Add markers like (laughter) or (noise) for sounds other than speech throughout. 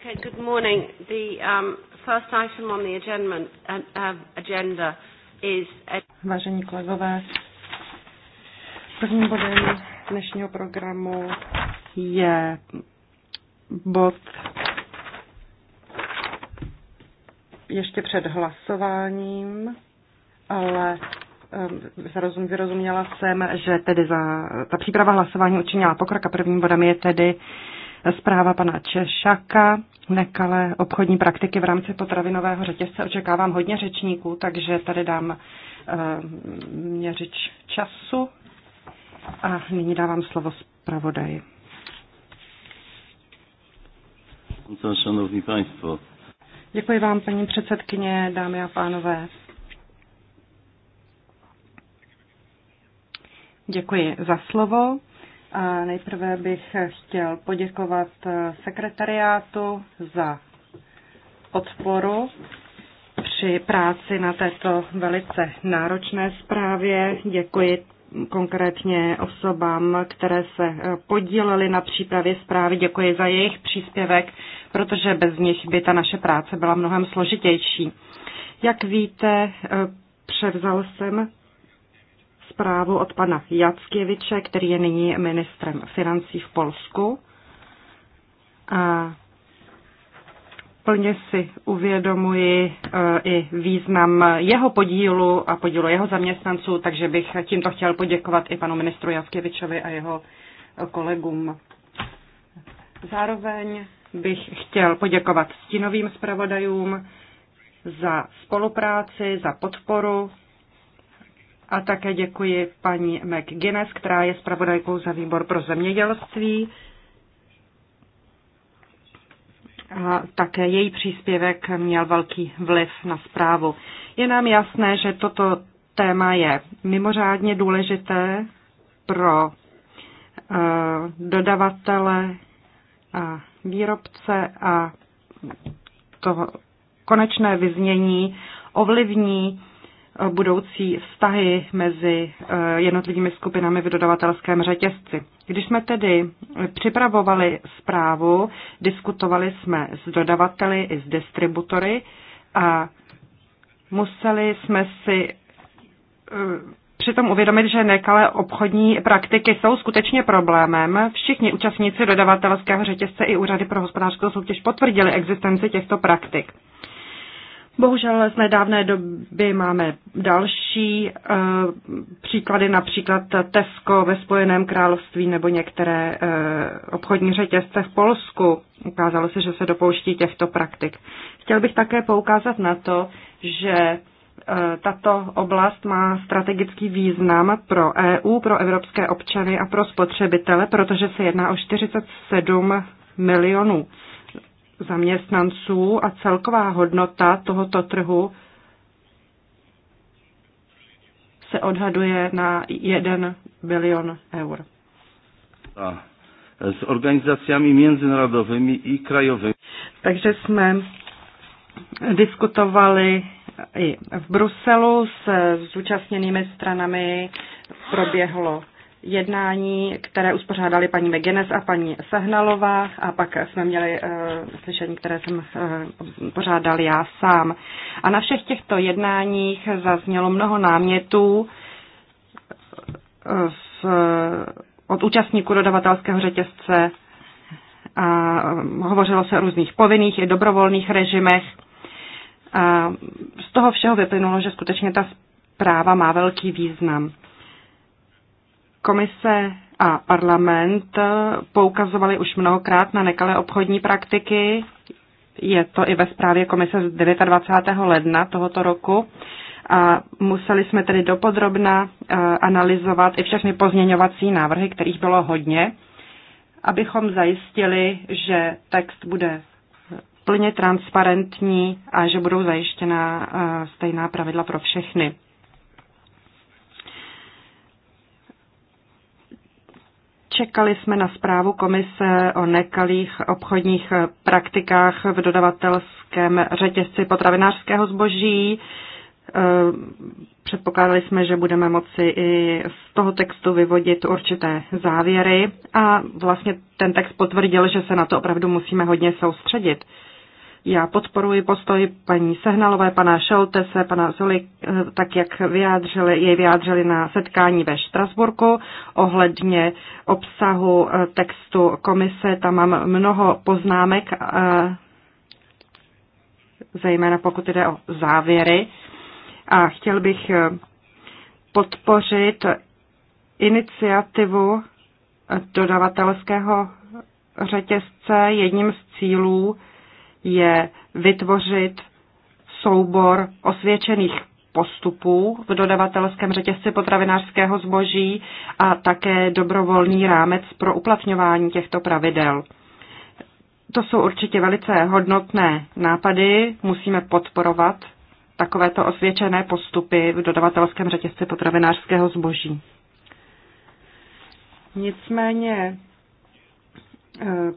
Okay, good morning. The um, first item on the agenda, uh, agenda is... Vážení kolegové, prvním bodem dnešního programu je bod ještě před hlasováním, ale um, vyrozuměla jsem, že tedy za, ta příprava hlasování učinila pokrok a prvním bodem je tedy uh, zpráva pana Češaka, nekalé obchodní praktiky v rámci potravinového řetězce. Očekávám hodně řečníků, takže tady dám eh, měřič času a nyní dávám slovo zpravodaji. Szanowni Państwo. Děkuji vám, paní předsedkyně, dámy a pánové. Děkuji za slovo. A nejprve bych chtěl poděkovat eh, sekretariátu za podporu při práci na této velice náročné zprávě. Děkuji konkrétně osobám, které se eh, podílely na přípravě zprávy. Děkuji za jejich příspěvek, protože bez nich by ta naše práce byla mnohem složitější. Jak víte, eh, převzal jsem zprávu od pana Jackieviče, který je nyní ministrem financí v Polsku. A plně si uvědomuji eh, i význam jeho podílu a podílu jeho zaměstnanců, takže bych tímto chtěl poděkovat i panu ministru Jackievičovi a jeho kolegům. Zároveň bych chtěl poděkovat stínovým zpravodajům za spolupráci, za podporu a také děkuji paní McGuinness, která je zpravodajkou za výbor pro zemědělství. A také její příspěvek měl velký vliv na zprávu. Je nám jasné, že toto téma je mimořádně důležité pro eh, dodavatele a výrobce a to konečné vyznění ovlivní budoucí vztahy mezi eh, jednotlivými skupinami v dodavatelském řetězci. Když jsme tedy připravovali zprávu, diskutovali jsme s dodavateli i s distributory a museli jsme si eh, přitom uvědomit, že nekalé obchodní praktiky jsou skutečně problémem. Všichni účastníci dodavatelského řetězce i úřady pro hospodářskou soutěž potvrdili existenci těchto praktik. Bohužel z nedávné doby máme další eh, příklady, například Tesco ve Spojeném království nebo některé eh, obchodní řetězce v Polsku. Ukázalo se, že se dopouští těchto praktik. Chtěl bych také poukázat na to, že eh, tato oblast má strategický význam pro EU, pro evropské občany a pro spotřebitele, protože se jedná o 47 milionů zaměstnanců a celková hodnota tohoto trhu se odhaduje na 1 bilion eur. A s organizacemi mezinárodními i krajovými. Takže jsme diskutovali i v Bruselu s zúčastněnými stranami proběhlo jednání, které uspořádali paní Megenes a paní Sehnalová a pak jsme měli uh, slyšení, které jsem uh, pořádal já sám. A na všech těchto jednáních zaznělo mnoho námětů z, eh, od účastníků dodavatelského řetězce a hovořilo se o různých povinných i dobrovolných režimech. A z toho všeho vyplynulo, že skutečně ta zpráva má velký význam. Komise a parlament poukazovali už mnohokrát na nekalé obchodní praktiky. Je to i ve zprávě komise z 29. ledna tohoto roku. A museli jsme tedy dopodrobna eh, analyzovat i všechny pozměňovací návrhy, kterých bylo hodně, abychom zajistili, že text bude plně transparentní a že budou zajištěna eh, stejná pravidla pro všechny. Čekali jsme na zprávu komise o nekalých obchodních praktikách v dodavatelském řetězci potravinářského zboží. Eh, předpokládali jsme, že budeme moci i z toho textu vyvodit určité závěry a vlastně ten text potvrdil, že se na to opravdu musíme hodně soustředit. Já podporuji postoj paní Sehnalové, pana Šeltese, pana Zoli, eh, tak jak vyjádřili, jej vyjádřili na setkání ve Štrasburku ohledně obsahu eh, textu komise. Tam mám mnoho poznámek, eh, zejména pokud jde o závěry. A chtěl bych podpořit iniciativu dodavatelského řetězce jedním z cílů je vytvořit soubor osvědčených postupů v dodavatelském řetězci potravinářského zboží a také dobrovolný rámec pro uplatňování těchto pravidel. To jsou určitě velice hodnotné nápady. Musíme podporovat takovéto osvědčené postupy v dodavatelském řetězci potravinářského zboží. Nicméně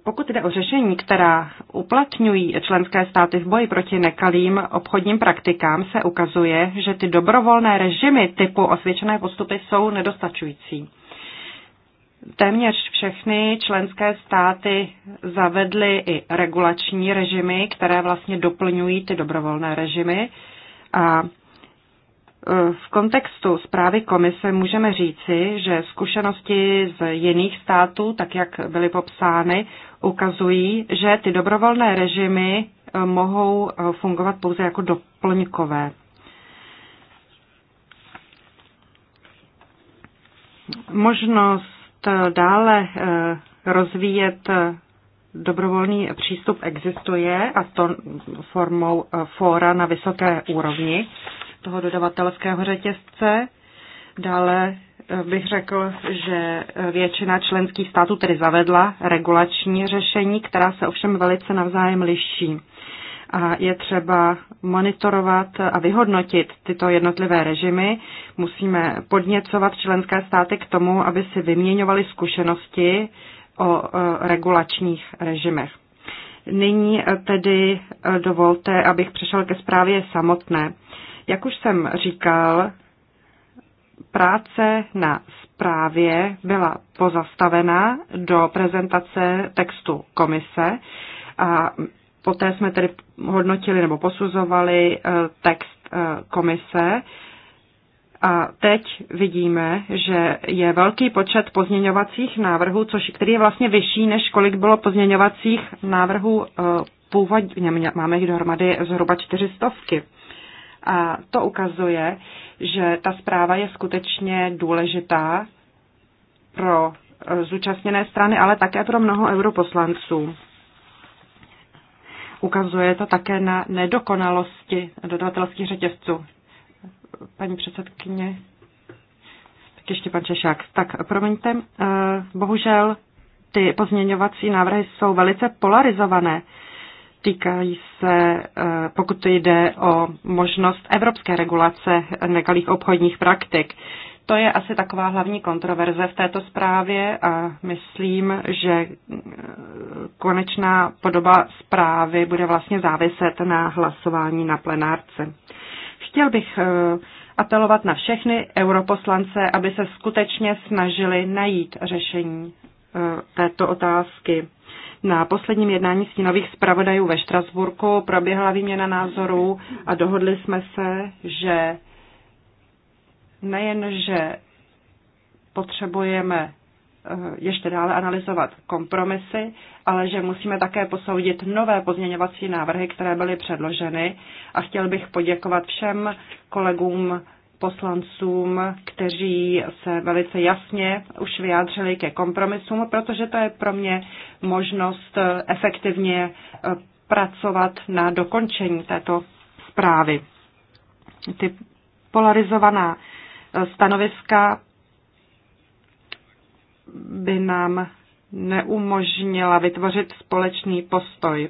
pokud jde o řešení, která uplatňují členské státy v boji proti nekalým obchodním praktikám, se ukazuje, že ty dobrovolné režimy typu osvědčené postupy jsou nedostačující. Téměř všechny členské státy zavedly i regulační režimy, které vlastně doplňují ty dobrovolné režimy. A E, v kontextu zprávy komise můžeme říci, že zkušenosti z jiných států, tak jak byly popsány, ukazují, že ty dobrovolné režimy e, mohou e, fungovat pouze jako doplňkové. Možnost dále rozvíjet dobrovolný přístup existuje a to formou fóra na vysoké úrovni toho dodavatelského řetězce. Dále eh, bych řekl, že eh, většina členských států tedy zavedla regulační řešení, která se ovšem velice navzájem liší. A je třeba monitorovat a vyhodnotit tyto jednotlivé režimy. Musíme podněcovat členské státy k tomu, aby si vyměňovali zkušenosti o eh, regulačních režimech. Nyní tedy dovolte, abych přešel ke zprávě samotné. Jak už jsem říkal, práce na zprávě byla pozastavena do prezentace textu komise a poté jsme tedy hodnotili nebo posuzovali eh, text eh, komise. A teď vidíme, že je velký počet pozměňovacích návrhů, což, který je vlastně vyšší, než kolik bylo pozměňovacích návrhů eh, původně. Máme jich dohromady zhruba čtyřistovky. stovky. A to ukazuje, že ta zpráva je skutečně důležitá pro eh, zúčastněné strany, ale také pro mnoho europoslanců. Ukazuje to také na nedokonalosti dodavatelských řetězců. Paní předsedkyně, tak ještě pan Češák. Tak promiňte, eh, bohužel ty pozměňovací návrhy jsou velice polarizované týkají se, eh, pokud to jde o možnost evropské regulace nekalých obchodních praktik. To je asi taková hlavní kontroverze v této zprávě a myslím, že eh, konečná podoba zprávy bude vlastně záviset na hlasování na plenárce. Chtěl bych eh, apelovat na všechny europoslance, aby se skutečně snažili najít řešení této otázky. Na posledním jednání stínových zpravodajů ve Štrasburku proběhla výměna názorů a dohodli jsme se, že nejen, že potřebujeme eh, ještě dále analyzovat kompromisy, ale že musíme také posoudit nové pozměňovací návrhy, které byly předloženy. A chtěl bych poděkovat všem kolegům poslancům, kteří se velice jasně už vyjádřili ke kompromisům, protože to je pro mě možnost eh, efektivně eh, pracovat na dokončení této zprávy. Ty polarizovaná eh, stanoviska by nám neumožnila vytvořit společný postoj.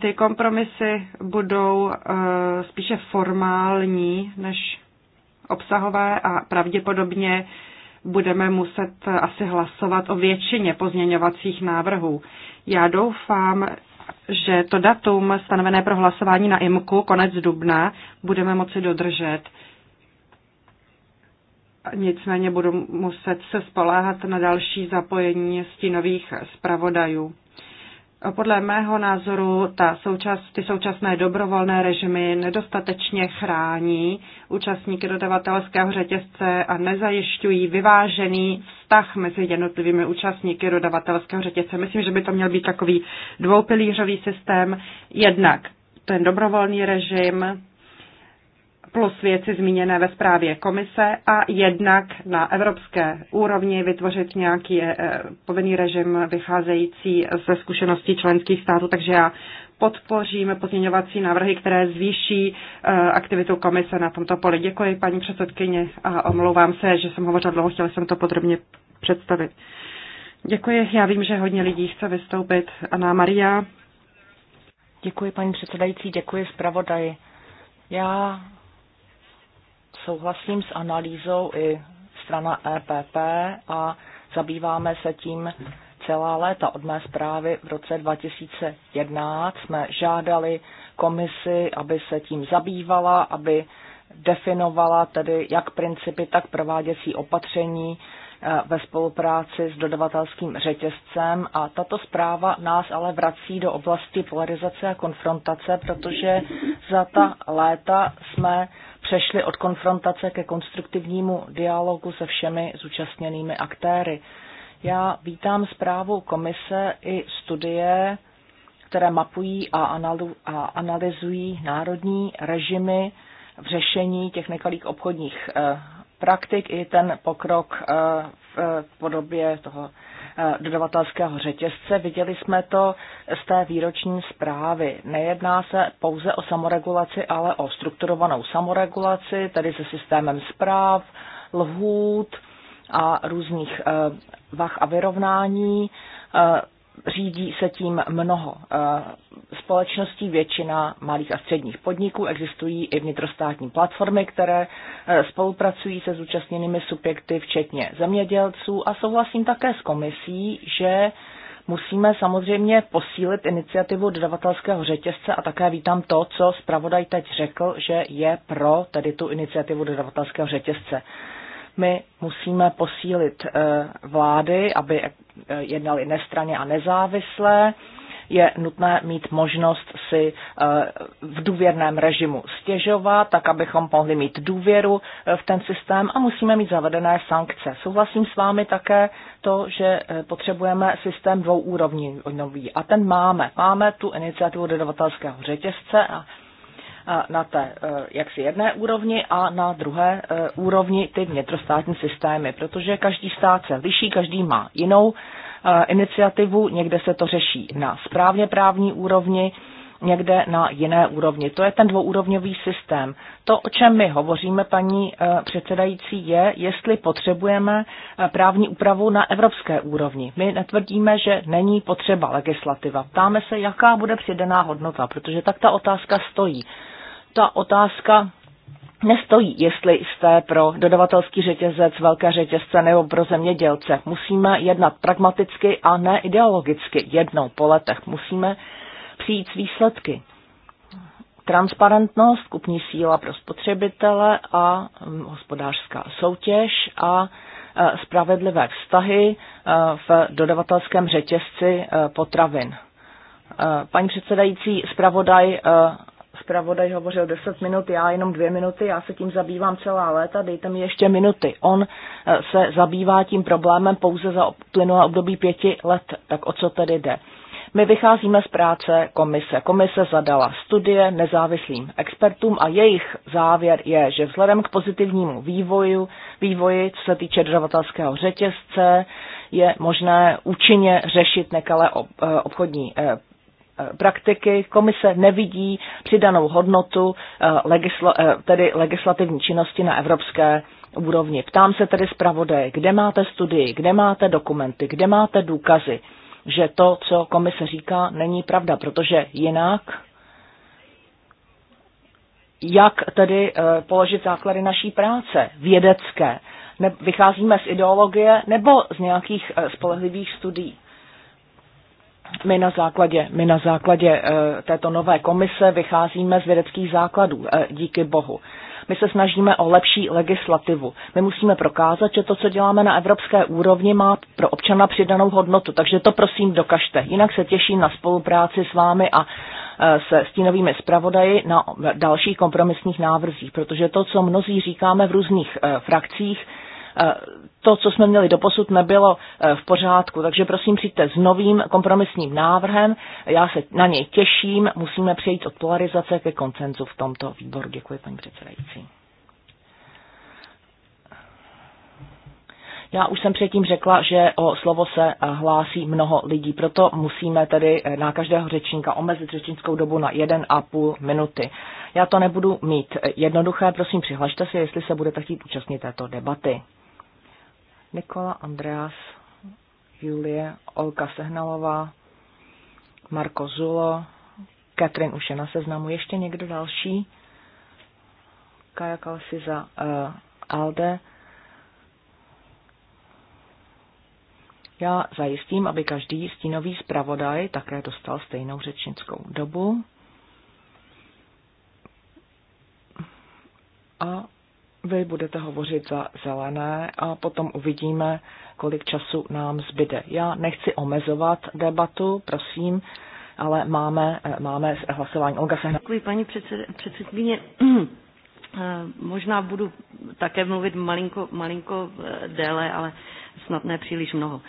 Ty kompromisy budou spíše formální než obsahové a pravděpodobně budeme muset asi hlasovat o většině pozměňovacích návrhů. Já doufám, že to datum stanovené pro hlasování na IMKU konec dubna budeme moci dodržet. Nicméně budu muset se spoléhat na další zapojení stínových zpravodajů. Podle mého názoru ta součas, ty současné dobrovolné režimy nedostatečně chrání účastníky dodavatelského řetězce a nezajišťují vyvážený vztah mezi jednotlivými účastníky dodavatelského řetězce. Myslím, že by to měl být takový dvoupilířový systém. Jednak ten dobrovolný režim plus věci zmíněné ve zprávě komise a jednak na evropské úrovni vytvořit nějaký eh, povinný režim vycházející ze zkušeností členských států. Takže já podpořím pozměňovací návrhy, které zvýší eh, aktivitu komise na tomto poli. Děkuji, paní předsedkyně, a omlouvám se, že jsem hovořila dlouho, chtěla jsem to podrobně představit. Děkuji, já vím, že hodně lidí chce vystoupit. Ana Maria. Děkuji, paní předsedající, děkuji zpravodaji. Já souhlasím s analýzou i strana EPP a zabýváme se tím celá léta. Od mé zprávy v roce 2011 jsme žádali komisi, aby se tím zabývala, aby definovala tedy jak principy, tak prováděcí opatření eh, ve spolupráci s dodavatelským řetězcem a tato zpráva nás ale vrací do oblasti polarizace a konfrontace, protože za ta léta jsme přešli od konfrontace ke konstruktivnímu dialogu se všemi zúčastněnými aktéry. Já vítám zprávu komise i studie, které mapují a analyzují národní režimy v řešení těch nekalých obchodních eh, praktik i ten pokrok eh, v podobě toho Eh, dodavatelského řetězce. Viděli jsme to z té výroční zprávy. Nejedná se pouze o samoregulaci, ale o strukturovanou samoregulaci, tedy se systémem zpráv, lhůt a různých eh, vach a vyrovnání eh, řídí se tím mnoho eh, společností, většina malých a středních podniků. Existují i vnitrostátní platformy, které eh, spolupracují se zúčastněnými subjekty, včetně zemědělců. A souhlasím také s komisí, že musíme samozřejmě posílit iniciativu dodavatelského řetězce a také vítám to, co zpravodaj teď řekl, že je pro tedy tu iniciativu dodavatelského řetězce. My musíme posílit eh, vlády, aby eh, jednali nestraně a nezávisle. Je nutné mít možnost si eh, v důvěrném režimu stěžovat, tak abychom mohli mít důvěru v ten systém a musíme mít zavedené sankce. Souhlasím s vámi také to, že potřebujeme systém dvouúrovní nový a ten máme. Máme tu iniciativu dodavatelského řetězce a na té e, jaksi jedné úrovni a na druhé e, úrovni ty vnitrostátní systémy, protože každý stát se liší, každý má jinou e, iniciativu, někde se to řeší na správně právní úrovni, někde na jiné úrovni. To je ten dvouúrovňový systém. To, o čem my hovoříme, paní předsedající, je, jestli potřebujeme právní úpravu na evropské úrovni. My netvrdíme, že není potřeba legislativa. Ptáme se, jaká bude přidaná hodnota, protože tak ta otázka stojí ta otázka nestojí, jestli jste pro dodavatelský řetězec, velké řetězce nebo pro zemědělce. Musíme jednat pragmaticky a ne ideologicky jednou po letech. Musíme přijít s výsledky. Transparentnost, kupní síla pro spotřebitele a hm, hospodářská soutěž a e, spravedlivé vztahy e, v dodavatelském řetězci e, potravin. Paní předsedající, zpravodaj zpravodaj hovořil 10 minut, já jenom dvě minuty, já se tím zabývám celá léta, dejte mi ještě minuty. On e, se zabývá tím problémem pouze za plynulé období pěti let, tak o co tedy jde? My vycházíme z práce komise. Komise zadala studie nezávislým expertům a jejich závěr je, že vzhledem k pozitivnímu vývoju, vývoji, co se týče dodavatelského řetězce, je možné účinně řešit nekalé e, obchodní e, Eh, praktiky. Komise nevidí přidanou hodnotu eh, legisla, eh, tedy legislativní činnosti na evropské úrovni. Ptám se tedy zpravodaje, kde máte studii, kde máte dokumenty, kde máte důkazy, že to, co komise říká, není pravda, protože jinak jak tedy položit základy naší práce vědecké. vycházíme z ideologie nebo z nějakých spolehlivých studií my na základě, my na základě eh, této nové komise vycházíme z vědeckých základů, eh, díky bohu. My se snažíme o lepší legislativu. My musíme prokázat, že to, co děláme na evropské úrovni, má pro občana přidanou hodnotu. Takže to prosím dokažte. Jinak se těším na spolupráci s vámi a eh, se stínovými zpravodaji na dalších kompromisních návrzích, protože to, co mnozí říkáme v různých frakcích, Eh, to, co jsme měli doposud, nebylo eh, v pořádku. Takže prosím, přijďte s novým kompromisním návrhem. Já se na něj těším. Musíme přejít od polarizace ke koncenzu v tomto výboru. Děkuji, paní předsedající. Já už jsem předtím řekla, že o slovo se eh, hlásí mnoho lidí, proto musíme tedy na každého řečníka omezit řečnickou dobu na 1,5 minuty. Já to nebudu mít jednoduché, prosím přihlašte se, jestli se budete chtít účastnit této debaty. Nikola, Andreas, Julie, Olka Sehnalová, Marko Zulo, Katrin už je na seznamu. Ještě někdo další? Kaja Kalsi za uh, Alde. Já zajistím, aby každý stínový zpravodaj také dostal stejnou řečnickou dobu. A vy budete hovořit za zelené a potom uvidíme, kolik času nám zbyde. Já nechci omezovat debatu, prosím, ale máme, eh, máme hlasování. Olga Sehna. Děkuji, paní předsedkyně. Eh, možná budu také mluvit malinko, malinko eh, déle, ale snad ne příliš mnoho.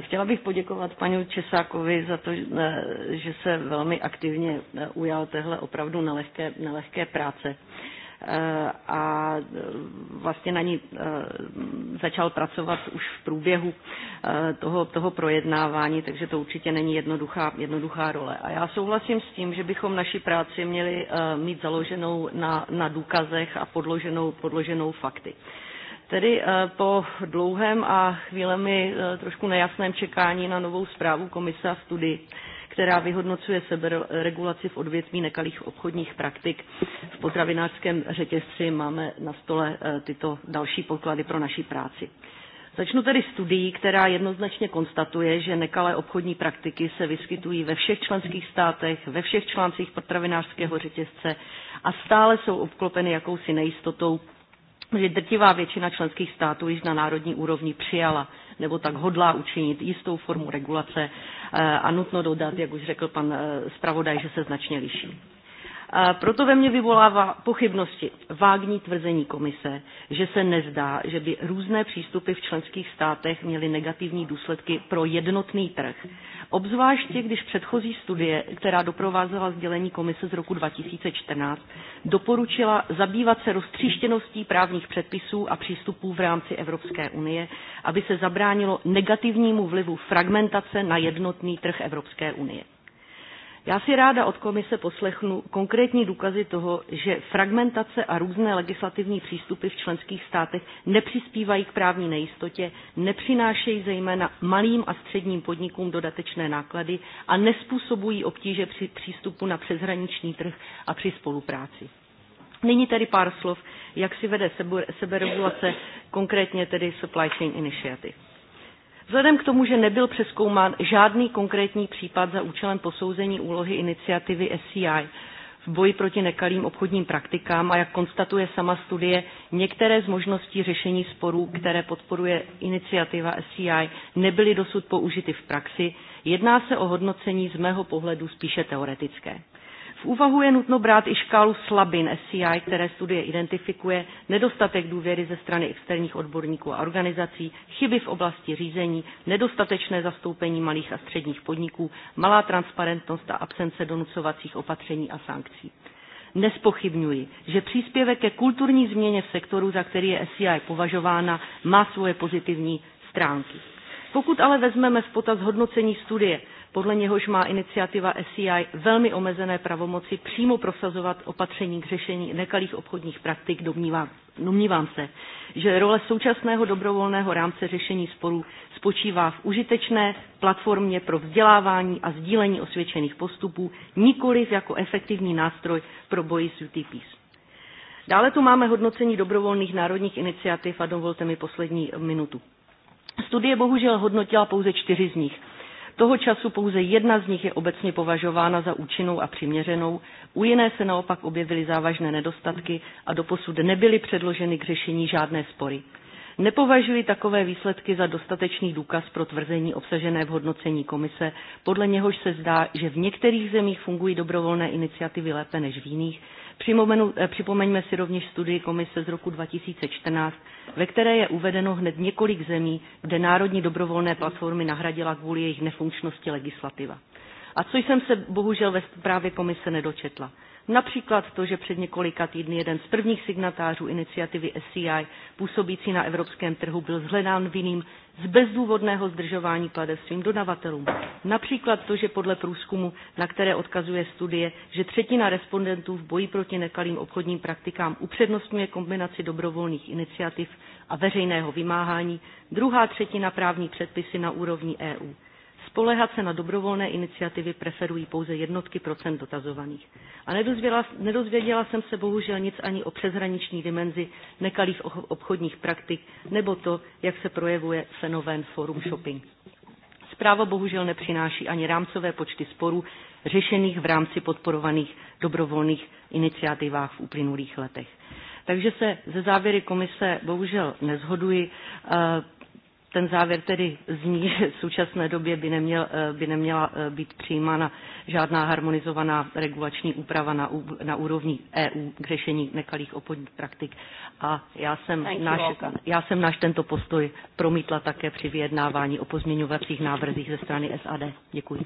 Chtěla bych poděkovat panu Česákovi za to, že se velmi aktivně ujal téhle opravdu nelehké, nelehké práce. Eh, a eh, vlastně na ní eh, začal pracovat už v průběhu toho, toho projednávání, takže to určitě není jednoduchá, jednoduchá role. A já souhlasím s tím, že bychom naši práci měli mít založenou na, na důkazech a podloženou, podloženou fakty. Tedy po dlouhém a chvílemi trošku nejasném čekání na novou zprávu komise a studii která vyhodnocuje seberegulaci v odvětví nekalých obchodních praktik. V potravinářském řetězci máme na stole eh, tyto další podklady pro naší práci. Začnu tedy studií, která jednoznačně konstatuje, že nekalé obchodní praktiky se vyskytují ve všech členských státech, ve všech článcích potravinářského řetězce a stále jsou obklopeny jakousi nejistotou že drtivá většina členských států již na národní úrovni přijala nebo tak hodlá učinit jistou formu regulace eh, a nutno dodat, jak už řekl pan eh, zpravodaj, že se značně liší. Proto ve mně vyvolává pochybnosti vágní tvrzení komise, že se nezdá, že by různé přístupy v členských státech měly negativní důsledky pro jednotný trh. Obzvláště, když předchozí studie, která doprovázela sdělení komise z roku 2014, doporučila zabývat se roztříštěností právních předpisů a přístupů v rámci Evropské unie, aby se zabránilo negativnímu vlivu fragmentace na jednotný trh Evropské unie. Já si ráda od komise poslechnu konkrétní důkazy toho, že fragmentace a různé legislativní přístupy v členských státech nepřispívají k právní nejistotě, nepřinášejí zejména malým a středním podnikům dodatečné náklady a nespůsobují obtíže při přístupu na přeshraniční trh a při spolupráci. Nyní tedy pár slov, jak si vede seberegulace, konkrétně tedy Supply Chain Initiative. Vzhledem k tomu, že nebyl přeskoumán žádný konkrétní případ za účelem posouzení úlohy iniciativy SCI v boji proti nekalým obchodním praktikám a jak konstatuje sama studie, některé z možností řešení sporů, které podporuje iniciativa SCI, nebyly dosud použity v praxi, jedná se o hodnocení z mého pohledu spíše teoretické úvahu je nutno brát i škálu slabin SCI, které studie identifikuje, nedostatek důvěry ze strany externích odborníků a organizací, chyby v oblasti řízení, nedostatečné zastoupení malých a středních podniků, malá transparentnost a absence donucovacích opatření a sankcí. Nespochybňuji, že příspěvek ke kulturní změně v sektoru, za který je SCI považována, má svoje pozitivní stránky. Pokud ale vezmeme v potaz hodnocení studie, podle něhož má iniciativa SEI velmi omezené pravomoci přímo prosazovat opatření k řešení nekalých obchodních praktik, domnívám, domnívám se, že role současného dobrovolného rámce řešení sporů spočívá v užitečné platformě pro vzdělávání a sdílení osvědčených postupů, nikoli jako efektivní nástroj pro boji s UTPs. Dále tu máme hodnocení dobrovolných národních iniciativ a dovolte mi poslední minutu. Studie bohužel hodnotila pouze čtyři z nich toho času pouze jedna z nich je obecně považována za účinnou a přiměřenou, u jiné se naopak objevily závažné nedostatky a doposud nebyly předloženy k řešení žádné spory. Nepovažuji takové výsledky za dostatečný důkaz pro tvrzení obsažené v hodnocení komise, podle něhož se zdá, že v některých zemích fungují dobrovolné iniciativy lépe než v jiných, Eh, připomeňme si rovněž studii komise z roku 2014, ve které je uvedeno hned několik zemí, kde národní dobrovolné platformy nahradila kvůli jejich nefunkčnosti legislativa. A co jsem se bohužel ve zprávě komise nedočetla. Například to, že před několika týdny jeden z prvních signatářů iniciativy SCI působící na evropském trhu byl zhledán vinným z bezdůvodného zdržování plade svým dodavatelům. Například to, že podle průzkumu, na které odkazuje studie, že třetina respondentů v boji proti nekalým obchodním praktikám upřednostňuje kombinaci dobrovolných iniciativ a veřejného vymáhání, druhá třetina právní předpisy na úrovni EU spolehat se na dobrovolné iniciativy preferují pouze jednotky procent dotazovaných. A nedozvěděla, nedozvěděla jsem se bohužel nic ani o přeshraniční dimenzi nekalých obchodních praktik nebo to, jak se projevuje fenomén forum shopping. Zpráva bohužel nepřináší ani rámcové počty sporů řešených v rámci podporovaných dobrovolných iniciativách v uplynulých letech. Takže se ze závěry komise bohužel nezhoduji. Eh, ten závěr tedy zní, (laughs) že v současné době by, neměl, eh, by neměla eh, být přijímána žádná harmonizovaná regulační úprava na, na úrovni EU k řešení nekalých obchodních praktik. A já jsem, náš, já jsem náš tento postoj promítla také při vyjednávání o pozměňovacích návrzích ze strany SAD. Děkuji.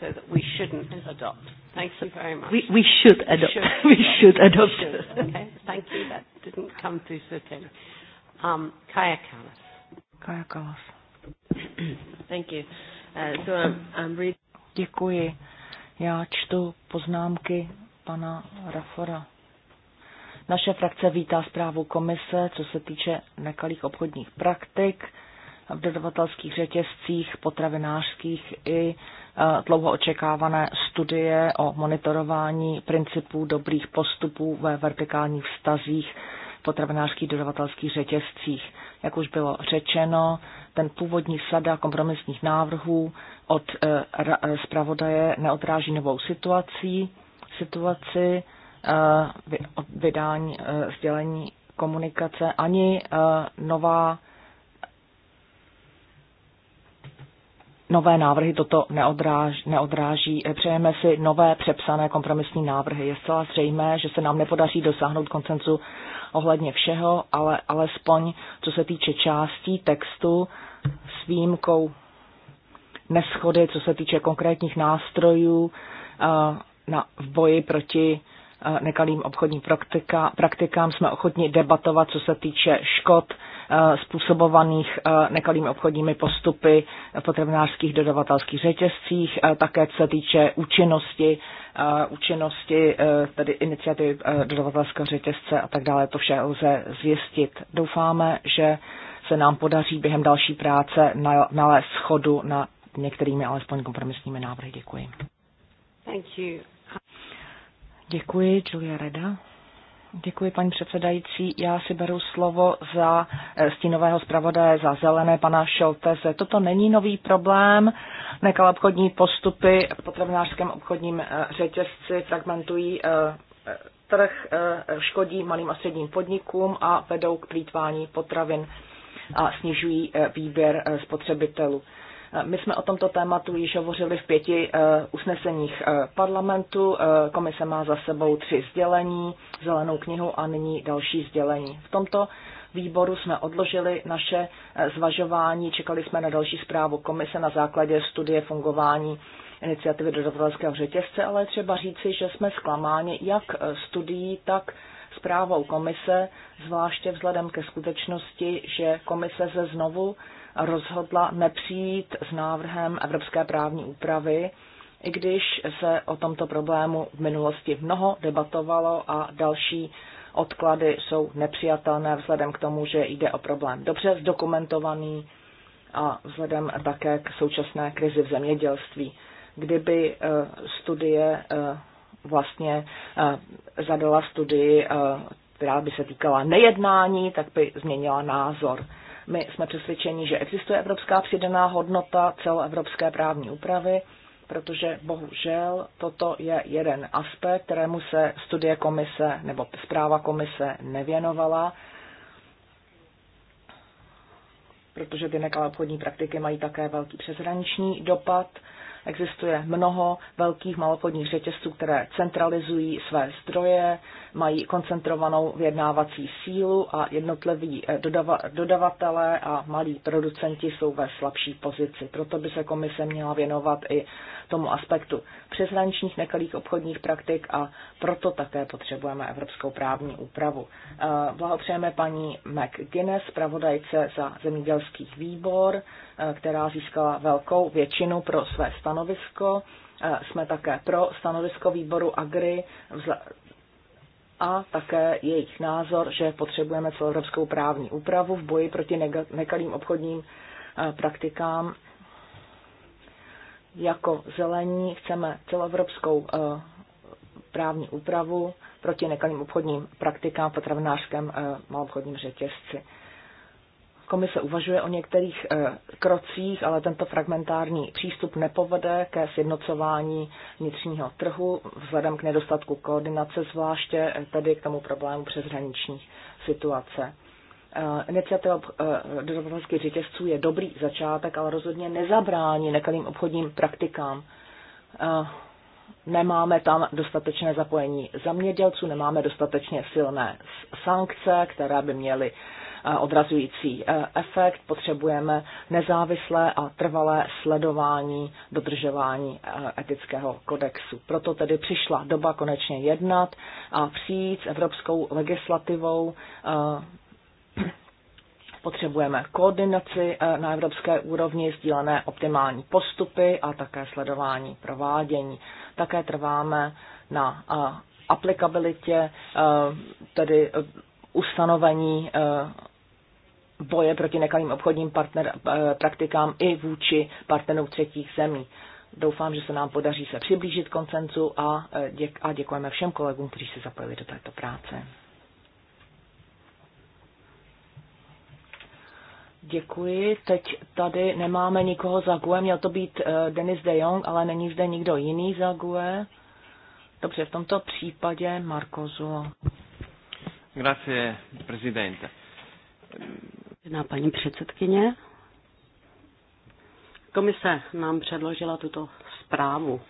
so that we shouldn't adopt. Thank you very much. We, we should adopt. (laughs) We should, we adopt. should adopt. We should. Okay, thank you. That didn't come through so clearly. Um, Kaya Kallas. Kaya Kallas. thank you. Uh, so I'm, I'm reading... Děkuji. Já čtu poznámky pana Rafora. Naše frakce vítá zprávu komise, co se týče nekalých obchodních praktik v dodavatelských řetězcích, potravinářských i e, dlouho očekávané studie o monitorování principů dobrých postupů ve vertikálních vztazích potravinářských dodavatelských řetězcích. Jak už bylo řečeno, ten původní sada kompromisních návrhů od e, e, zpravodaje neodráží novou situaci, situaci vydání sdělení komunikace ani nová nové návrhy toto neodráž, neodráží. Přejeme si nové přepsané kompromisní návrhy. Je zcela zřejmé, že se nám nepodaří dosáhnout koncenzu ohledně všeho, ale alespoň co se týče částí textu s výjimkou neschody, co se týče konkrétních nástrojů eh, na, v boji proti eh, nekalým obchodním praktika, praktikám, jsme ochotni debatovat, co se týče škod Eh, způsobovaných eh, nekalými obchodními postupy v potravinářských dodavatelských řetězcích, eh, také co se týče účinnosti, účinnosti tedy iniciativy dodavatelského řetězce a tak dále. To vše lze zjistit. Doufáme, že se nám podaří během další práce nalézt schodu na některými alespoň kompromisními návrhy. Děkuji. Thank you. Děkuji, Julia Reda. Děkuji, paní předsedající. Já si beru slovo za eh, stínového zpravodaje za zelené pana Šolteze. Toto není nový problém. Nekal obchodní postupy v potravinářském obchodním eh, řetězci fragmentují eh, trh, škodí malým a středním podnikům a vedou k plítvání potravin a snižují výběr spotřebitelů. My jsme o tomto tématu již hovořili v pěti eh, usneseních eh, parlamentu. Eh, komise má za sebou tři sdělení, zelenou knihu a nyní další sdělení. V tomto výboru jsme odložili naše zvažování, čekali jsme na další zprávu komise na základě studie fungování iniciativy dodavatelského řetězce, ale třeba říci, že jsme zklamáni jak studií, tak zprávou komise, zvláště vzhledem ke skutečnosti, že komise se znovu rozhodla nepřijít s návrhem evropské právní úpravy, i když se o tomto problému v minulosti mnoho debatovalo a další odklady jsou nepřijatelné vzhledem k tomu, že jde o problém dobře zdokumentovaný a vzhledem také k současné krizi v zemědělství. Kdyby eh, studie eh, vlastně eh, zadala studii, která by se týkala nejednání, tak by změnila názor. My jsme přesvědčeni, že existuje evropská přidaná hodnota celoevropské právní úpravy, protože bohužel toto je jeden aspekt, kterému se studie komise nebo zpráva komise nevěnovala, protože ty nekalé obchodní praktiky mají také velký přeshraniční dopad Existuje mnoho velkých malopodních řetězců, které centralizují své zdroje, mají koncentrovanou vyjednávací sílu a jednotliví eh, dodava- dodavatelé a malí producenti jsou ve slabší pozici. Proto by se komise měla věnovat i tomu aspektu přeshraničních nekalých obchodních praktik a proto také potřebujeme evropskou právní úpravu. Eh, blahopřejeme paní McGuinness, pravodajce za zemědělský výbor, eh, která získala velkou většinu pro své stanovisko stanovisko. Eh, jsme také pro stanovisko výboru Agri a také jejich názor, že potřebujeme celoevropskou právní úpravu v boji proti nekalým obchodním eh, praktikám. Jako zelení chceme celoevropskou eh, právní úpravu proti nekalým obchodním praktikám v potravinářském malobchodním řetězci. Komise uvažuje o některých eh, krocích, ale tento fragmentární přístup nepovede ke sjednocování vnitřního trhu vzhledem k nedostatku koordinace, zvláště eh, tedy k tomu problému přeshraniční situace. Eh, iniciativa dodavatelských řetězců je dobrý začátek, ale rozhodně nezabrání nekalým obchodním praktikám. Nemáme tam dostatečné zapojení zamědělců, nemáme dostatečně silné sankce, které by měly Eh, odrazující eh, efekt. Potřebujeme nezávislé a trvalé sledování dodržování eh, etického kodexu. Proto tedy přišla doba konečně jednat a přijít s evropskou legislativou (clears throat) potřebujeme koordinaci na evropské úrovni, sdílené optimální postupy a také sledování provádění. Také trváme na aplikabilitě, tedy ustanovení boje proti nekalým obchodním partner, eh, praktikám i vůči partnerům třetích zemí. Doufám, že se nám podaří se přiblížit koncenzu a, eh, děk, a děkujeme všem kolegům, kteří se zapojili do této práce. Děkuji. Teď tady nemáme nikoho za GUE. Měl to být uh, Denis de Jong, ale není zde nikdo jiný za GUE. Dobře, v tomto případě Marko Zulo. Grazie, prezidente. Vážená paní předsedkyně, komise nám předložila tuto zprávu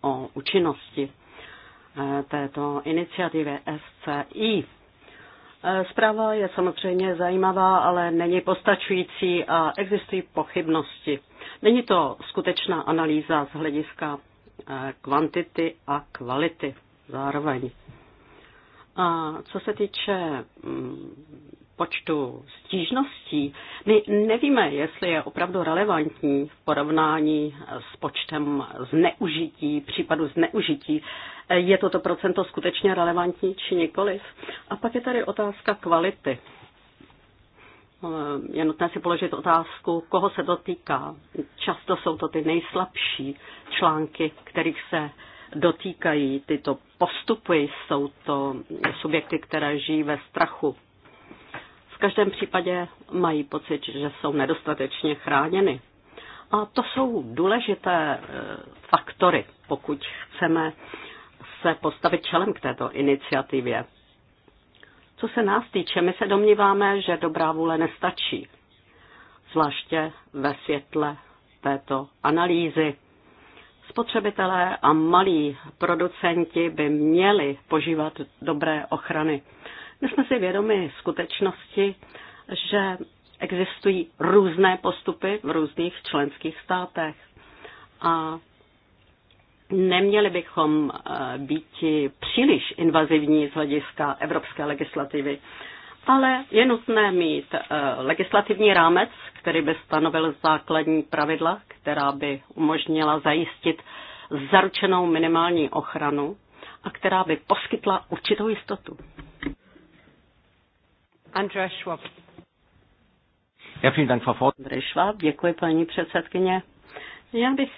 o účinnosti eh, této iniciativy SCI. Eh, zpráva je samozřejmě zajímavá, ale není postačující a existují pochybnosti. Není to skutečná analýza z hlediska eh, kvantity a kvality zároveň. A co se týče mm, počtu stížností, my nevíme, jestli je opravdu relevantní v porovnání s počtem zneužití, případu zneužití. Je toto procento skutečně relevantní či nikoliv? A pak je tady otázka kvality. Je nutné si položit otázku, koho se to týká. Často jsou to ty nejslabší články, kterých se dotýkají tyto postupy. Jsou to subjekty, které žijí ve strachu v každém případě mají pocit, že jsou nedostatečně chráněny. A to jsou důležité e, faktory, pokud chceme se postavit čelem k této iniciativě. Co se nás týče, my se domníváme, že dobrá vůle nestačí, zvláště ve světle této analýzy. Spotřebitelé a malí producenti by měli požívat dobré ochrany my jsme si vědomi skutečnosti, že existují různé postupy v různých členských státech. A neměli bychom eh, být příliš invazivní z hlediska evropské legislativy. Ale je nutné mít eh, legislativní rámec, který by stanovil základní pravidla, která by umožnila zajistit zaručenou minimální ochranu a která by poskytla určitou jistotu. Andreas Schwab. Já Schwab, děkuji paní předsedkyně. Já bych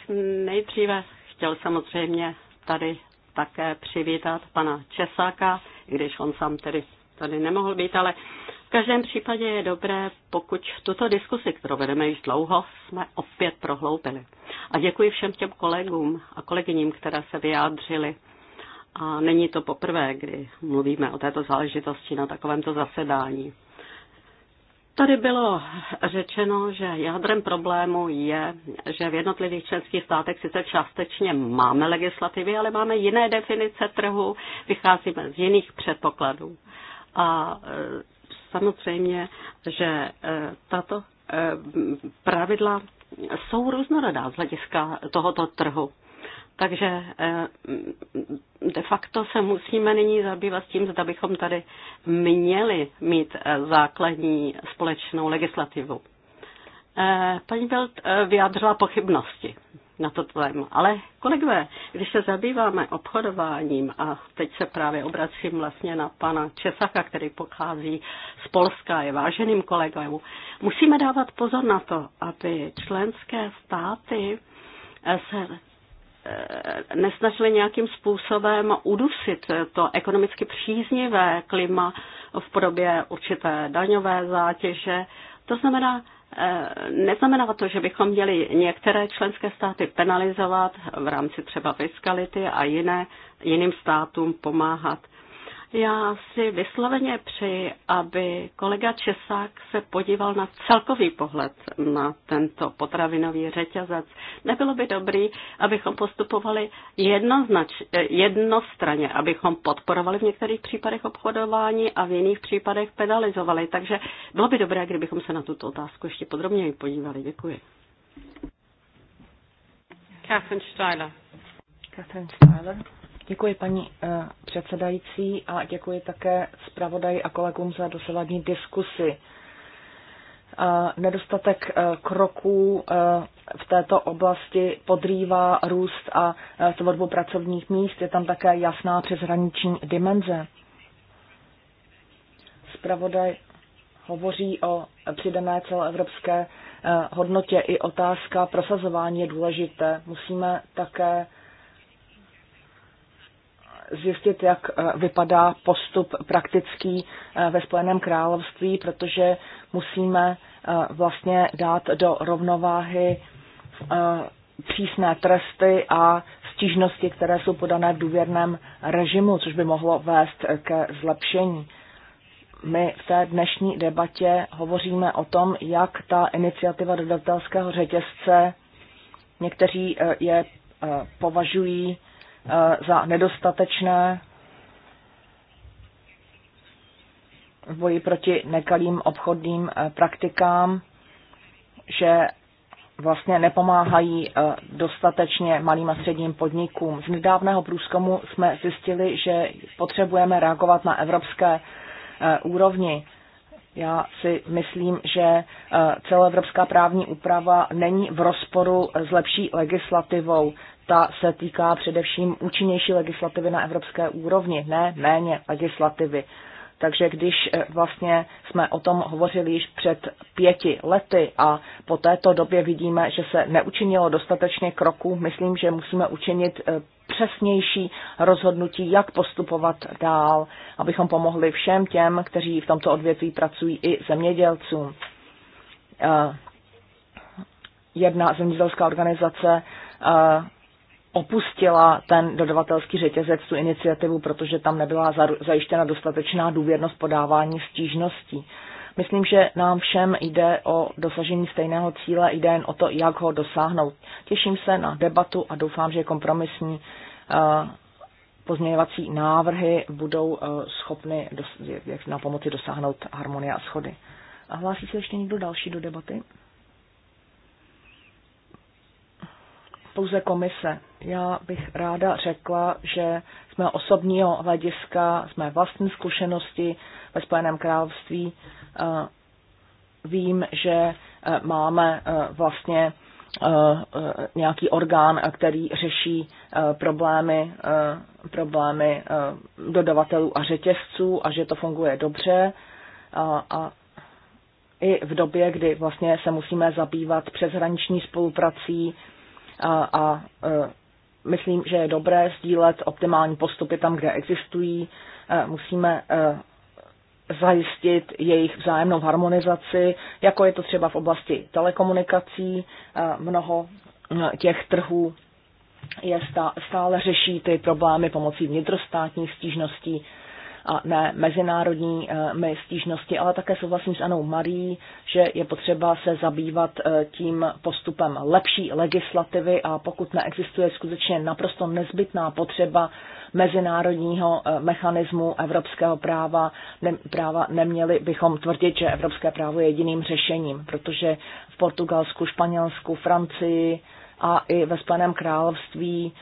nejdříve chtěl samozřejmě tady také přivítat pana Česáka, i když on sám tedy tady nemohl být, ale v každém případě je dobré, pokud tuto diskusi, kterou vedeme již dlouho, jsme opět prohloubili. A děkuji všem těm kolegům a kolegyním, které se vyjádřili a není to poprvé, kdy mluvíme o této záležitosti na takovémto zasedání. Tady bylo řečeno, že jádrem problému je, že v jednotlivých členských státech sice částečně máme legislativy, ale máme jiné definice trhu, vycházíme z jiných předpokladů. A e, samozřejmě, že e, tato e, pravidla jsou různorodá z hlediska tohoto trhu. Takže eh, de facto se musíme nyní zabývat tím, zda bychom tady měli mít eh, základní společnou legislativu. Eh, paní Belt vyjádřila pochybnosti na to téma. Ale kolegové, když se zabýváme obchodováním, a teď se právě obracím vlastně na pana Česaka, který pochází z Polska, je váženým kolegou, musíme dávat pozor na to, aby členské státy se Eh, nesnažili nějakým způsobem udusit to ekonomicky příznivé klima v podobě určité daňové zátěže. To znamená, eh, Neznamená to, že bychom měli některé členské státy penalizovat v rámci třeba fiskality a jiné, jiným státům pomáhat. Já si vysloveně přeji, aby kolega Česák se podíval na celkový pohled na tento potravinový řetězec. Nebylo by dobrý, abychom postupovali jednoznač, jednostranně, abychom podporovali v některých případech obchodování a v jiných případech penalizovali. Takže bylo by dobré, kdybychom se na tuto otázku ještě podrobněji podívali. Děkuji. Catherine Steiler. Catherine Steiler. Děkuji paní eh, předsedající a děkuji také zpravodaji a kolegům za dosavadní diskusi. Eh, nedostatek eh, kroků v této oblasti podrývá růst a tvorbu pracovních míst. Je tam také jasná přeshraniční dimenze. Zpravodaj hovoří o přidané celoevropské hodnotě i otázka prosazování je důležité. Musíme také zjistit, jak eh, vypadá postup praktický eh, ve Spojeném království, protože musíme eh, vlastně dát do rovnováhy přísné tresty a stížnosti, které jsou podané v důvěrném režimu, což by mohlo vést ke zlepšení. My v té dnešní debatě hovoříme o tom, jak ta iniciativa dodatelského řetězce, někteří je považují Eh, za nedostatečné v boji proti nekalým obchodním eh, praktikám, že vlastně nepomáhají eh, dostatečně malým a středním podnikům. Z nedávného průzkumu jsme zjistili, že potřebujeme reagovat na evropské úrovni. Já si myslím, že celoevropská právní úprava není v rozporu s lepší legislativou ta se týká především účinnější legislativy na evropské úrovni, ne méně legislativy. Takže když eh, vlastně jsme o tom hovořili již před pěti lety a po této době vidíme, že se neučinilo dostatečně kroků, myslím, že musíme učinit eh, přesnější rozhodnutí, jak postupovat dál, abychom pomohli všem těm, kteří v tomto odvětví pracují i zemědělcům. Eh, jedna zemědělská organizace opustila ten dodavatelský řetězec, tu iniciativu, protože tam nebyla zajištěna dostatečná důvěrnost podávání stížností. Myslím, že nám všem jde o dosažení stejného cíle, jde jen o to, jak ho dosáhnout. Těším se na debatu a doufám, že kompromisní eh, pozměňovací návrhy budou eh, schopny na pomoci dosáhnout harmonie a schody. A hlásí se ještě někdo další do debaty? Pouze komise. Já bych ráda řekla, že z mého osobního hlediska, z mé vlastní zkušenosti ve Spojeném království eh, vím, že eh, máme eh, vlastně nějaký orgán, který řeší problémy, problémy dodavatelů a řetězců a že to funguje dobře. A, a i v době, kdy vlastně se musíme zabývat přeshraniční spoluprací a, a myslím, že je dobré sdílet optimální postupy tam, kde existují. Eh, musíme eh, zajistit jejich vzájemnou harmonizaci, jako je to třeba v oblasti telekomunikací. Eh, mnoho těch trhů je stále řeší ty problémy pomocí vnitrostátních stížností a ne eh, my stížnosti, ale také souhlasím s Anou Marí, že je potřeba se zabývat eh, tím postupem lepší legislativy a pokud neexistuje skutečně naprosto nezbytná potřeba mezinárodního eh, mechanismu evropského práva, ne, práva neměli bychom tvrdit, že evropské právo je jediným řešením, protože v Portugalsku, Španělsku, Francii, a i ve Spojeném království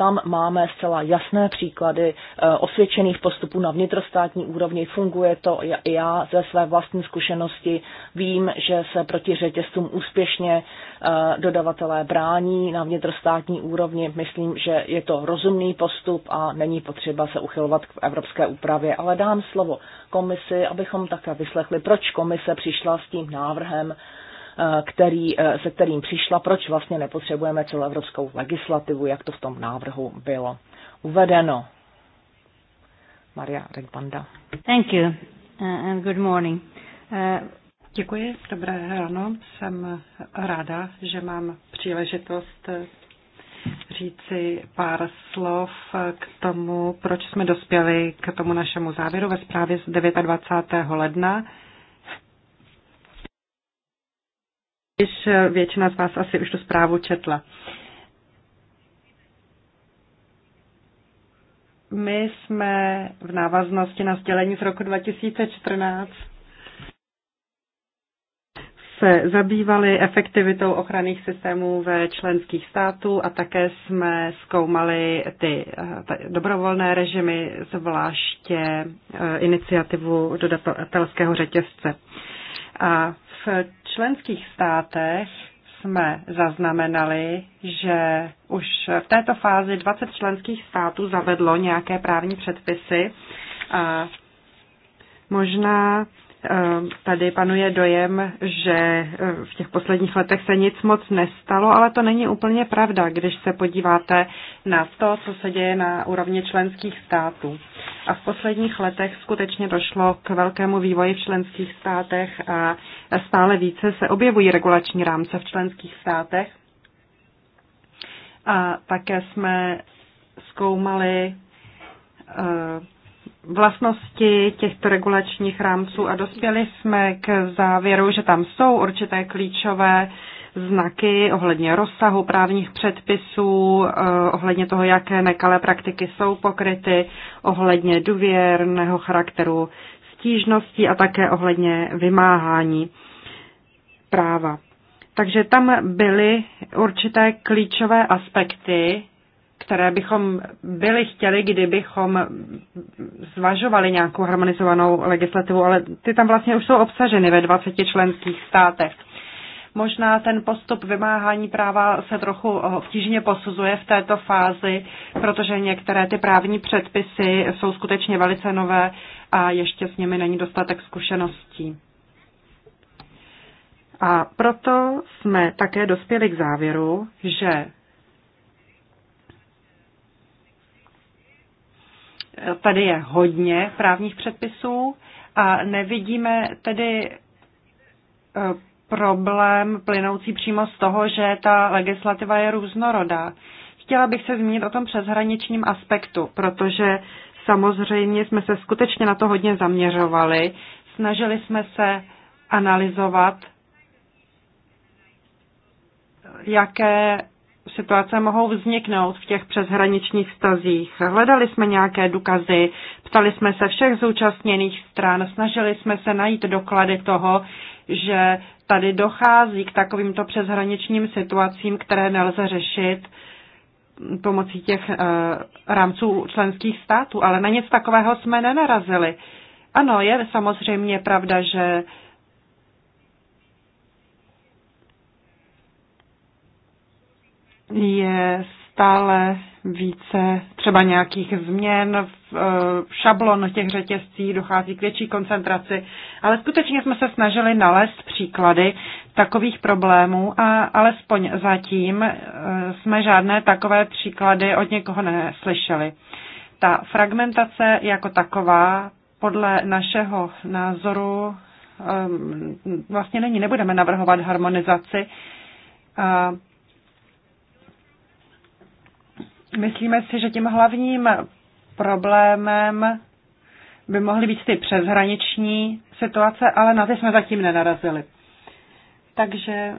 tam máme zcela jasné příklady eh, osvědčených postupů na vnitrostátní úrovni. Funguje to i já ze své vlastní zkušenosti. Vím, že se proti řetězcům úspěšně eh, dodavatelé brání na vnitrostátní úrovni. Myslím, že je to rozumný postup a není potřeba se uchylovat k evropské úpravě. Ale dám slovo komisi, abychom také vyslechli, proč komise přišla s tím návrhem Eh, který, eh, se kterým přišla, proč vlastně nepotřebujeme celoevropskou legislativu, jak to v tom návrhu bylo uvedeno. Maria Regbanda. Thank you eh, and good morning. Uh... Děkuji, dobré ráno. Jsem ráda, že mám příležitost říci pár slov k tomu, proč jsme dospěli k tomu našemu závěru ve zprávě z 29. ledna když eh, většina z vás asi už tu zprávu četla. My jsme v návaznosti na sdělení z roku 2014 se zabývali efektivitou ochranných systémů ve členských států a také jsme zkoumali ty eh, dobrovolné režimy, zvláště eh, iniciativu dodatelského řetězce. A v členských státech jsme zaznamenali, že už v této fázi 20 členských států zavedlo nějaké právní předpisy a možná Ehm, tady panuje dojem, že eh, v těch posledních letech se nic moc nestalo, ale to není úplně pravda, když se podíváte na to, co se děje na úrovni členských států. A v posledních letech skutečně došlo k velkému vývoji v členských státech a stále více se objevují regulační rámce v členských státech. A také jsme zkoumali eh, vlastnosti těchto regulačních rámců a dospěli jsme k závěru, že tam jsou určité klíčové znaky ohledně rozsahu právních předpisů, eh, ohledně toho, jaké nekalé praktiky jsou pokryty, ohledně důvěrného charakteru stížností a také ohledně vymáhání práva. Takže tam byly určité klíčové aspekty, které bychom byli chtěli, kdybychom zvažovali nějakou harmonizovanou legislativu, ale ty tam vlastně už jsou obsaženy ve 20 členských státech. Možná ten postup vymáhání práva se trochu obtížně posuzuje v této fázi, protože některé ty právní předpisy jsou skutečně velice nové a ještě s nimi není dostatek zkušeností. A proto jsme také dospěli k závěru, že tady je hodně právních předpisů a nevidíme tedy eh, problém plynoucí přímo z toho, že ta legislativa je různorodá. Chtěla bych se zmínit o tom přeshraničním aspektu, protože samozřejmě jsme se skutečně na to hodně zaměřovali. Snažili jsme se analyzovat, jaké situace mohou vzniknout v těch přeshraničních stazích. Hledali jsme nějaké důkazy, ptali jsme se všech zúčastněných stran, snažili jsme se najít doklady toho, že tady dochází k takovýmto přeshraničním situacím, které nelze řešit pomocí těch uh, rámců členských států, ale na nic takového jsme nenarazili. Ano, je samozřejmě pravda, že je stále více třeba nějakých změn v eh, šablon těch řetězcí, dochází k větší koncentraci, ale skutečně jsme se snažili nalézt příklady takových problémů a alespoň zatím eh, jsme žádné takové příklady od někoho neslyšeli. Ta fragmentace jako taková podle našeho názoru eh, vlastně není, nebudeme navrhovat harmonizaci. Myslíme si, že tím hlavním problémem by mohly být ty přeshraniční situace, ale na ty jsme zatím nenarazili. Takže e,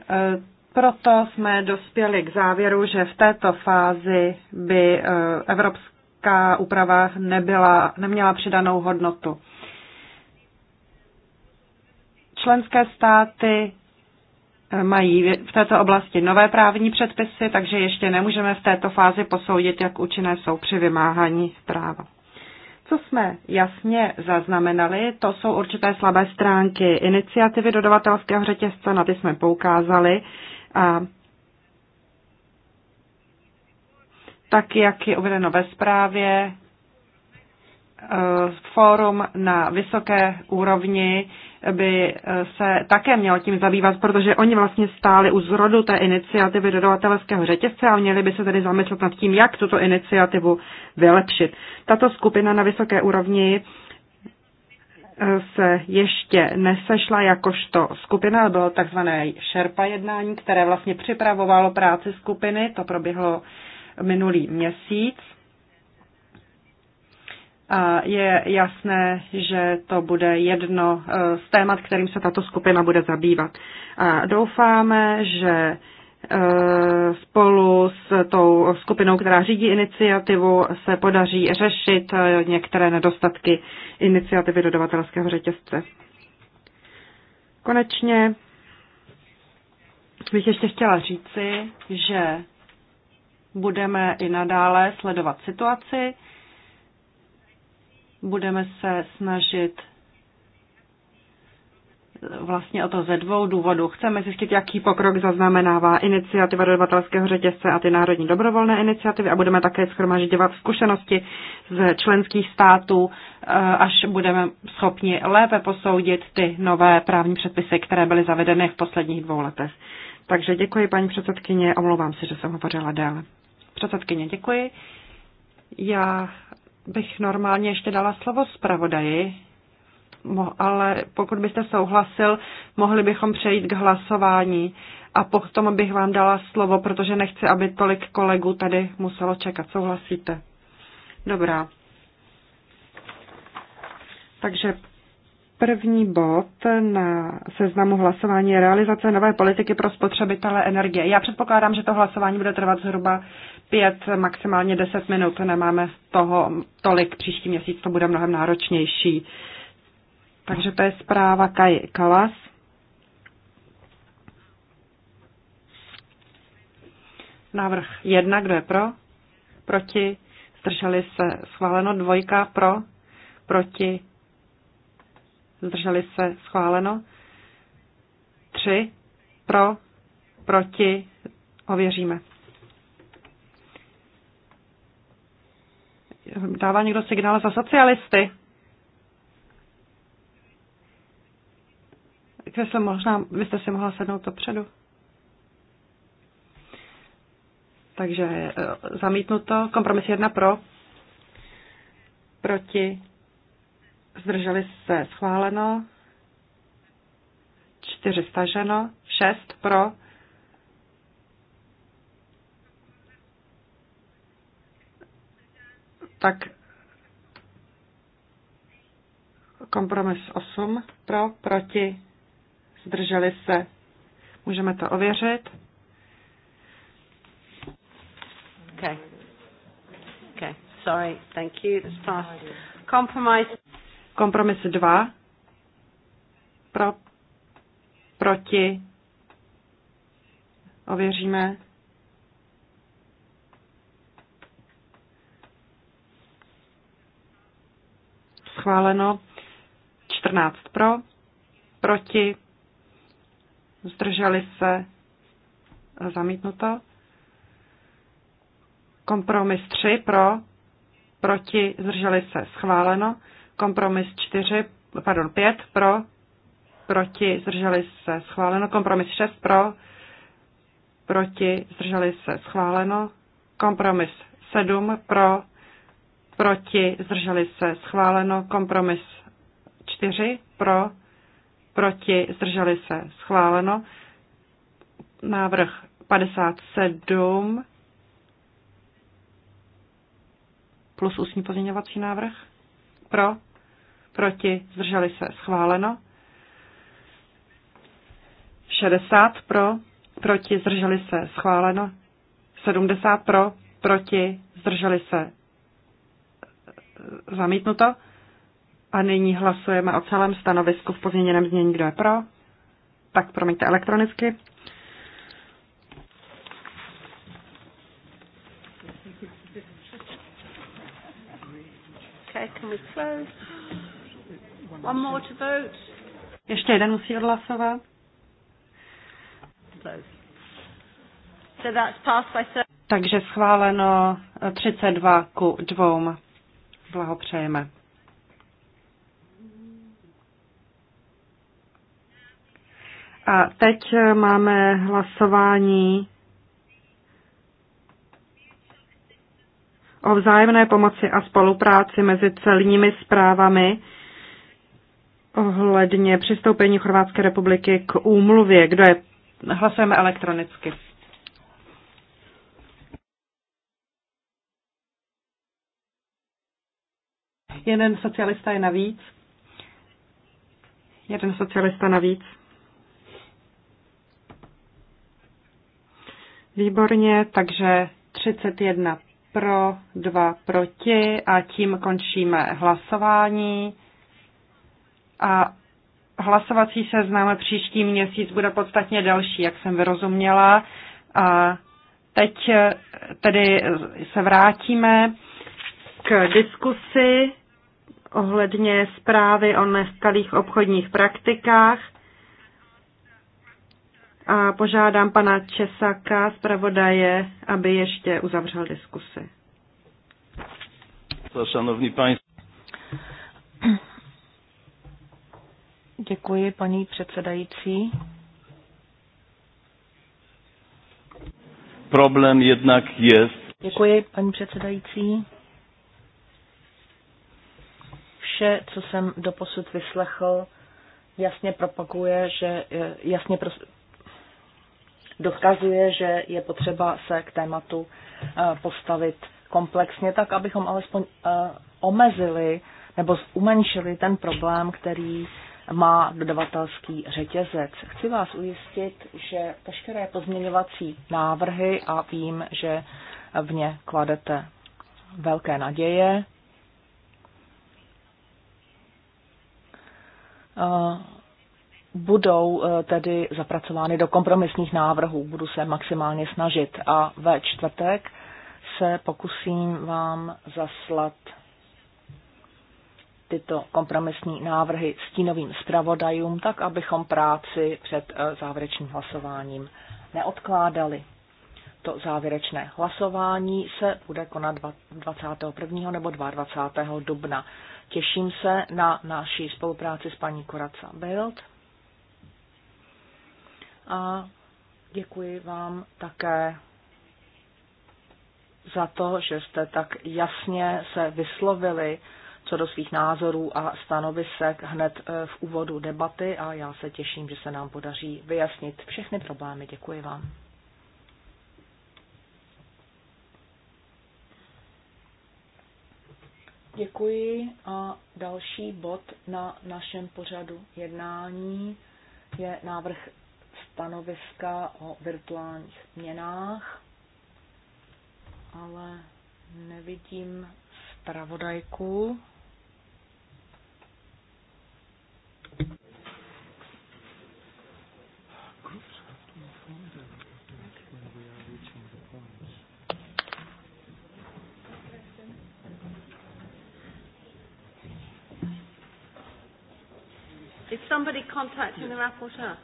proto jsme dospěli k závěru, že v této fázi by e, evropská úprava nebyla, neměla přidanou hodnotu. Členské státy mají v této oblasti nové právní předpisy, takže ještě nemůžeme v této fázi posoudit, jak účinné jsou při vymáhání práva. Co jsme jasně zaznamenali, to jsou určité slabé stránky iniciativy dodavatelského řetězce, na ty jsme poukázali. A tak, jak je uvedeno ve zprávě, eh, fórum na vysoké úrovni by eh, se také mělo tím zabývat, protože oni vlastně stáli u zrodu té iniciativy dodavatelského řetězce a měli by se tedy zamyslet nad tím, jak tuto iniciativu vylepšit. Tato skupina na vysoké úrovni eh, se ještě nesešla jakožto skupina, ale bylo takzvané šerpa jednání, které vlastně připravovalo práci skupiny, to proběhlo minulý měsíc a je jasné, že to bude jedno eh, z témat, kterým se tato skupina bude zabývat. A doufáme, že eh, spolu s tou skupinou, která řídí iniciativu, se podaří řešit eh, některé nedostatky iniciativy dodavatelského řetězce. Konečně bych ještě chtěla říci, že budeme i nadále sledovat situaci, Budeme se snažit vlastně o to ze dvou důvodů. Chceme zjistit, jaký pokrok zaznamenává iniciativa dodavatelského řetězce a ty národní dobrovolné iniciativy a budeme také schromažďovat zkušenosti z členských států, eh, až budeme schopni lépe posoudit ty nové právní předpisy, které byly zavedeny v posledních dvou letech. Takže děkuji, paní předsedkyně, omlouvám se, že jsem hovořila déle. Předsedkyně, děkuji. Já bych normálně ještě dala slovo zpravodaji, ale pokud byste souhlasil, mohli bychom přejít k hlasování a potom bych vám dala slovo, protože nechci, aby tolik kolegů tady muselo čekat. Souhlasíte? Dobrá. Takže první bod na seznamu hlasování je realizace nové politiky pro spotřebitele energie. Já předpokládám, že to hlasování bude trvat zhruba pět, maximálně deset minut, nemáme toho tolik, příští měsíc to bude mnohem náročnější. Takže to je zpráva Kaj Kalas. Návrh jedna, kdo je pro? Proti? Zdrželi se schváleno. Dvojka pro? Proti? Zdrželi se schváleno. Tři pro? Proti? Ověříme. Dává někdo signál za socialisty? Kresl, možná byste si mohla sednout dopředu. Takže eh, zamítnuto. Kompromis jedna pro. Proti. Zdrželi se schváleno. Čtyři staženo. Šest pro. tak kompromis 8 pro, proti, zdrželi se. Můžeme to ověřit. Okay. Okay. Sorry. Thank you. That's passed. Compromise. Kompromis 2 pro, proti, ověříme. schváleno 14 pro, proti, zdrželi se, zamítnuto. Kompromis 3 pro, proti, zdrželi se, schváleno. Kompromis 4, pardon, 5 pro, proti, zdrželi se, schváleno. Kompromis 6 pro, proti, zdrželi se, schváleno. Kompromis 7 pro, proti, zdrželi se, schváleno. Kompromis 4, pro, proti, zdrželi se, schváleno. Návrh 57 plus ústní pozměňovací návrh. Pro, proti, zdrželi se, schváleno. 60 pro, proti, zdrželi se, schváleno. 70 pro, proti, zdrželi se, zamítnuto. A nyní hlasujeme o celém stanovisku v pozměněném znění. Kdo je pro? Tak promiňte elektronicky. Ještě jeden musí odhlasovat. Takže schváleno 32 ku 2. Blahopřejeme. A teď eh, máme hlasování o vzájemné pomoci a spolupráci mezi celními zprávami ohledně přistoupení Chorvátské republiky k úmluvě. Kdo je? Hlasujeme elektronicky. Jeden socialista je navíc. Jeden socialista navíc. Výborně, takže 31 pro, 2 proti a tím končíme hlasování. A hlasovací seznam příští měsíc bude podstatně delší, jak jsem vyrozuměla. A teď tedy se vrátíme k diskusi ohledně zprávy o neskalých obchodních praktikách. A požádám pana Česaka, zpravodaje, aby ještě uzavřel diskusi. Szanowni Děkuji, paní předsedající. Problém jednak je. Děkuji, paní předsedající. Vše, co jsem doposud vyslechl, jasně propaguje, že eh, jasně pros... dokazuje, že je potřeba se k tématu eh, postavit komplexně, tak abychom alespoň eh, omezili nebo umenšili ten problém, který má dodavatelský řetězec. Chci vás ujistit, že veškeré pozměňovací návrhy a vím, že v ně kladete velké naděje, Eh, budou eh, tedy zapracovány do kompromisních návrhů. Budu se maximálně snažit. A ve čtvrtek se pokusím vám zaslat tyto kompromisní návrhy stínovým zpravodajům, tak abychom práci před eh, závěrečným hlasováním neodkládali. To závěrečné hlasování se bude konat 21. nebo 22. dubna. Těším se na naší spolupráci s paní Koraca Bild. A děkuji vám také za to, že jste tak jasně se vyslovili co do svých názorů a stanovisek hned e, v úvodu debaty a já se těším, že se nám podaří vyjasnit všechny problémy. Děkuji vám. Děkuji a další bod na našem pořadu jednání je návrh stanoviska o virtuálních měnách, ale nevidím zpravodajku. Is somebody contacting the rapporteur?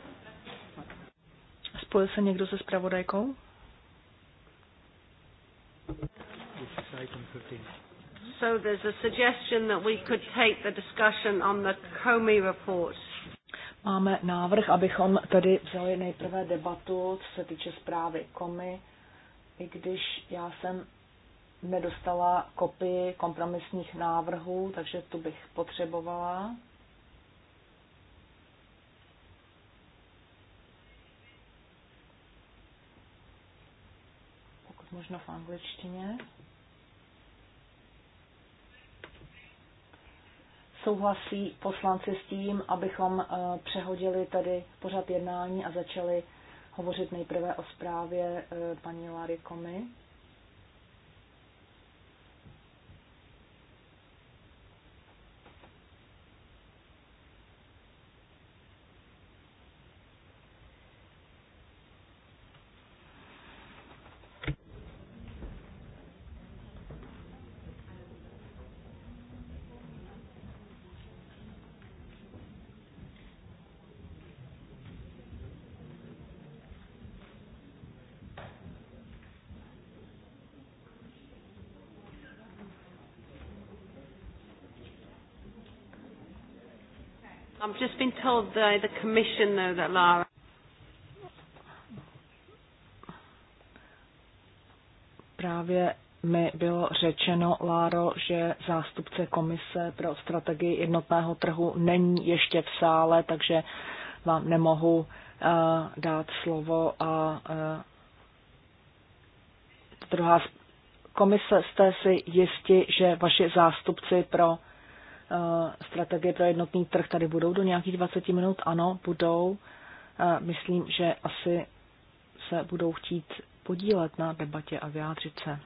Spojil se někdo se zpravodajkou? So there's a suggestion that we could take the discussion on the Comey report. Máme návrh, abychom tady vzali nejprve debatu, co se týče zprávy Komy, i když já jsem nedostala kopii kompromisních návrhů, takže tu bych potřebovala. možno v angličtině. Souhlasí poslanci s tím, abychom eh, přehodili tady pořad jednání a začali hovořit nejprve o zprávě eh, paní Lary Komy. I've just been told by the commission though that Lara Právě mi bylo řečeno, Láro, že zástupce Komise pro strategii jednotného trhu není ještě v sále, takže vám nemohu uh, dát slovo. A uh, druhá komise, jste si jisti, že vaši zástupci pro Eh, strategie pro jednotný trh tady budou do nějakých 20 minut? Ano, budou. Eh, myslím, že asi se budou chtít podílet na debatě a vyjádřit se.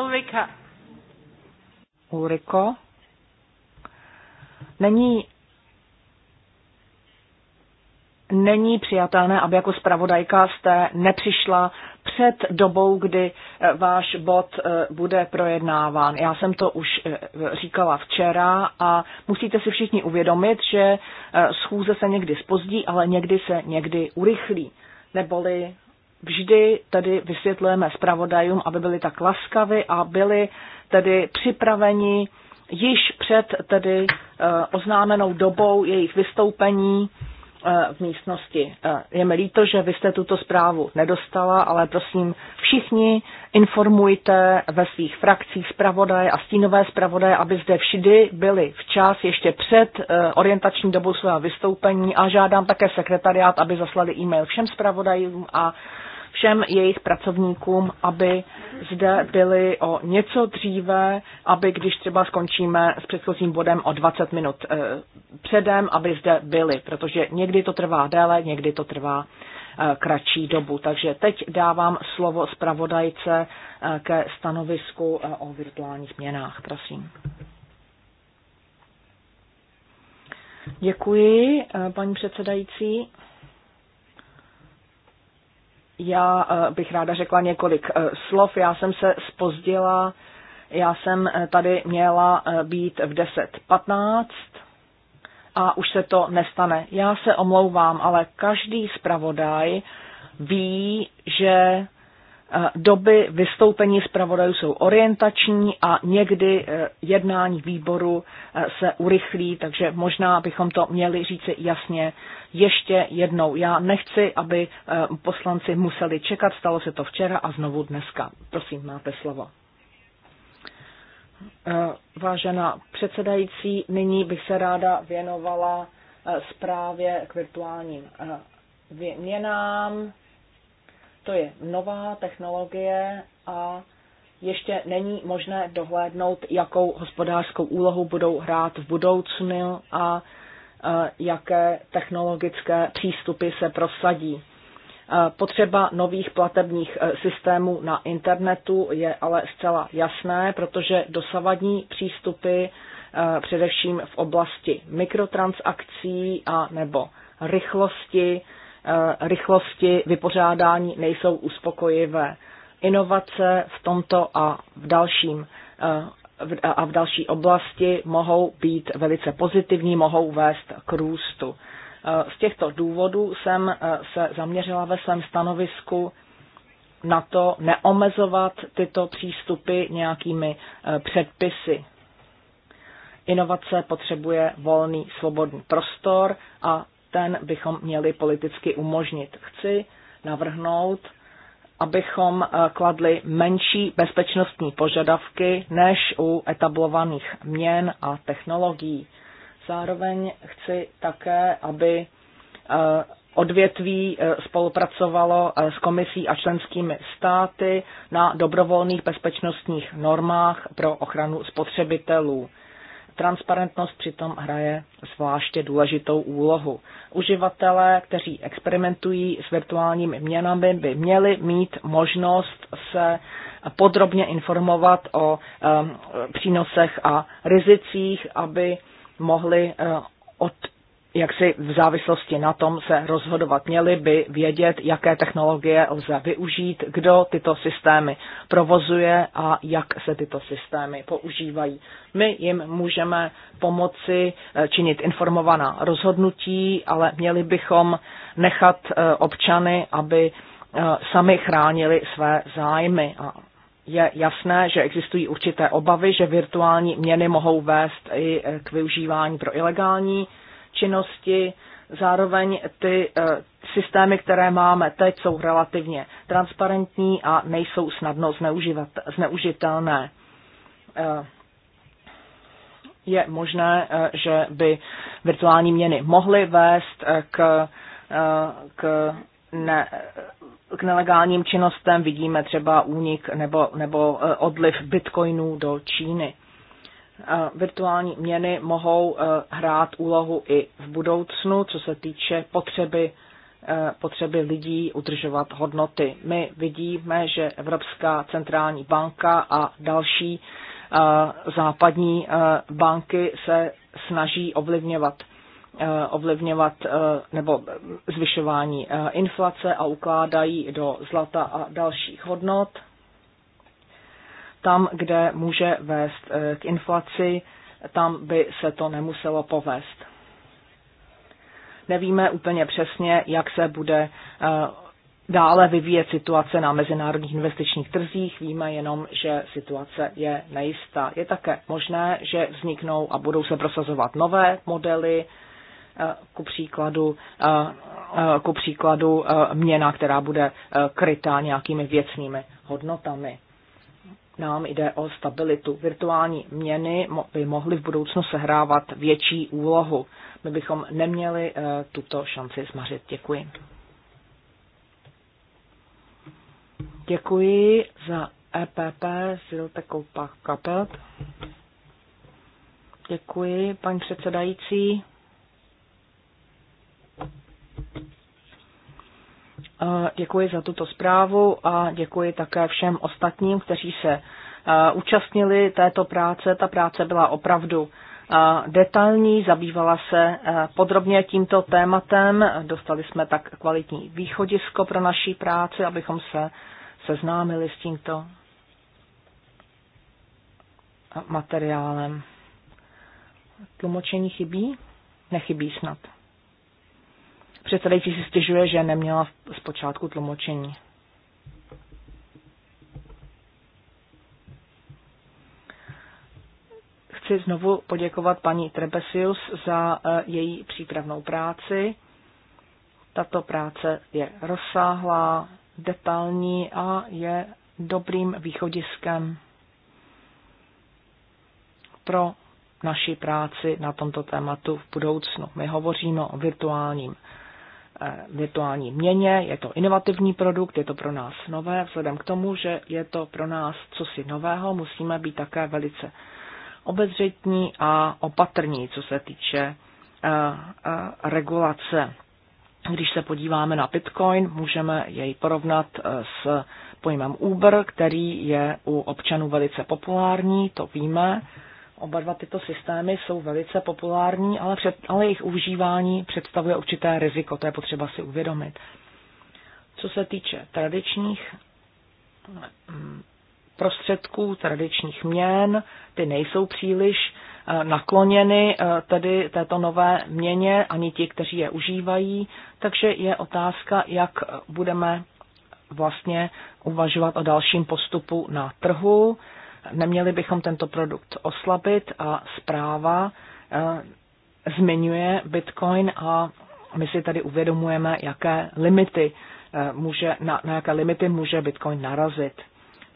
Ulrika. Ulriko. Není není přijatelné, aby jako zpravodajka jste nepřišla před dobou, kdy eh, váš bod eh, bude projednáván. Já jsem to už eh, říkala včera a musíte si všichni uvědomit, že schůze se někdy spozdí, ale někdy se někdy urychlí. Neboli vždy tedy vysvětlujeme zpravodajům, aby byli tak laskavi a byli tedy připraveni již před tedy eh, oznámenou dobou jejich vystoupení eh, v místnosti. Eh, je mi líto, že vy jste tuto zprávu nedostala, ale prosím všichni informujte ve svých frakcích zpravodaje a stínové zpravodaje, aby zde vždy byli včas ještě před orientační dobou svého vystoupení a žádám také sekretariát, aby zaslali e-mail všem zpravodajům a všem jejich pracovníkům, aby zde byli o něco dříve, aby když třeba skončíme s předchozím bodem o 20 minut eh, předem, aby zde byli, protože někdy to trvá déle, někdy to trvá eh, kratší dobu. Takže teď dávám slovo zpravodajce eh, ke stanovisku o virtuálních změnách. Prosím. Děkuji, paní předsedající. Já eh, bych ráda řekla několik eh, slov. Já jsem se spozdila, já jsem eh, tady měla být v 10.15 a už se to nestane. Já se omlouvám, ale každý zpravodaj ví, že Eh, doby vystoupení zpravodajů jsou orientační a někdy eh, jednání výboru eh, se urychlí, takže možná bychom to měli říci jasně ještě jednou. Já nechci, aby poslanci museli čekat, stalo se to včera a znovu dneska. Prosím, máte slovo. Vážená předsedající, nyní bych se ráda věnovala zprávě k virtuálním měnám to je nová technologie a ještě není možné dohlédnout, jakou hospodářskou úlohu budou hrát v budoucnu a e, jaké technologické přístupy se prosadí. E, potřeba nových platebních e, systémů na internetu je ale zcela jasné, protože dosavadní přístupy především v oblasti mikrotransakcí a nebo rychlosti Eh, rychlosti vypořádání nejsou uspokojivé. Inovace v tomto a v dalším eh, a v další oblasti mohou být velice pozitivní, mohou vést k růstu. Eh, z těchto důvodů jsem se zaměřila ve svém stanovisku na to neomezovat tyto přístupy nějakými předpisy. Inovace potřebuje volný, svobodný prostor a ten bychom měli politicky umožnit. Chci navrhnout, abychom eh, kladli menší bezpečnostní požadavky než u etablovaných měn a technologií. Zároveň chci také, aby eh, odvětví eh, spolupracovalo s komisí a členskými státy na dobrovolných bezpečnostních normách pro ochranu spotřebitelů transparentnost přitom hraje zvláště důležitou úlohu. Uživatelé, kteří experimentují s virtuálními měnami, by měli mít možnost se podrobně informovat o přínosech a rizicích, aby mohli eh, od jak si v závislosti na tom se rozhodovat. Měli by vědět, jaké technologie lze využít, kdo tyto systémy provozuje a jak se tyto systémy používají. My jim můžeme pomoci eh, činit informovaná rozhodnutí, ale měli bychom nechat eh, občany, aby eh, sami chránili své zájmy a je jasné, že existují určité obavy, že virtuální měny mohou vést i k využívání pro ilegální činnosti. Zároveň ty eh, systémy, které máme teď, jsou relativně transparentní a nejsou snadno zneužitelné. Eh, je možné, eh, že by virtuální měny mohly vést k, k ne, k nelegálním činnostem vidíme třeba únik nebo, nebo odliv bitcoinů do Číny virtuální měny mohou e, hrát úlohu i v budoucnu, co se týče potřeby, e, potřeby lidí udržovat hodnoty. My vidíme, že Evropská centrální banka a další e, západní banky se snaží ovlivňovat ovlivňovat nebo zvyšování inflace a ukládají do zlata a dalších hodnot tam, kde může vést eh, k inflaci, tam by se to nemuselo povést. Nevíme úplně přesně, jak se bude eh, dále vyvíjet situace na mezinárodních investičních trzích. Víme jenom, že situace je nejistá. Je také možné, že vzniknou a budou se prosazovat nové modely, eh, ku příkladu, ku příkladu měna, která bude krytá nějakými věcnými hodnotami nám jde o stabilitu. Virtuální měny by mohly v budoucnu sehrávat větší úlohu. My bychom neměli eh, tuto šanci zmařit. Děkuji. Děkuji za EPP Zilte Koupa Kapelt. Děkuji, paní předsedající. Eh, děkuji za tuto zprávu a děkuji také všem ostatním, kteří se eh, účastnili této práce. Ta práce byla opravdu eh, detailní, zabývala se podrobně tímto tématem. Dostali jsme tak kvalitní východisko pro naší práci, abychom se seznámili s tímto materiálem. Tlumočení chybí? Nechybí snad. Předsedající si stěžuje, že neměla zpočátku tlumočení. Chci znovu poděkovat paní Trebesius za eh, její přípravnou práci. Tato práce je rozsáhlá, detailní a je dobrým východiskem pro naši práci na tomto tématu v budoucnu. My hovoříme o virtuálním Eh, virtuální měně, je to inovativní produkt, je to pro nás nové, vzhledem k tomu, že je to pro nás cosi nového, musíme být také velice obezřetní a opatrní, co se týče eh, eh, regulace. Když se podíváme na Bitcoin, můžeme jej porovnat s pojmem Uber, který je u občanů velice populární, to víme. Oba dva tyto systémy jsou velice populární, ale, před, ale jejich užívání představuje určité riziko, to je potřeba si uvědomit. Co se týče tradičních mm, prostředků, tradičních měn, ty nejsou příliš eh, nakloněny eh, tedy této nové měně, ani ti, kteří je užívají, takže je otázka, jak budeme vlastně uvažovat o dalším postupu na trhu. Neměli bychom tento produkt oslabit a zpráva eh, zmiňuje Bitcoin a my si tady uvědomujeme, jaké limity eh, může, na, na jaké limity může Bitcoin narazit.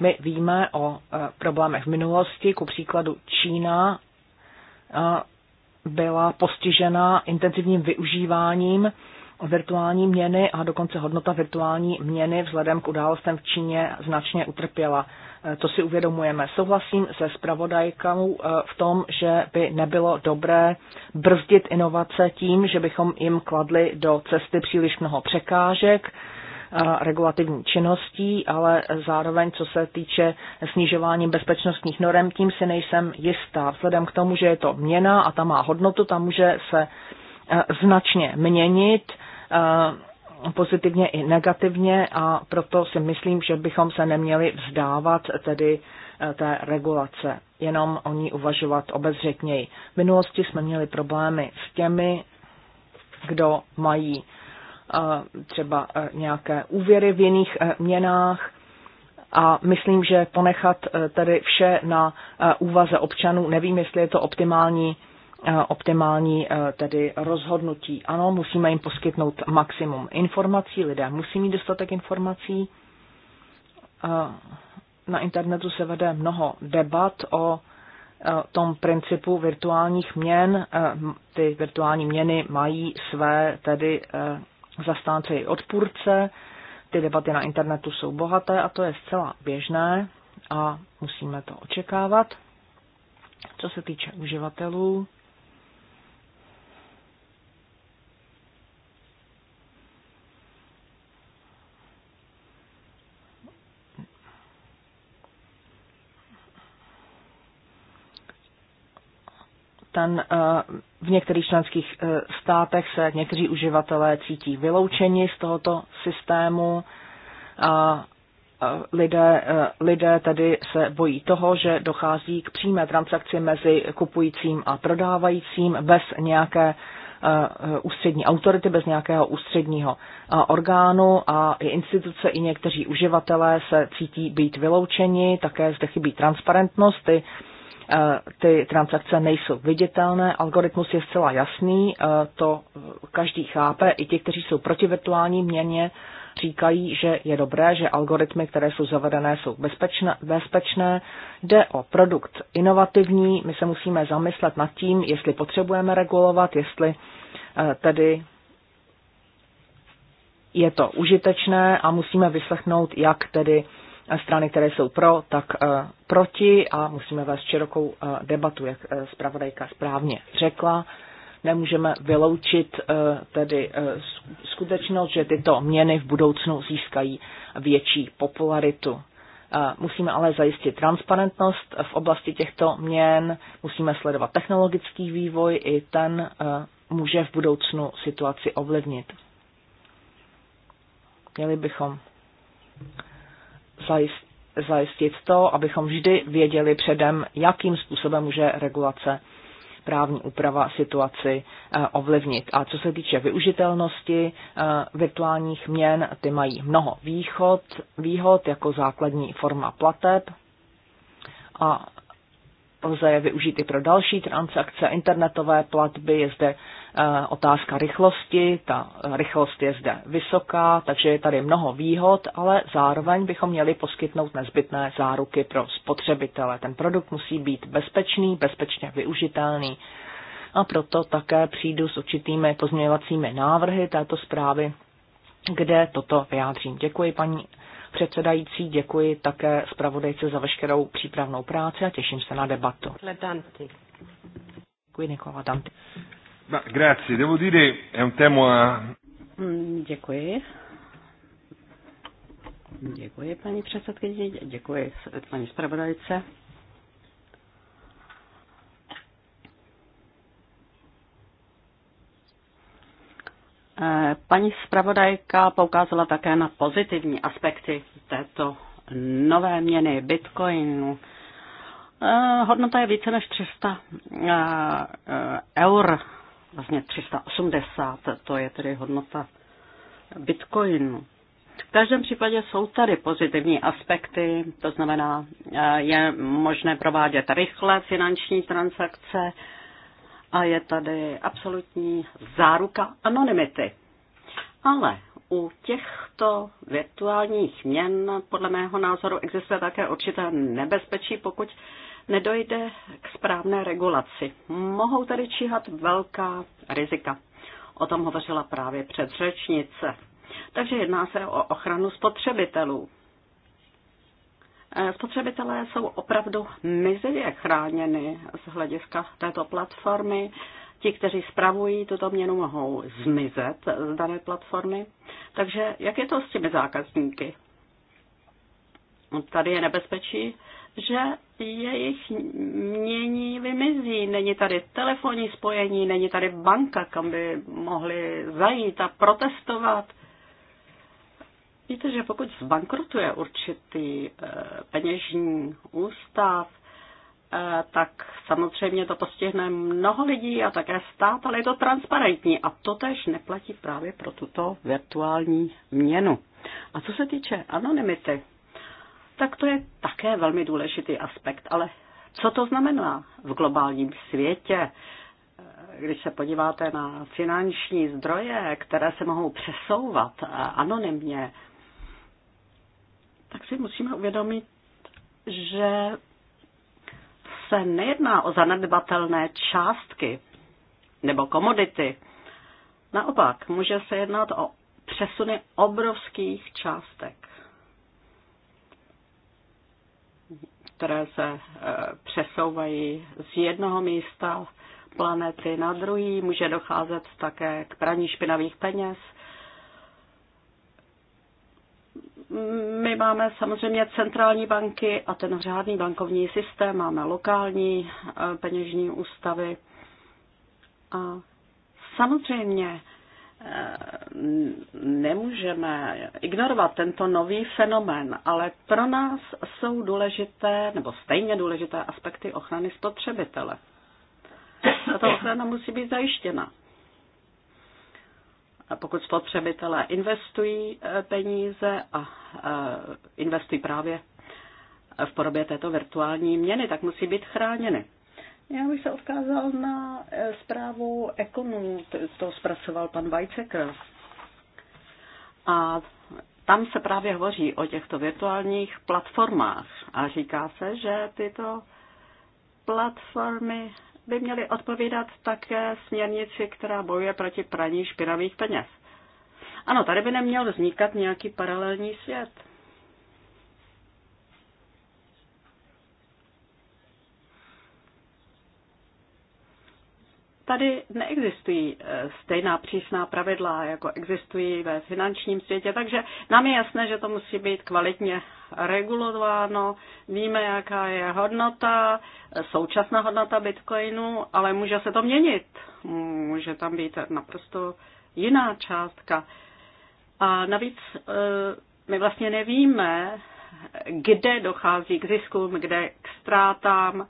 My víme o eh, problémech v minulosti, ku příkladu Čína byla postižena intenzivním využíváním virtuální měny a dokonce hodnota virtuální měny vzhledem k událostem v Číně značně utrpěla. Eh, to si uvědomujeme. Souhlasím se spravodajkou eh, v tom, že by nebylo dobré brzdit inovace tím, že bychom jim kladli do cesty příliš mnoho překážek eh, regulativní činností, ale zároveň, co se týče snižování bezpečnostních norem, tím si nejsem jistá. Vzhledem k tomu, že je to měna a ta má hodnotu, tam může se značně měnit, pozitivně i negativně a proto si myslím, že bychom se neměli vzdávat tedy eh, té regulace, jenom o ní uvažovat obezřetněji. V minulosti jsme měli problémy s těmi, kdo mají eh, třeba eh, nějaké úvěry v jiných měnách a myslím, že ponechat tedy vše na úvaze občanů, nevím, jestli je to optimální Eh, optimální eh, tedy rozhodnutí. Ano, musíme jim poskytnout maximum informací, lidé musí mít dostatek informací. Eh, na internetu se vede mnoho debat o tom principu virtuálních měn. Ty virtuální měny mají své tedy zastánce i odpůrce. Ty debaty na internetu jsou bohaté a to je zcela běžné a musíme to očekávat. Co se týče uživatelů, ten, eh, v některých členských eh, státech se někteří uživatelé cítí vyloučeni z tohoto systému a lidé, eh, lidé tedy se bojí toho, že dochází k přímé transakci mezi kupujícím a prodávajícím bez nějaké ústřední autority, bez nějakého ústředního orgánu a i instituce, i někteří uživatelé se cítí být vyloučeni, také zde chybí transparentnost, ty Eh, ty transakce nejsou viditelné, algoritmus je zcela jasný, eh, to každý chápe, i ti, kteří jsou proti virtuální měně, říkají, že je dobré, že algoritmy, které jsou zavedené, jsou bezpečné. bezpečné. Jde o produkt inovativní, my se musíme zamyslet nad tím, jestli potřebujeme regulovat, jestli eh, tedy je to užitečné a musíme vyslechnout, jak tedy strany, které jsou pro, tak eh, proti a musíme vést širokou eh, debatu, jak eh, zpravodajka správně řekla. Nemůžeme vyloučit tedy skutečnost, že tyto měny v budoucnu získají větší popularitu. Musíme ale zajistit transparentnost v oblasti těchto měn, musíme sledovat technologický vývoj, i ten může v budoucnu situaci ovlivnit. Měli bychom zajistit to, abychom vždy věděli předem, jakým způsobem může regulace právní úprava situaci eh, ovlivnit. A co se týče využitelnosti eh, virtuálních měn, ty mají mnoho výhod, výhod jako základní forma plateb a lze je využít i pro další transakce, internetové platby, je zde eh, otázka rychlosti, ta rychlost je zde vysoká, takže je tady mnoho výhod, ale zároveň bychom měli poskytnout nezbytné záruky pro spotřebitele. Ten produkt musí být bezpečný, bezpečně využitelný a proto také přijdu s určitými pozměňovacími návrhy této zprávy, kde toto vyjádřím. Děkuji paní předsedající, děkuji také zpravodajce za veškerou přípravnou práci a těším se na debatu. Děkuji, Nikola Danti. Ma, grazie, devo dire, è un tema... Mm, děkuji. Děkuji, paní předsedkyně, děkuji paní zpravodajce. Paní zpravodajka poukázala také na pozitivní aspekty této nové měny bitcoinu. Eh, hodnota je více než 300 eh, eur, vlastně 380, to je tedy hodnota bitcoinu. V každém případě jsou tady pozitivní aspekty, to znamená, eh, je možné provádět rychlé finanční transakce a je tady absolutní záruka anonymity. Ale u těchto virtuálních měn podle mého názoru existuje také určité nebezpečí, pokud nedojde k správné regulaci. Mohou tady číhat velká rizika. O tom hovořila právě předřečnice. Takže jedná se o ochranu spotřebitelů. Eh, spotřebitelé jsou opravdu mizivě chráněny z hlediska této platformy. Ti, kteří spravují tuto měnu, mohou zmizet z dané platformy. Takže jak je to s těmi zákazníky? Tady je nebezpečí, že jejich mění vymizí. Není tady telefonní spojení, není tady banka, kam by mohli zajít a protestovat. Víte, že pokud zbankrotuje určitý eh, peněžní ústav, eh, tak samozřejmě to postihne mnoho lidí a také stát, ale je to transparentní a to tež neplatí právě pro tuto virtuální měnu. A co se týče anonymity, tak to je také velmi důležitý aspekt, ale co to znamená v globálním světě? Eh, když se podíváte na finanční zdroje, které se mohou přesouvat anonymně, tak si musíme uvědomit, že se nejedná o zanedbatelné částky nebo komodity. Naopak, může se jednat o přesuny obrovských částek, které se e, přesouvají z jednoho místa planety na druhý. Může docházet také k praní špinavých peněz my máme samozřejmě centrální banky a ten řádný bankovní systém, máme lokální eh, peněžní ústavy. A samozřejmě eh, nemůžeme ignorovat tento nový fenomén, ale pro nás jsou důležité, nebo stejně důležité aspekty ochrany spotřebitele. ta ochrana musí být zajištěna pokud spotřebitelé investují eh, peníze a eh, investují právě v podobě této virtuální měny, tak musí být chráněny. Já bych se odkázal na eh, zprávu Ekonu, to zpracoval pan Weizsäcker. A tam se právě hovoří o těchto virtuálních platformách a říká se, že tyto platformy by měly odpovídat také směrnici, která bojuje proti praní špinavých peněz. Ano, tady by neměl vznikat nějaký paralelní svět. Tady neexistují eh, stejná přísná pravidla, jako existují ve finančním světě, takže nám je jasné, že to musí být kvalitně regulováno. Víme, jaká je hodnota, eh, současná hodnota bitcoinu, ale může se to měnit. Může tam být naprosto jiná částka. A navíc eh, my vlastně nevíme, kde dochází k ziskům, kde k ztrátám,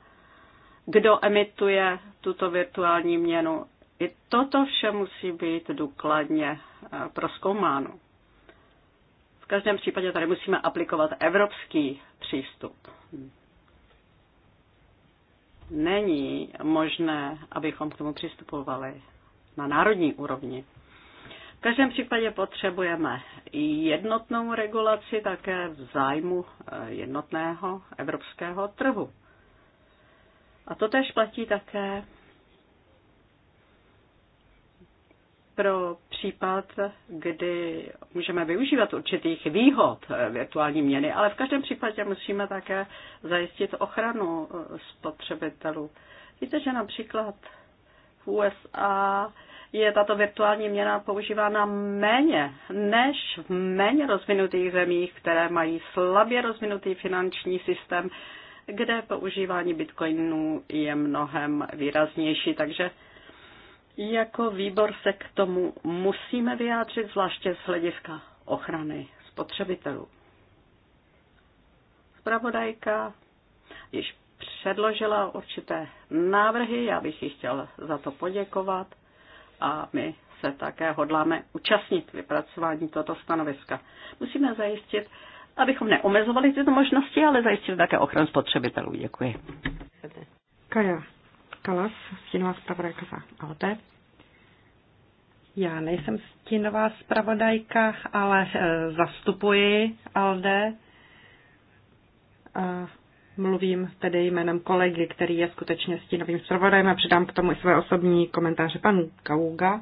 kdo emituje tuto virtuální měnu. I toto vše musí být důkladně eh, proskoumáno. V každém případě tady musíme aplikovat evropský přístup. Není možné, abychom k tomu přistupovali na národní úrovni. V každém případě potřebujeme jednotnou regulaci také v zájmu eh, jednotného evropského trhu. A to tež platí také pro případ, kdy můžeme využívat určitých výhod virtuální měny, ale v každém případě musíme také zajistit ochranu eh, spotřebitelů. Víte, že například v USA je tato virtuální měna používána méně než v méně rozvinutých zemích, které mají slabě rozvinutý finanční systém, kde používání bitcoinu je mnohem výraznější. Takže jako výbor se k tomu musíme vyjádřit, zvláště z hlediska ochrany spotřebitelů. Spravodajka již předložila určité návrhy, já bych ji chtěl za to poděkovat a my se také hodláme účastnit vypracování tohoto stanoviska. Musíme zajistit, abychom neomezovali tyto možnosti, ale zajistili také ochranu spotřebitelů. Děkuji. Kaja Kalas, stínová zpravodajka za ALDE. Já nejsem stínová zpravodajka, ale e, zastupuji ALDE. E, mluvím tedy jménem kolegy, který je skutečně stínovým zpravodajem a přidám k tomu i své osobní komentáře. Pan Kauga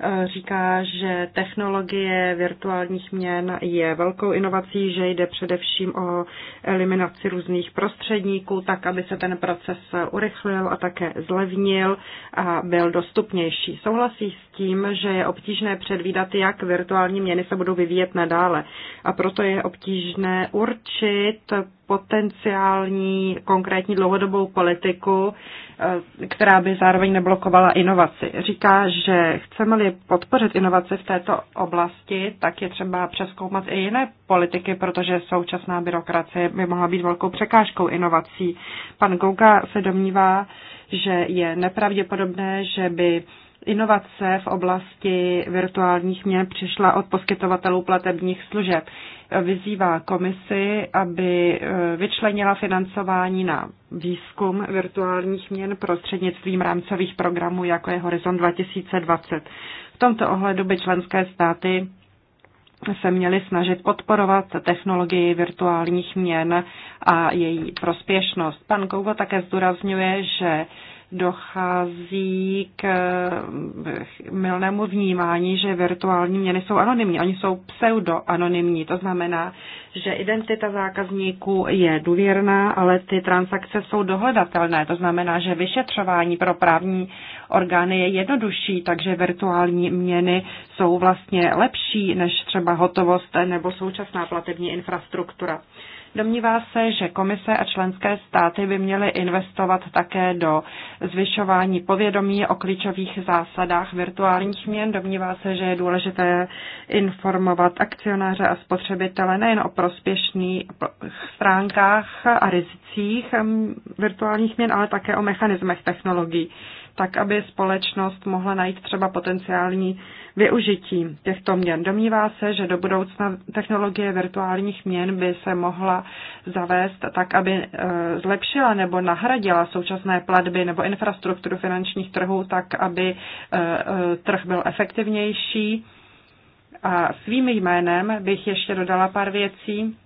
Eh, říká, že technologie virtuálních měn je velkou inovací, že jde především o eliminaci různých prostředníků, tak aby se ten proces eh, urychlil a také zlevnil a byl dostupnější. Souhlasí s tím, že je obtížné předvídat, jak virtuální měny se budou vyvíjet nadále a proto je obtížné určit potenciální konkrétní dlouhodobou politiku, eh, která by zároveň neblokovala inovaci. Říká, že chceme-li podpořit inovaci v této oblasti, tak je třeba přeskoumat i jiné politiky, protože současná byrokracie by mohla být velkou překážkou inovací. Pan Gouka se domnívá, že je nepravděpodobné, že by inovace v oblasti virtuálních měn přišla od poskytovatelů platebních služeb. Vyzývá komisi, aby e, vyčlenila financování na výzkum virtuálních měn prostřednictvím rámcových programů, jako je Horizon 2020. V tomto ohledu by členské státy se měly snažit podporovat technologii virtuálních měn a její prospěšnost. Pan Kouvo také zdůrazňuje, že dochází k eh, milnému vnímání, že virtuální měny jsou anonymní. Oni jsou pseudoanonymní, to znamená, že identita zákazníků je důvěrná, ale ty transakce jsou dohledatelné. To znamená, že vyšetřování pro právní orgány je jednodušší, takže virtuální měny jsou vlastně lepší než třeba hotovost nebo současná platební infrastruktura. Domnívá se, že komise a členské státy by měly investovat také do zvyšování povědomí o klíčových zásadách virtuálních měn. Domnívá se, že je důležité informovat akcionáře a spotřebitele nejen o prospěšných stránkách a rizicích virtuálních měn, ale také o mechanismech technologií tak aby společnost mohla najít třeba potenciální využití těchto měn. Domnívá se, že do budoucna technologie virtuálních měn by se mohla zavést tak, aby e, zlepšila nebo nahradila současné platby nebo infrastrukturu finančních trhů tak, aby e, e, trh byl efektivnější. A svým jménem bych ještě dodala pár věcí.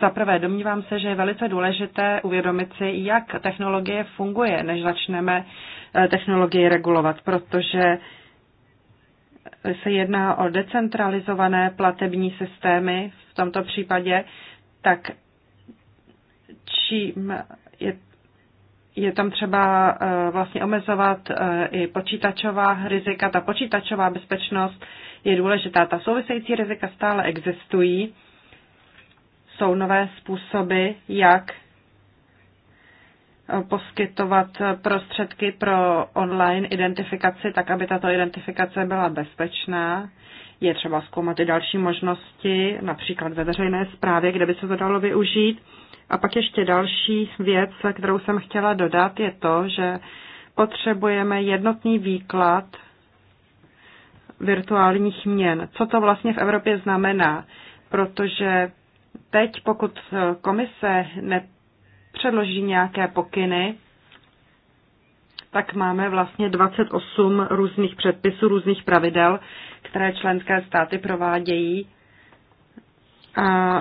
Za prvé, domnívám se, že je velice důležité uvědomit si, jak technologie funguje, než začneme technologii regulovat, protože se jedná o decentralizované platební systémy v tomto případě, tak čím je, je tam třeba eh, vlastně omezovat eh, i počítačová rizika. Ta počítačová bezpečnost je důležitá. Ta související rizika stále existují. Jsou nové způsoby, jak poskytovat prostředky pro online identifikaci, tak aby tato identifikace byla bezpečná. Je třeba zkoumat i další možnosti, například ve veřejné zprávě, kde by se to dalo využít. A pak ještě další věc, kterou jsem chtěla dodat, je to, že potřebujeme jednotný výklad virtuálních měn. Co to vlastně v Evropě znamená? Protože teď, pokud komise ne předloží nějaké pokyny, tak máme vlastně 28 různých předpisů, různých pravidel, které členské státy provádějí a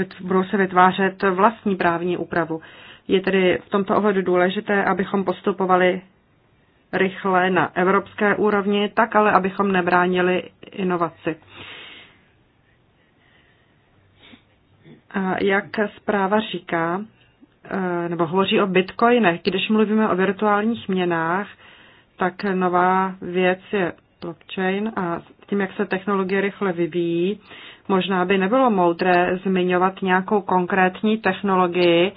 e, budou se vytvářet vlastní právní úpravu. Je tedy v tomto ohledu důležité, abychom postupovali rychle na evropské úrovni, tak ale abychom nebránili inovaci. A jak zpráva říká, Eh, nebo hovoří o bitcoinech. Když mluvíme o virtuálních měnách, tak nová věc je blockchain a tím, jak se technologie rychle vyvíjí, možná by nebylo moudré zmiňovat nějakou konkrétní technologii,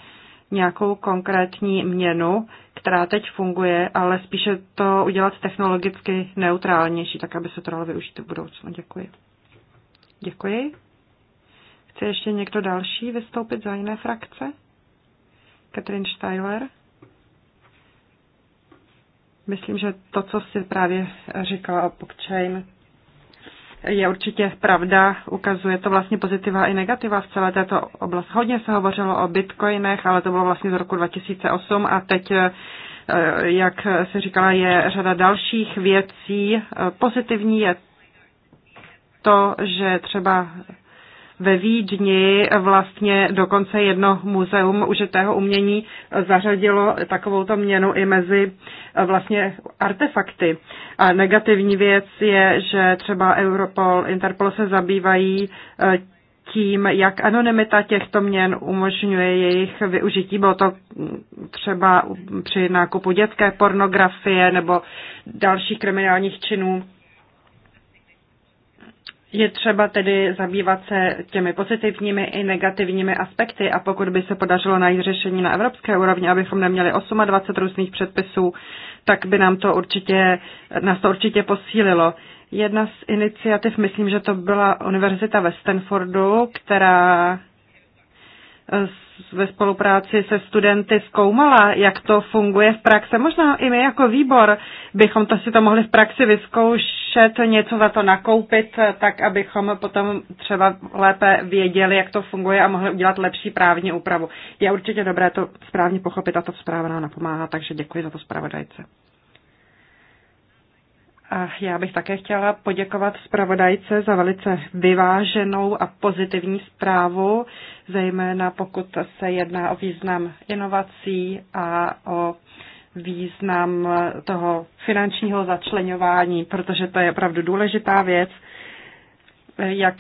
nějakou konkrétní měnu, která teď funguje, ale spíše to udělat technologicky neutrálnější, tak aby se to dalo využít v budoucnu. Děkuji. Děkuji. Chce ještě někdo další vystoupit za jiné frakce? Katrin Steiler. Myslím, že to, co si právě říkala o blockchain, je určitě pravda. Ukazuje to vlastně pozitiva i negativa v celé této oblasti. Hodně se hovořilo o bitcoinech, ale to bylo vlastně z roku 2008 a teď eh, jak se říkala, je řada dalších věcí. Eh, pozitivní je to, že třeba ve Vídni vlastně dokonce jedno muzeum užitého umění zařadilo to měnu i mezi eh, vlastně artefakty. A negativní věc je, že třeba Europol, Interpol se zabývají eh, tím, jak anonymita těchto měn umožňuje jejich využití. Bylo to třeba při nákupu dětské pornografie nebo dalších kriminálních činů je třeba tedy zabývat se těmi pozitivními i negativními aspekty a pokud by se podařilo najít řešení na evropské úrovni, abychom neměli 28 různých předpisů, tak by nám to určitě, nás to určitě posílilo. Jedna z iniciativ, myslím, že to byla Univerzita ve Stanfordu, která ve spolupráci se studenty zkoumala, jak to funguje v praxi. Možná i my jako výbor bychom to si to mohli v praxi vyzkoušet, něco za to nakoupit, tak abychom potom třeba lépe věděli, jak to funguje a mohli udělat lepší právní úpravu. Je určitě dobré to správně pochopit a to správná napomáhá, takže děkuji za to zpravodajce. A já bych také chtěla poděkovat zpravodajce za velice vyváženou a pozitivní zprávu, zejména pokud se jedná o význam inovací a o význam toho finančního začlenování, protože to je opravdu důležitá věc. Jak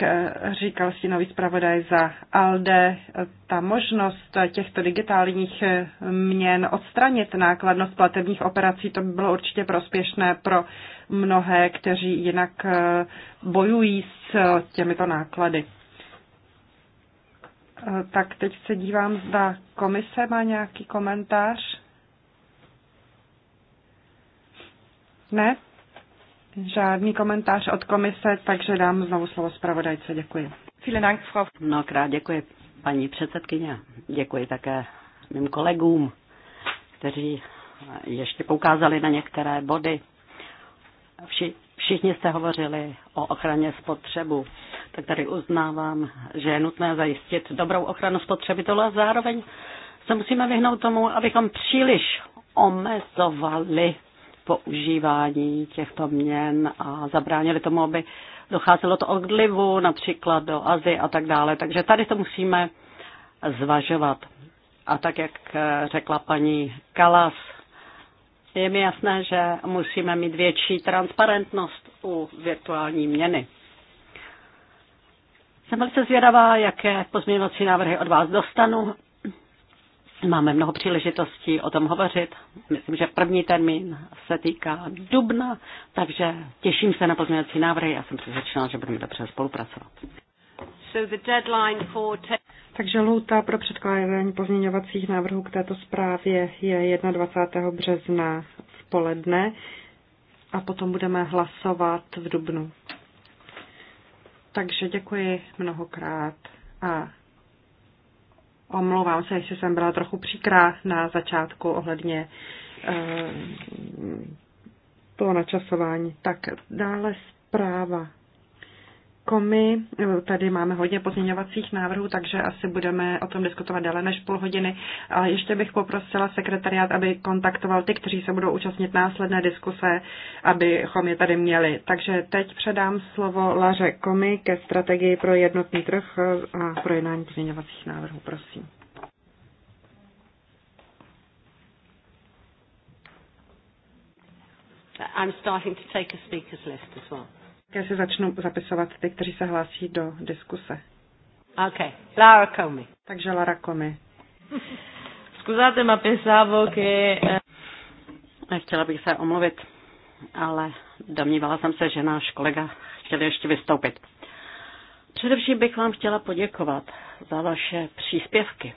říkal stínový zpravodaj za ALDE, ta možnost těchto digitálních měn odstranit nákladnost platebních operací, to by bylo určitě prospěšné pro mnohé, kteří jinak eh, bojují s těmito náklady. Eh, tak teď se dívám, zda komise má nějaký komentář. Ne? Žádný komentář od komise, takže dám znovu slovo zpravodajce. Děkuji. Vielen Dank, Frau. Mnohokrát děkuji, paní předsedkyně. Děkuji také mým kolegům, kteří ještě poukázali na některé body, Vši, všichni jste hovořili o ochraně spotřebu, tak tady uznávám, že je nutné zajistit dobrou ochranu spotřebitele a zároveň se musíme vyhnout tomu, abychom příliš omezovali používání těchto měn a zabránili tomu, aby docházelo to odlivu například do Azy a tak dále. Takže tady to musíme zvažovat. A tak, jak řekla paní Kalas, je mi jasné, že musíme mít větší transparentnost u virtuální měny. Jsem velice zvědavá, jaké pozměňovací návrhy od vás dostanu. Máme mnoho příležitostí o tom hovořit. Myslím, že první termín se týká dubna, takže těším se na pozměňovací návrhy a jsem přesvědčená, že budeme dobře spolupracovat. So the deadline for Takže lhůta pro předkládání pozměňovacích návrhů k této zprávě je 21. března v poledne a potom budeme hlasovat v dubnu. Takže děkuji mnohokrát a omlouvám se, jestli jsem byla trochu příkrá na začátku ohledně eh, toho načasování. Tak dále zpráva my. Tady máme hodně pozměňovacích návrhů, takže asi budeme o tom diskutovat déle než půl hodiny. A ještě bych poprosila sekretariát, aby kontaktoval ty, kteří se budou účastnit následné diskuse, abychom je tady měli. Takže teď předám slovo Laře Komi ke strategii pro jednotný trh a projednání pozměňovacích návrhů. Prosím. I'm starting to take a speaker's list as well. Já se začnu zapisovat ty, kteří se hlásí do diskuse. Ok, Lara Comey. Takže Lara Comey. (laughs) Scusate, ma pensavo che... Eh, chtěla bych se omluvit, ale domnívala jsem se, že náš kolega chtěl ještě vystoupit. Především bych vám chtěla poděkovat za vaše příspěvky.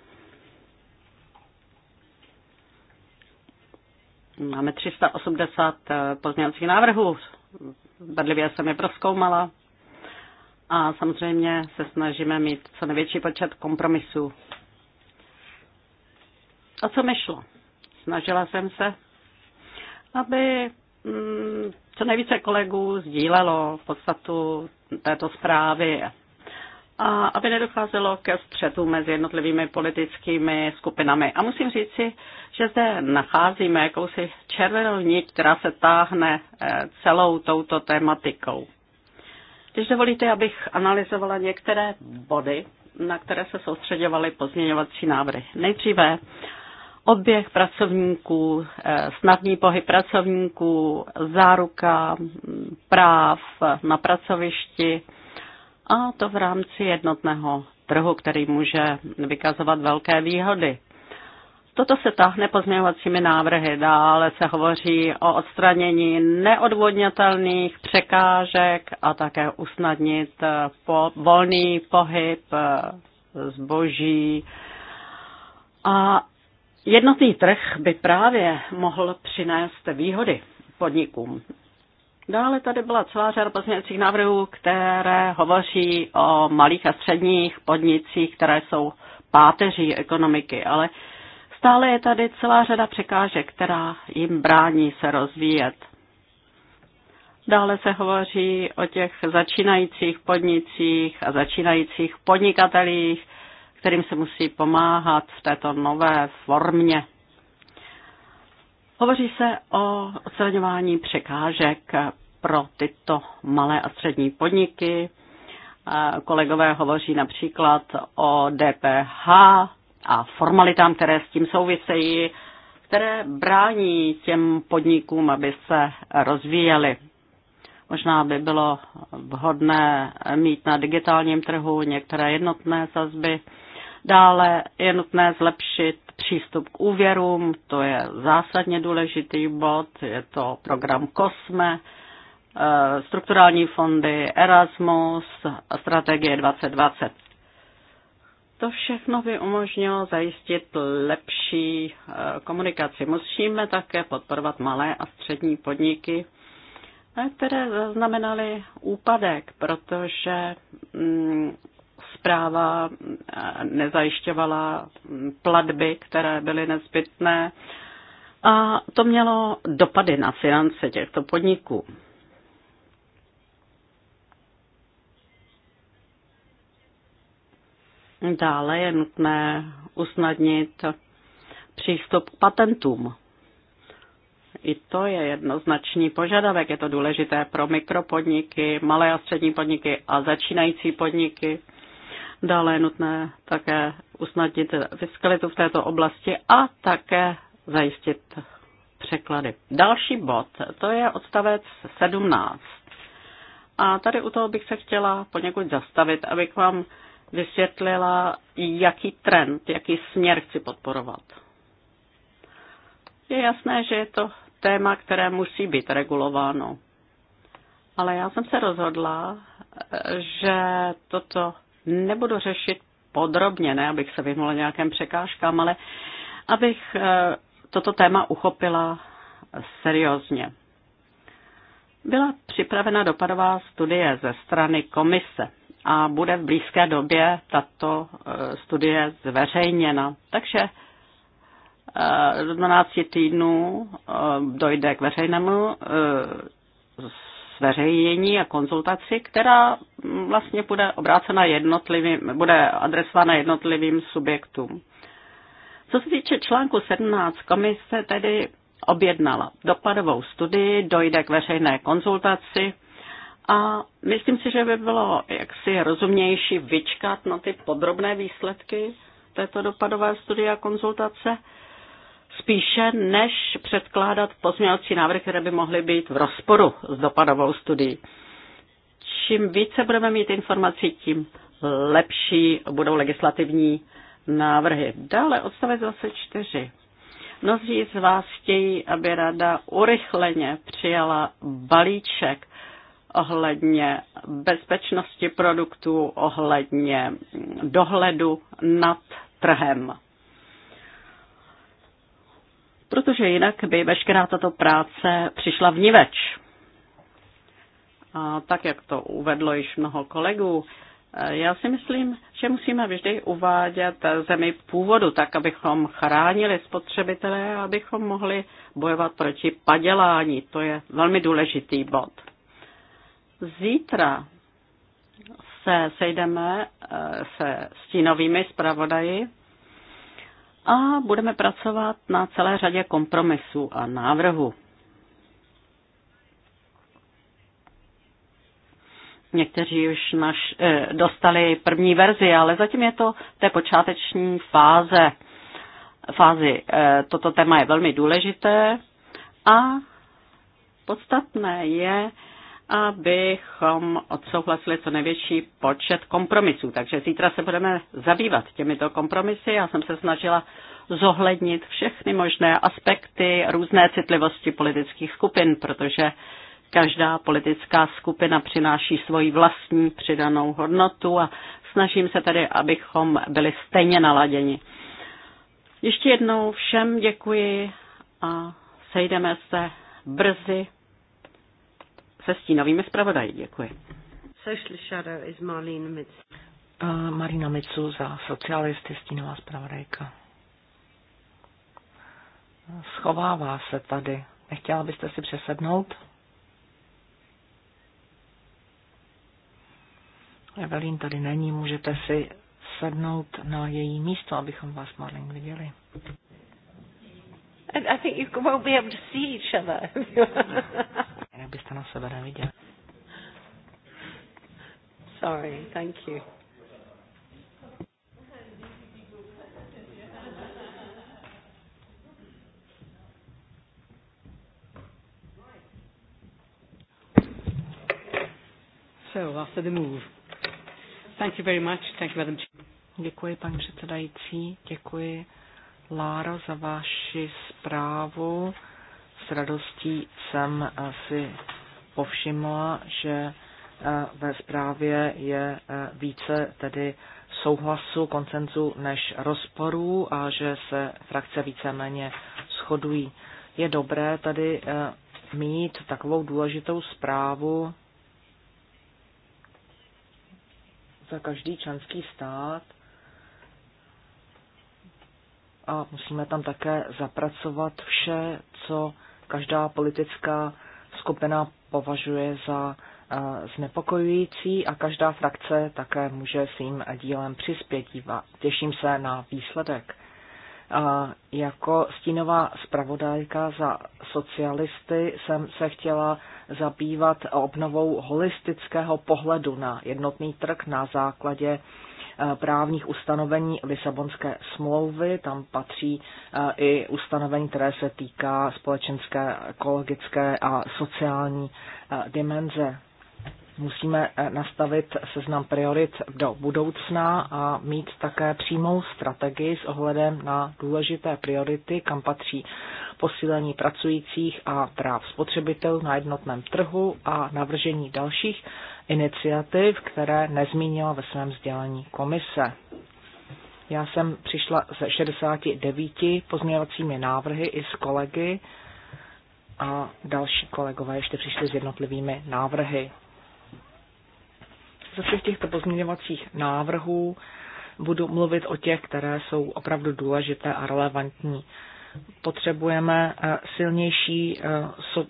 Máme 380 eh, pozměňovacích návrhů bedlivě jsem je proskoumala a samozřejmě se snažíme mít co největší počet kompromisů. A co mi šlo? Snažila jsem se, aby mm, co nejvíce kolegů sdílelo v podstatu této zprávy a aby nedocházelo ke střetu mezi jednotlivými politickými skupinami. A musím říci, že zde nacházíme jakousi červenou nit, která se táhne eh, celou touto tématikou. Když dovolíte, abych analyzovala některé body, na které se soustředovaly pozměňovací návrhy. Nejdříve oběh pracovníků, eh, snadný pohyb pracovníků, záruka práv na pracovišti, a to v rámci jednotného trhu, který může vykazovat velké výhody. Toto se tahne pozměňovacími návrhy. Dále se hovoří o odstranění neodvodnětelných překážek a také usnadnit eh, po, volný pohyb eh, zboží. A jednotný trh by právě mohl přinést výhody podnikům. Dále tady byla celá řada pozměňovacích návrhů, které hovoří o malých a středních podnicích, které jsou páteří ekonomiky, ale stále je tady celá řada překážek, která jim brání se rozvíjet. Dále se hovoří o těch začínajících podnicích a začínajících podnikatelích, kterým se musí pomáhat v této nové formě Hovoří se o odstraňování překážek pro tyto malé a střední podniky. Kolegové hovoří například o DPH a formalitám, které s tím souvisejí, které brání těm podnikům, aby se rozvíjely. Možná by bylo vhodné mít na digitálním trhu některé jednotné sazby. Dále je nutné zlepšit přístup k úvěrům, to je zásadně důležitý bod, je to program COSME, eh, strukturální fondy Erasmus, strategie 2020. To všechno by umožnilo zajistit lepší eh, komunikaci. Musíme také podporovat malé a střední podniky, eh, které zaznamenaly úpadek, protože mm, zpráva eh, nezajišťovala platby, které byly nezbytné. A to mělo dopady na finance těchto podniků. Dále je nutné usnadnit přístup k patentům. I to je jednoznačný požadavek. Je to důležité pro mikropodniky, malé a střední podniky a začínající podniky. Dále je nutné také usnadnit fiskalitu v této oblasti a také zajistit překlady. Další bod, to je odstavec 17. A tady u toho bych se chtěla poněkud zastavit, abych vám vysvětlila, jaký trend, jaký směr chci podporovat. Je jasné, že je to téma, které musí být regulováno. Ale já jsem se rozhodla, že toto nebudu řešit podrobně, ne abych se vyhnula nějakým překážkám, ale abych eh, toto téma uchopila seriózně. Byla připravena dopadová studie ze strany komise a bude v blízké době tato eh, studie zveřejněna. Takže eh, do 12 týdnů dojde k veřejnému zveřejnění a konzultaci, která vlastně bude obrácena jednotlivým, bude adresována jednotlivým subjektům. Co se týče článku 17, komise tedy objednala dopadovou studii, dojde k veřejné konzultaci a myslím si, že by bylo jaksi rozumnější vyčkat na ty podrobné výsledky této dopadové studie a konzultace, spíše než předkládat pozměňovací návrhy, které by mohly být v rozporu s dopadovou studií. Čím více budeme mít informací, tím lepší budou legislativní návrhy. Dále odstavec 24. Mnozí z vás chtějí, aby rada urychleně přijala balíček ohledně bezpečnosti produktů, ohledně dohledu nad trhem protože jinak by veškerá tato práce přišla v niveč. A tak, jak to uvedlo již mnoho kolegů, eh, já si myslím, že musíme vždy uvádět zemi původu, tak abychom chránili spotřebitele a abychom mohli bojovat proti padělání. To je velmi důležitý bod. Zítra se sejdeme eh, se stínovými zpravodaji a budeme pracovat na celé řadě kompromisů a návrhů. Někteří už naš, eh, dostali první verzi, ale zatím je to v té počáteční fáze. fázi. Eh, toto téma je velmi důležité a podstatné je, abychom odsouhlasili co největší počet kompromisů. Takže zítra se budeme zabývat těmito kompromisy. Já jsem se snažila zohlednit všechny možné aspekty různé citlivosti politických skupin, protože každá politická skupina přináší svoji vlastní přidanou hodnotu a snažím se tedy, abychom byli stejně naladěni. Ještě jednou všem děkuji a sejdeme se brzy se stínovými zpravodají. Děkuji. Social Shadow is Marlene Mitz. Uh, Marina Mitsu za socialisty, stínová zpravodajka. Schovává se tady. Nechtěla byste si přesednout? Evelyn tady není, můžete si sednout na její místo, abychom vás, Marlene, viděli. I think you won't be able to see each other. (laughs) jinak byste na sebe neviděli. Sorry, thank you. So, after the move. Thank you very much. Thank you, Madam Děkuji, paní předsedající. Děkuji, Láro, za vaši zprávu s radostí jsem si povšimla, že e, ve zprávě je e, více tedy souhlasu, koncenzu než rozporů a že se frakce víceméně shodují. Je dobré tady e, mít takovou důležitou zprávu za každý členský stát a musíme tam také zapracovat vše, co každá politická skupina považuje za eh, znepokojující a každá frakce také může svým dílem přispět. Těším se na výsledek. Eh, jako stínová zpravodajka za socialisty jsem se chtěla zabývat obnovou holistického pohledu na jednotný trh na základě Eh, právních ustanovení Lisabonské smlouvy. Tam patří eh, i ustanovení, které se týká společenské, ekologické a sociální eh, dimenze musíme eh, nastavit seznam priorit do budoucna a mít také přímou strategii s ohledem na důležité priority, kam patří posílení pracujících a práv spotřebitelů na jednotném trhu a navržení dalších iniciativ, které nezmínila ve svém sdělení komise. Já jsem přišla ze 69 pozměňovacími návrhy i s kolegy a další kolegové ještě přišli s jednotlivými návrhy ze všech těchto pozměňovacích návrhů budu mluvit o těch, které jsou opravdu důležité a relevantní. Potřebujeme eh, silnější eh,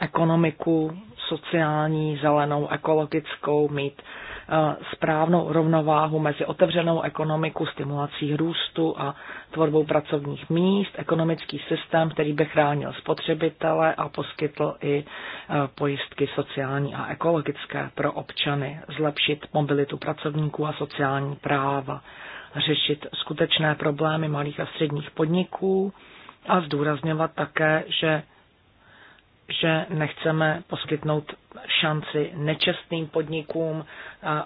ekonomiku, sociální, zelenou, ekologickou, mít Eh, správnou rovnováhu mezi otevřenou ekonomiku, stimulací růstu a tvorbou pracovních míst, ekonomický systém, který by chránil spotřebitele a poskytl i eh, pojistky sociální a ekologické pro občany, zlepšit mobilitu pracovníků a sociální práva, řešit skutečné problémy malých a středních podniků a zdůrazňovat také, že že nechceme poskytnout šanci nečestným podnikům,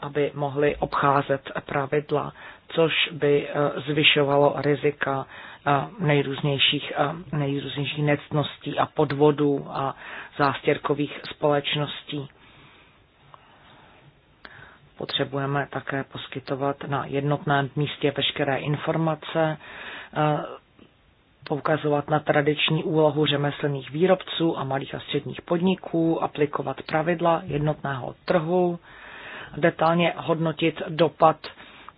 aby mohli obcházet pravidla, což by e, zvyšovalo rizika e, nejrůznějších, e, nejrůznějších nectností a podvodů a zástěrkových společností. Potřebujeme také poskytovat na jednotném místě veškeré informace poukazovat na tradiční úlohu řemeslných výrobců a malých a středních podniků, aplikovat pravidla jednotného trhu, detailně hodnotit dopad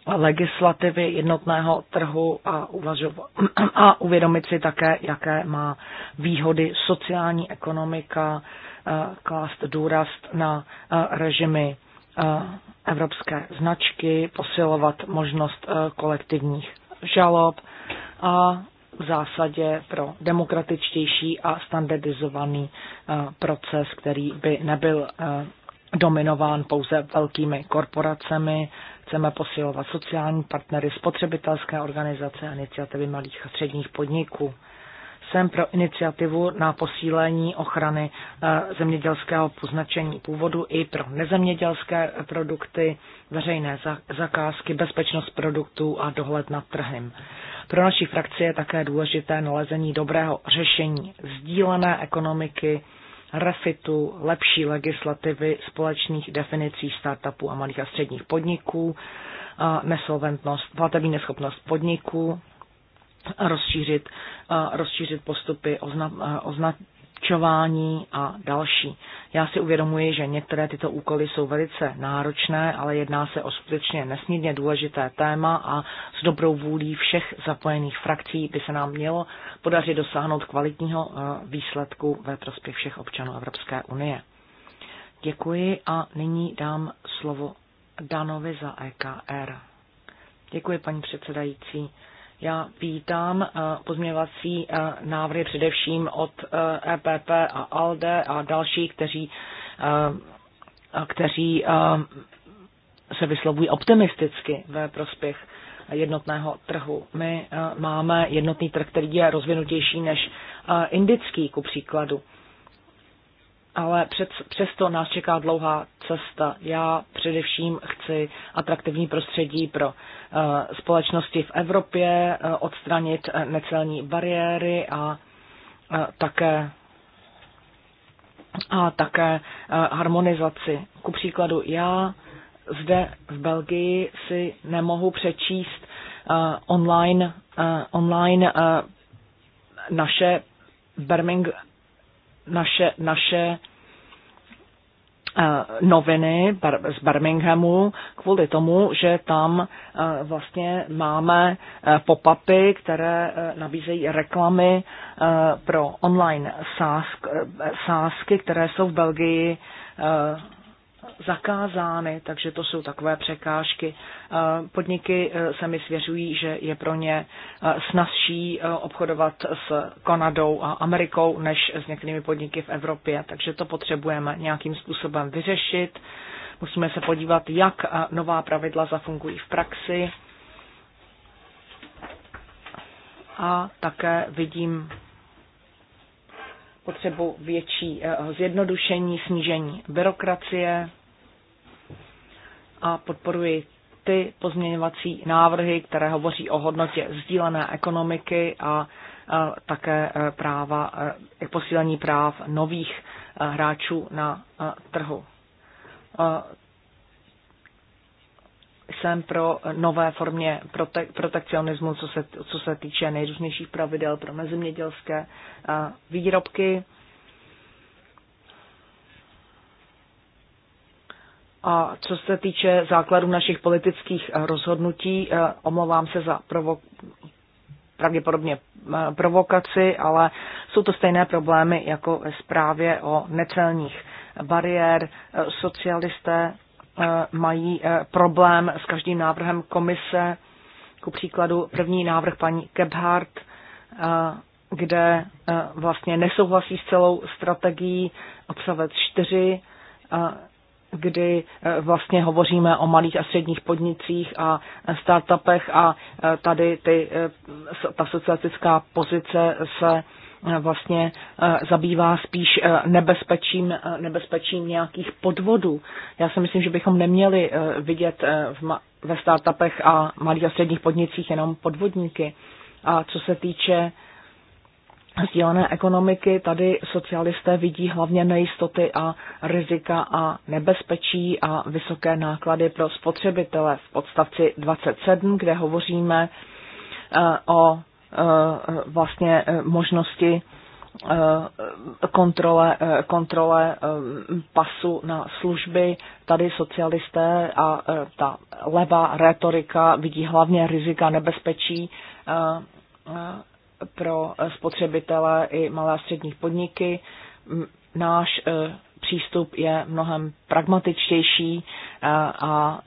legislativy jednotného trhu a, uvažovat, (clears throat) a uvědomit si také, jaké má výhody sociální ekonomika, eh, klást důraz na eh, režimy eh, evropské značky, posilovat možnost kolektivních žalob a v zásadě pro demokratičtější a standardizovaný eh, proces, který by nebyl eh, dominován pouze velkými korporacemi. Chceme posilovat sociální partnery, spotřebitelské organizace a iniciativy malých a středních podniků. Jsem pro iniciativu na posílení ochrany eh, zemědělského poznačení původu i pro nezemědělské produkty, veřejné zakázky, bezpečnost produktů a dohled nad trhem. Pro naší frakci je také důležité nalezení dobrého řešení sdílené ekonomiky, refitu, lepší legislativy, společných definicí startupů a malých a středních podniků, nesolventnost, platební neschopnost podniků, rozšířit, rozšířit postupy ozna, ozna, určování a další. Já si uvědomuji, že některé tyto úkoly jsou velice náročné, ale jedná se o skutečně nesmírně důležité téma a s dobrou vůlí všech zapojených frakcí by se nám mělo podařit dosáhnout kvalitního eh, výsledku ve prospěch všech občanů Evropské unie. Děkuji a nyní dám slovo Danovi za EKR. Děkuji, paní předsedající. Já vítám eh, pozměňovací eh, návrhy především od EPP eh, e a ALDE a další, kteří, kteří se vyslovují optimisticky ve prospěch jednotného trhu. My máme jednotný trh, který je rozvinutější než indický, ku příkladu. Ale přesto nás čeká dlouhá cesta. Já především chci atraktivní prostředí pro eh, společnosti v Evropě, eh, odstranit eh, necelní bariéry a také a také harmonizaci. Ku příkladu já zde v Belgii si nemohu přečíst online, online naše Birmingham, naše, naše Eh, noviny z Birminghamu kvůli tomu, že tam eh, vlastně máme eh, popapy, které nabízejí reklamy pro online sásky, které jsou v Belgii zakázány, takže to jsou takové překážky. Eh, podniky eh, se mi svěřují, že je pro ně eh, snazší obchodovat s Kanadou a Amerikou než s některými podniky v Evropě, takže to potřebujeme nějakým způsobem vyřešit. Musíme se podívat, jak nová pravidla zafungují v praxi. A také vidím potřebu větší eh, zjednodušení, snížení byrokracie a podporuji ty pozměňovací návrhy, které hovoří o hodnotě sdílené ekonomiky a eh, také eh, práva, posílení práv nových hráčů na trhu jsem pro nové formě prote- protekcionismu, co se, co se týče nejrůznějších pravidel pro mezimědělské eh, výrobky. A co se týče základů našich politických eh, rozhodnutí, eh, omlouvám se za provo- pravděpodobně provokaci, ale jsou to stejné problémy jako ve zprávě o necelních bariér. Socialisté Eh, mají eh, problém s každým návrhem komise, ku příkladu první návrh paní Kebhardt, eh, kde vlastně nesouhlasí s celou strategií obsavec 4, kdy vlastně hovoříme o malých a středních podnicích a startupech a tady ty, ta socialistická pozice se Eh, vlastně eh, zabývá spíš eh, nebezpečím, nebezpečím nějakých podvodů. Já si myslím, že bychom neměli vidět v, ve startupech a malých a středních podnicích jenom podvodníky. A co se týče sdílené ekonomiky, tady socialisté vidí hlavně nejistoty a rizika a nebezpečí a vysoké náklady pro spotřebitele v podstavci 27, kde hovoříme o Eh, vlastně eh, možnosti eh, kontrole, kontrole pasu na služby. Tady socialisté a ta levá retorika vidí hlavně rizika nebezpečí pro spotřebitele i malé a střední podniky. Náš přístup je mnohem pragmatičtější a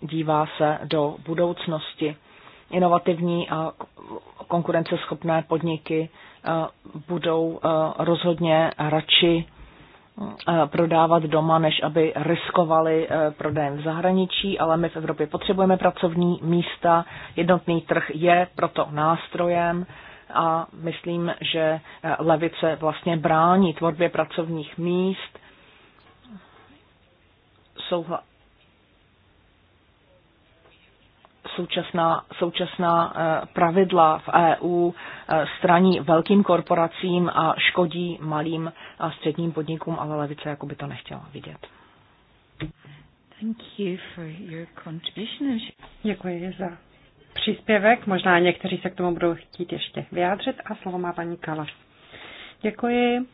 dívá se do budoucnosti inovativní a konkurenceschopné podniky eh, budou eh, rozhodně radši eh, prodávat doma, než aby riskovali prodejem v zahraničí, ale my v Evropě potřebujeme pracovní místa, jednotný trh je proto nástrojem a myslím, že levice vlastně brání tvorbě pracovních míst, souhla, současná, současná eh, pravidla v EU eh, straní velkým korporacím a škodí malým a středním podnikům, ale levice jako by to nechtěla vidět. Thank you for your contribution. Děkuji za příspěvek. Možná někteří se k tomu budou chtít ještě vyjádřit. A slovo má paní Kala. Děkuji.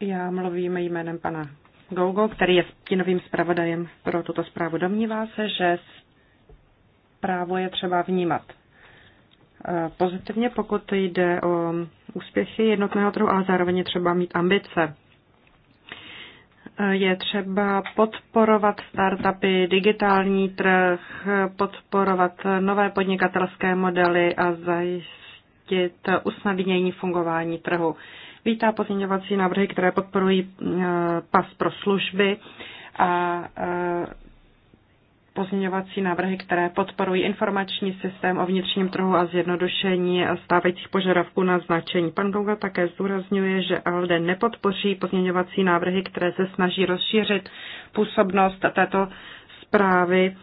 Já mluvím jménem pana Gogo, který je stínovým zpravodajem pro tuto zprávu, domnívá se, že právo je třeba vnímat eh, pozitivně, pokud jde o úspěchy jednotného trhu, ale zároveň je třeba mít ambice. Eh, je třeba podporovat startupy, digitální trh, podporovat nové podnikatelské modely a zajistit usnadnění fungování trhu vítá pozměňovací návrhy, které podporují e, pas pro služby a e, pozměňovací návrhy, které podporují informační systém o vnitřním trhu a zjednodušení stávajících požadavků na značení. Pan Gonga také zdůrazňuje, že LD nepodpoří pozměňovací návrhy, které se snaží rozšířit působnost této zprávy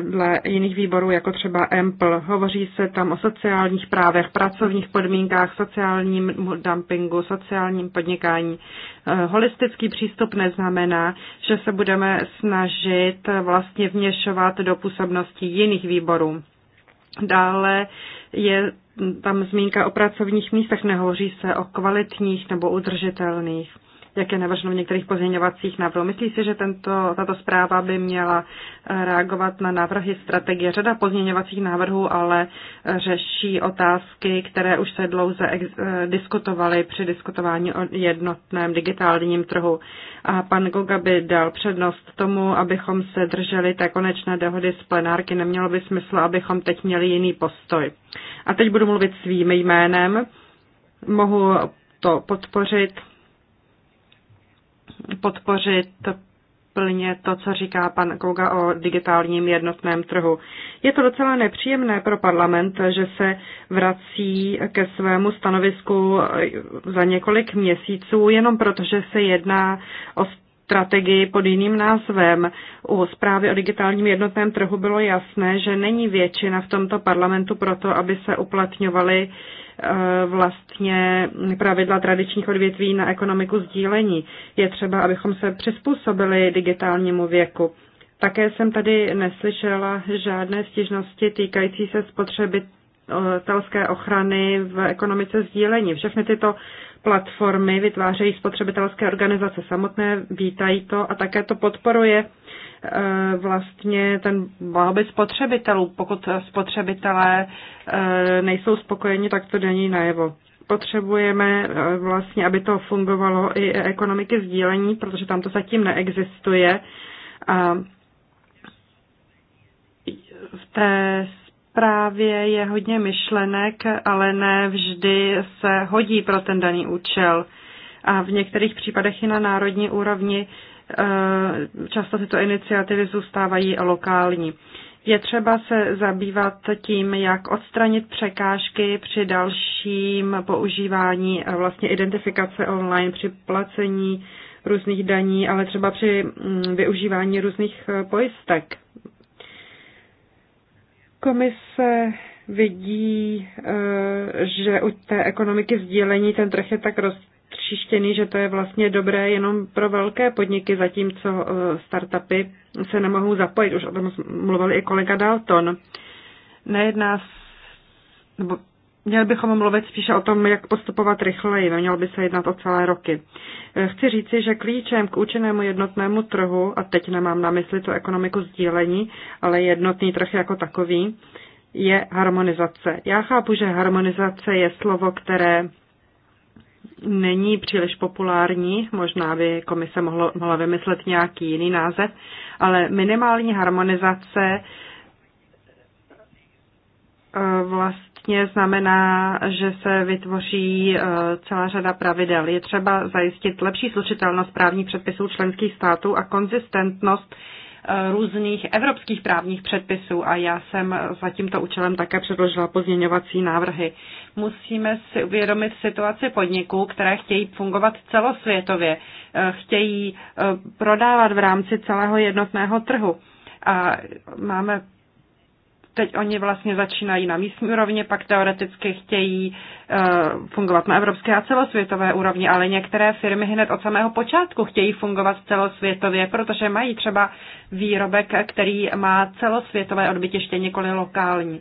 dle jiných výborů, jako třeba EMPL. Hovoří se tam o sociálních právech, pracovních podmínkách, sociálním dumpingu, sociálním podnikání. Eh, holistický přístup neznamená, že se budeme snažit vlastně vněšovat do působnosti jiných výborů. Dále je tam zmínka o pracovních místech, nehovoří se o kvalitních nebo udržitelných jak je navrženo v některých pozměňovacích návrhů. Myslí si, že tento, tato zpráva by měla eh, reagovat na návrhy strategie. Řada pozměňovacích návrhů ale řeší otázky, které už se dlouze eh, diskutovaly při diskutování o jednotném digitálním trhu. A pan Goga by dal přednost tomu, abychom se drželi té konečné dohody z plenárky. Nemělo by smysl, abychom teď měli jiný postoj. A teď budu mluvit svým jménem. Mohu to podpořit podpořit plně to, co říká pan Koga o digitálním jednotném trhu. Je to docela nepříjemné pro parlament, že se vrací ke svému stanovisku za několik měsíců, jenom protože se jedná o strategii pod jiným názvem. U zprávy o digitálním jednotném trhu bylo jasné, že není většina v tomto parlamentu proto, aby se uplatňovaly uh, Eh, vlastně pravidla tradičních odvětví na ekonomiku sdílení. Je třeba, abychom se přizpůsobili digitálnímu věku. Také jsem tady neslyšela žádné stížnosti týkající se spotřeby telské ochrany v ekonomice sdílení. Všechny tyto platformy vytvářejí spotřebitelské organizace samotné, vítají to a také to podporuje Eh, vlastně ten blahobyt spotřebitelů. Pokud spotřebitelé eh, nejsou spokojeni, tak to není najevo. Potřebujeme eh, vlastně, aby to fungovalo i ekonomiky sdílení, protože tam to zatím neexistuje. A v té zprávě je hodně myšlenek, ale ne vždy se hodí pro ten daný účel. A v některých případech i na národní úrovni Eh, často tyto iniciativy zůstávají lokální. Je třeba se zabývat tím, jak odstranit překážky při dalším používání eh, vlastně identifikace online při placení různých daní, ale třeba při mm, využívání různých eh, pojistek. Komise vidí, že u té ekonomiky sdílení ten trh je tak roz, očištěný, že to je vlastně dobré jenom pro velké podniky, zatímco eh, startupy se nemohou zapojit. Už o tom mluvil i kolega Dalton. Nejedná s, nebo Měli bychom mluvit spíše o tom, jak postupovat rychleji, Měl by se jednat o celé roky. Eh, chci říci, že klíčem k účinnému jednotnému trhu, a teď nemám na mysli tu ekonomiku sdílení, ale jednotný trh jako takový, je harmonizace. Já chápu, že harmonizace je slovo, které není příliš populární, možná by komise mohlo, mohla vymyslet nějaký jiný název, ale minimální harmonizace eh, vlastně znamená, že se vytvoří eh, celá řada pravidel. Je třeba zajistit lepší slučitelnost právních předpisů členských států a konzistentnost různých evropských právních předpisů a já jsem za tímto účelem také předložila pozměňovací návrhy. Musíme si uvědomit situaci podniků, které chtějí fungovat celosvětově, eh, chtějí eh, prodávat v rámci celého jednotného trhu. A máme Teď oni vlastně začínají na místní úrovni, pak teoreticky chtějí eh, fungovat na evropské a celosvětové úrovni, ale některé firmy hned od samého počátku chtějí fungovat celosvětově, protože mají třeba výrobek, který má celosvětové odbytiště, nikoli lokální.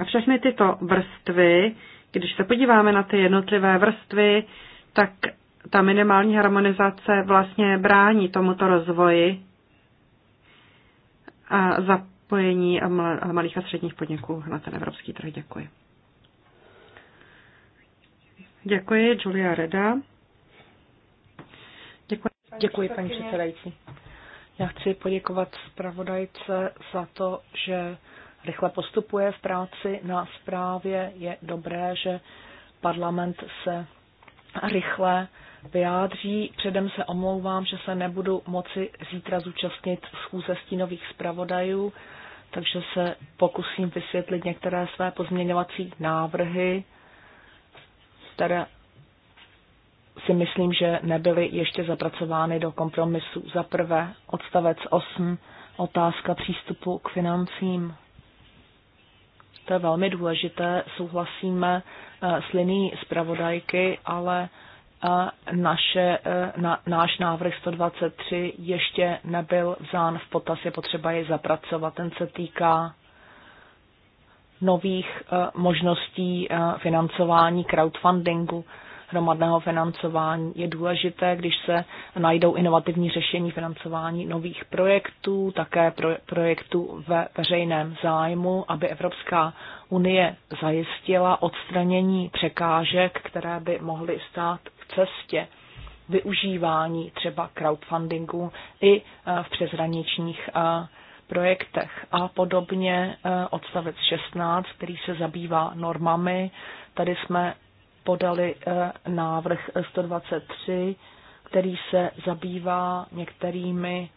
A všechny tyto vrstvy, když se podíváme na ty jednotlivé vrstvy, tak ta minimální harmonizace vlastně brání tomuto rozvoji a zapojení malých a středních podniků na ten evropský trh. Děkuji. Děkuji, Julia Reda. Děkuji, paní Děkuji paní předsedající. Já chci poděkovat zpravodajce za to, že rychle postupuje v práci na zprávě. Je dobré, že parlament se rychle vyjádří. Předem se omlouvám, že se nebudu moci zítra zúčastnit schůze stínových zpravodajů, takže se pokusím vysvětlit některé své pozměňovací návrhy, které si myslím, že nebyly ještě zapracovány do kompromisu. Za prvé odstavec 8, otázka přístupu k financím. To je velmi důležité, souhlasíme eh, s liní zpravodajky, ale a naše, e, na, náš návrh 123 ještě nebyl vzán v potaz, je potřeba jej zapracovat. Ten se týká nových e, možností e, financování crowdfundingu, hromadného financování. Je důležité, když se najdou inovativní řešení financování nových projektů, také pro, projektů ve veřejném zájmu, aby Evropská unie zajistila odstranění překážek, které by mohly stát cestě využívání třeba crowdfundingu i eh, v přeshraničních eh, projektech. A podobně eh, odstavec 16, který se zabývá normami. Tady jsme podali návrh 123, který se zabývá některými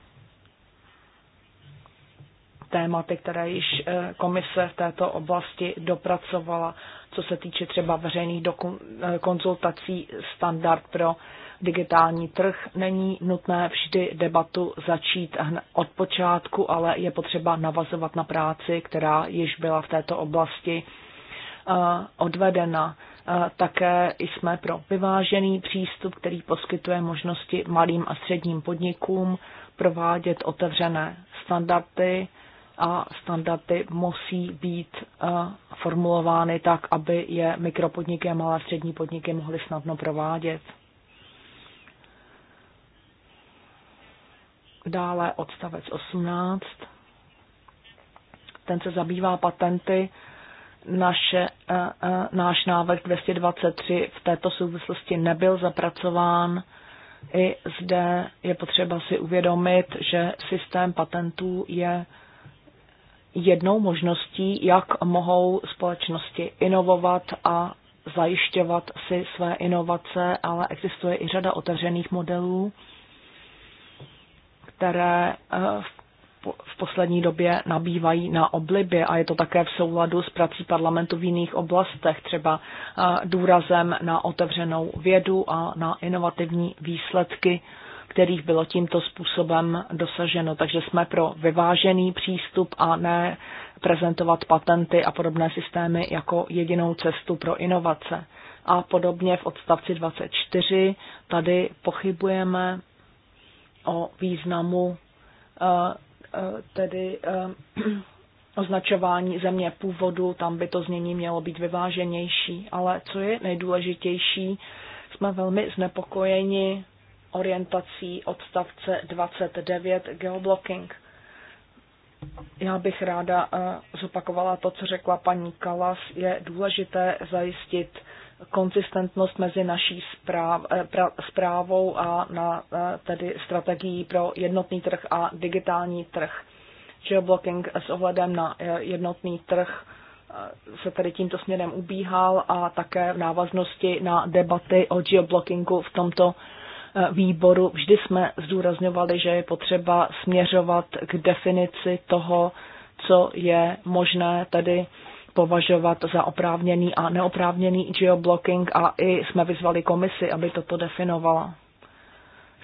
tématy, které již komise v této oblasti dopracovala co se týče třeba veřejných eh, konzultací, standard pro digitální trh. Není nutné vždy debatu začít od počátku, ale je potřeba navazovat na práci, která již byla v této oblasti eh, odvedena. Eh, také jsme pro vyvážený přístup, který poskytuje možnosti malým a středním podnikům provádět otevřené standardy a standardy musí být eh, formulovány tak, aby je mikropodniky a malé střední podniky mohly snadno provádět. Dále odstavec 18. Ten se zabývá patenty. Naše, eh, eh, náš návrh 223 v této souvislosti nebyl zapracován. I zde je potřeba si uvědomit, že systém patentů je jednou možností, jak mohou společnosti inovovat a zajišťovat si své inovace, ale existuje i řada otevřených modelů, které eh, v poslední době nabývají na oblibě a je to také v souladu s prací parlamentu v jiných oblastech, třeba eh, důrazem na otevřenou vědu a na inovativní výsledky kterých bylo tímto způsobem dosaženo. Takže jsme pro vyvážený přístup a ne prezentovat patenty a podobné systémy jako jedinou cestu pro inovace. A podobně v odstavci 24 tady pochybujeme o významu eh, eh, tedy eh, (clears throat) označování země původu, tam by to znění mělo být vyváženější. Ale co je nejdůležitější, jsme velmi znepokojeni orientací odstavce 29 geoblocking. Já bych ráda eh, zopakovala to, co řekla paní Kalas. Je důležité zajistit konzistentnost mezi naší zpráv, eh, pra, zprávou a na, eh, tedy strategií pro jednotný trh a digitální trh. Geoblocking s ohledem na jednotný trh se tady tímto směrem ubíhal a také v návaznosti na debaty o geoblockingu v tomto výboru vždy jsme zdůrazňovali, že je potřeba směřovat k definici toho, co je možné tedy považovat za oprávněný a neoprávněný geoblocking a i jsme vyzvali komisi, aby toto definovala.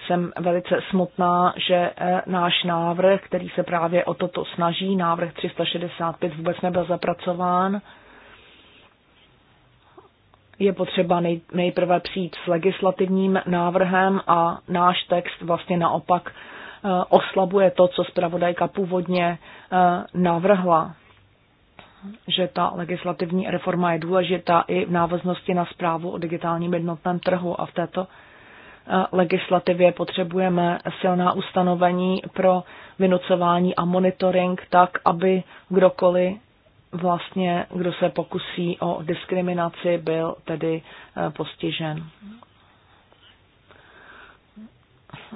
Jsem velice smutná, že eh, náš návrh, který se právě o toto snaží, návrh 365, vůbec nebyl zapracován je potřeba nej, nejprve přijít s legislativním návrhem a náš text vlastně naopak eh, oslabuje to, co zpravodajka původně eh, navrhla že ta legislativní reforma je důležitá i v návaznosti na zprávu o digitálním jednotném trhu a v této eh, legislativě potřebujeme silná ustanovení pro vynucování a monitoring tak, aby kdokoliv vlastně, kdo se pokusí o diskriminaci, byl tedy eh, postižen.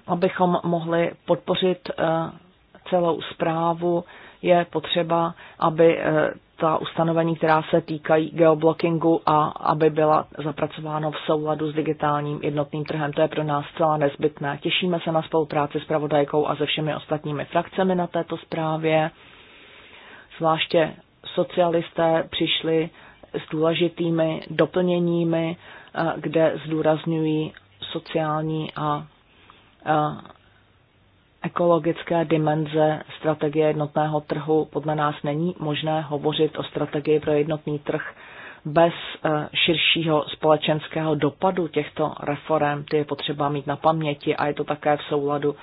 Abychom mohli podpořit eh, celou zprávu, je potřeba, aby eh, ta ustanovení, která se týkají geoblockingu a aby byla zapracováno v souladu s digitálním jednotným trhem. To je pro nás celá nezbytné. Těšíme se na spolupráci s pravodajkou a se všemi ostatními frakcemi na této zprávě, zvláště socialisté přišli s důležitými doplněními, eh, kde zdůrazňují sociální a eh, ekologické dimenze strategie jednotného trhu. Podle nás není možné hovořit o strategii pro jednotný trh bez eh, širšího společenského dopadu těchto reform. Ty je potřeba mít na paměti a je to také v souladu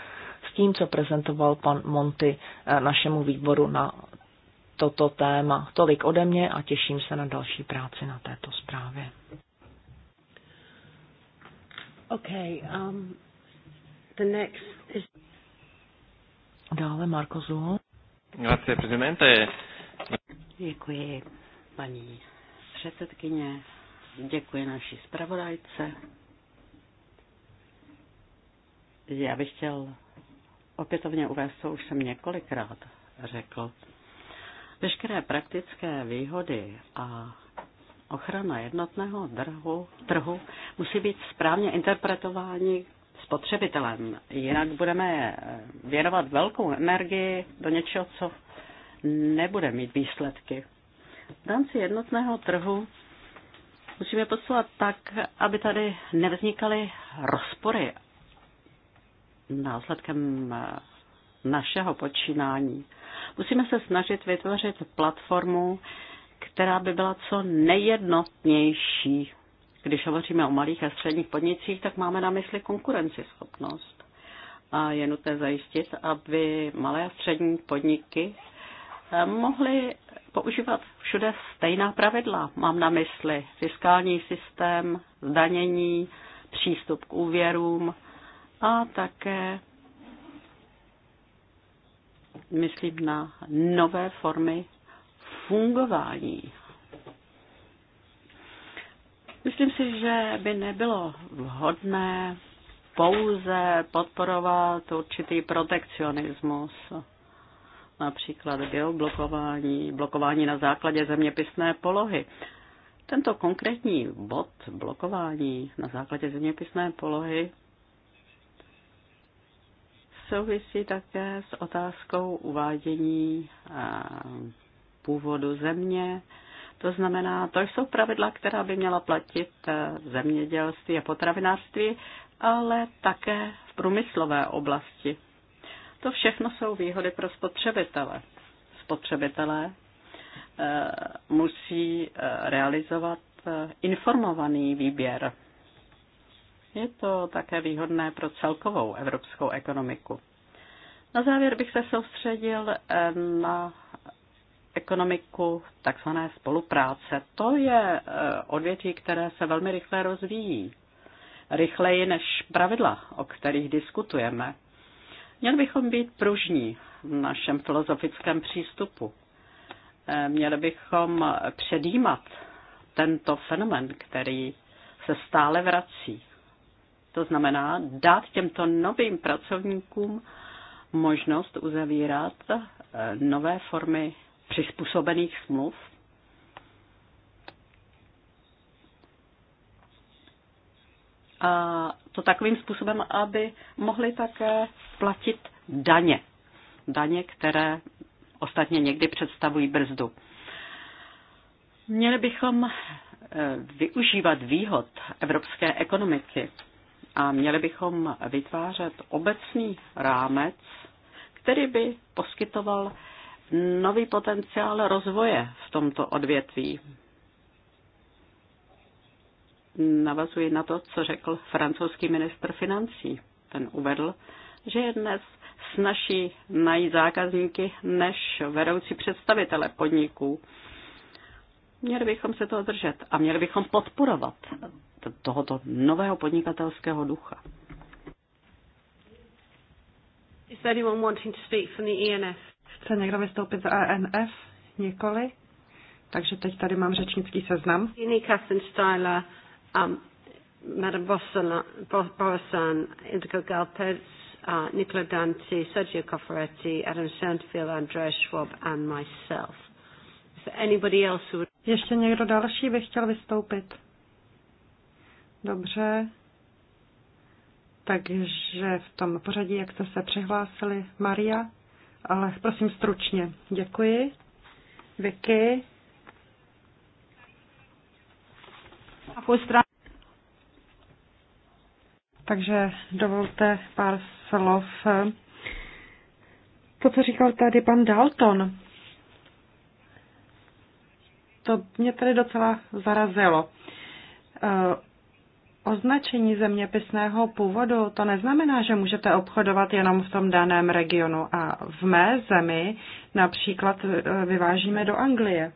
s tím, co prezentoval pan Monty našemu výboru na toto téma. Tolik ode mě a těším se na další práci na této zprávě. Okay, um, the next is... Dále Marko Zuho. Grazie, prezidente. Děkuji, paní předsedkyně. Děkuji naší zpravodajce. Já bych chtěl opětovně uvést, co už jsem několikrát řekl. Veškeré praktické výhody a ochrana jednotného trhu, trhu musí být správně interpretováni spotřebitelem. Jinak budeme eh, věnovat velkou energii do něčeho, co nebude mít výsledky. V rámci jednotného trhu musíme postupovat tak, aby tady nevznikaly rozpory následkem eh, našeho počínání. Musíme se snažit vytvořit platformu, která by byla co nejjednotnější. Když hovoříme o malých a středních podnicích, tak máme na mysli konkurenceschopnost. A je nutné zajistit, aby malé a střední podniky eh, mohly používat všude stejná pravidla. Mám na mysli fiskální systém, zdanění, přístup k úvěrům a také myslím na nové formy fungování. Myslím si, že by nebylo vhodné pouze podporovat určitý protekcionismus, například geoblokování, blokování na základě zeměpisné polohy. Tento konkrétní bod blokování na základě zeměpisné polohy souvisí také s otázkou uvádění eh, původu země. To znamená, to jsou pravidla, která by měla platit v eh, zemědělství a potravinářství, ale také v průmyslové oblasti. To všechno jsou výhody pro spotřebitele. Spotřebitelé eh, musí realizovat informovaný výběr je to také výhodné pro celkovou evropskou ekonomiku. Na závěr bych se soustředil eh, na ekonomiku takzvané spolupráce. To je eh, odvětví, které se velmi rychle rozvíjí. Rychleji než pravidla, o kterých diskutujeme. Měli bychom být pružní v našem filozofickém přístupu. Eh, měli bychom předjímat tento fenomen, který se stále vrací. To znamená dát těmto novým pracovníkům možnost uzavírat eh, nové formy přizpůsobených smluv. A to takovým způsobem, aby mohli také platit daně. Daně, které ostatně někdy představují brzdu. Měli bychom eh, využívat výhod evropské ekonomiky a měli bychom vytvářet obecný rámec, který by poskytoval nový potenciál rozvoje v tomto odvětví. Navazuji na to, co řekl francouzský ministr financí. Ten uvedl, že je dnes snaží najít zákazníky než vedoucí představitele podniků. Měli bychom se toho držet a měli bychom podporovat tohoto nového podnikatelského ducha. Is anyone wanting to speak from the ENF? Chce někdo vystoupit za ENF? Nikoli? Takže teď tady mám řečnický seznam. Jenny Catherine Styler, um, Madame Borosan, Indigo Galpez, uh, Nicola Dante, Sergio Cofferetti, Adam Sandfield, Andrea Schwab and myself. Is there anybody else who would... Ještě někdo další by chtěl vystoupit? Dobře. Takže v tom pořadí, jak jste se přihlásili, Maria, ale prosím stručně. Děkuji. Vicky. A Takže dovolte pár slov. To, co říkal tady pan Dalton, to mě tady docela zarazilo označení zeměpisného původu, to neznamená, že můžete obchodovat jenom v tom daném regionu. A v mé zemi například e, vyvážíme do Anglie.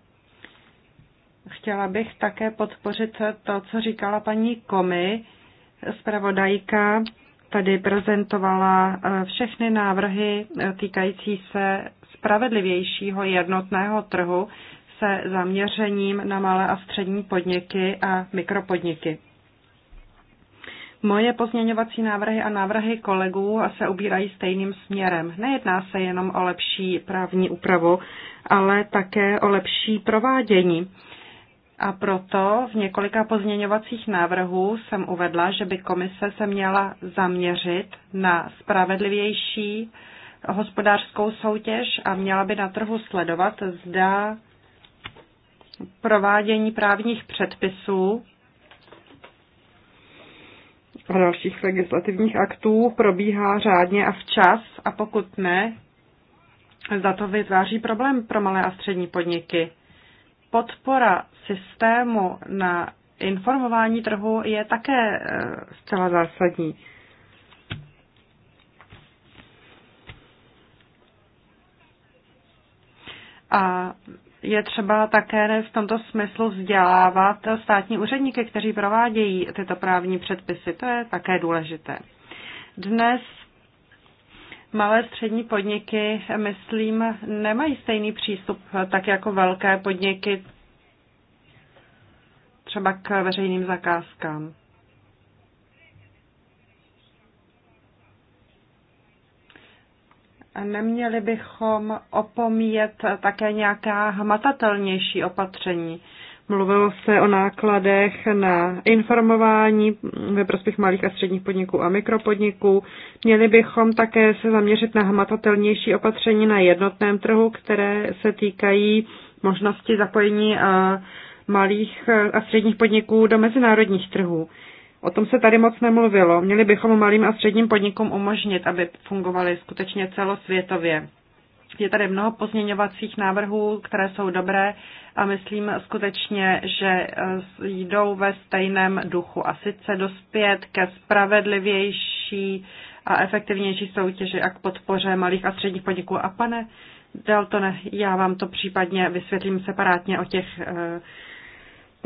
Chtěla bych také podpořit to, co říkala paní Komy, zpravodajka, tady prezentovala e, všechny návrhy e, týkající se spravedlivějšího jednotného trhu se zaměřením na malé a střední podniky a mikropodniky. Moje pozměňovací návrhy a návrhy kolegů se ubírají stejným směrem. Nejedná se jenom o lepší právní úpravu, ale také o lepší provádění. A proto v několika pozměňovacích návrhů jsem uvedla, že by komise se měla zaměřit na spravedlivější hospodářskou soutěž a měla by na trhu sledovat, zda provádění právních předpisů a dalších legislativních aktů probíhá řádně a včas a pokud ne, za to vytváří problém pro malé a střední podniky. Podpora systému na informování trhu je také eh, zcela zásadní. A je třeba také v tomto smyslu vzdělávat státní úředníky, kteří provádějí tyto právní předpisy. To je také důležité. Dnes malé střední podniky, myslím, nemají stejný přístup tak jako velké podniky třeba k veřejným zakázkám. neměli bychom opomíjet také nějaká hmatatelnější opatření. Mluvilo se o nákladech na informování ve prospěch malých a středních podniků a mikropodniků. Měli bychom také se zaměřit na hmatatelnější opatření na jednotném trhu, které se týkají možnosti zapojení eh, malých eh, a středních podniků do mezinárodních trhů. O tom se tady moc nemluvilo. Měli bychom malým a středním podnikům umožnit, aby fungovaly skutečně celosvětově. Je tady mnoho pozměňovacích návrhů, které jsou dobré a myslím skutečně, že eh, jdou ve stejném duchu a sice dospět ke spravedlivější a efektivnější soutěži a k podpoře malých a středních podniků. A pane Deltone, já vám to případně vysvětlím separátně o těch eh,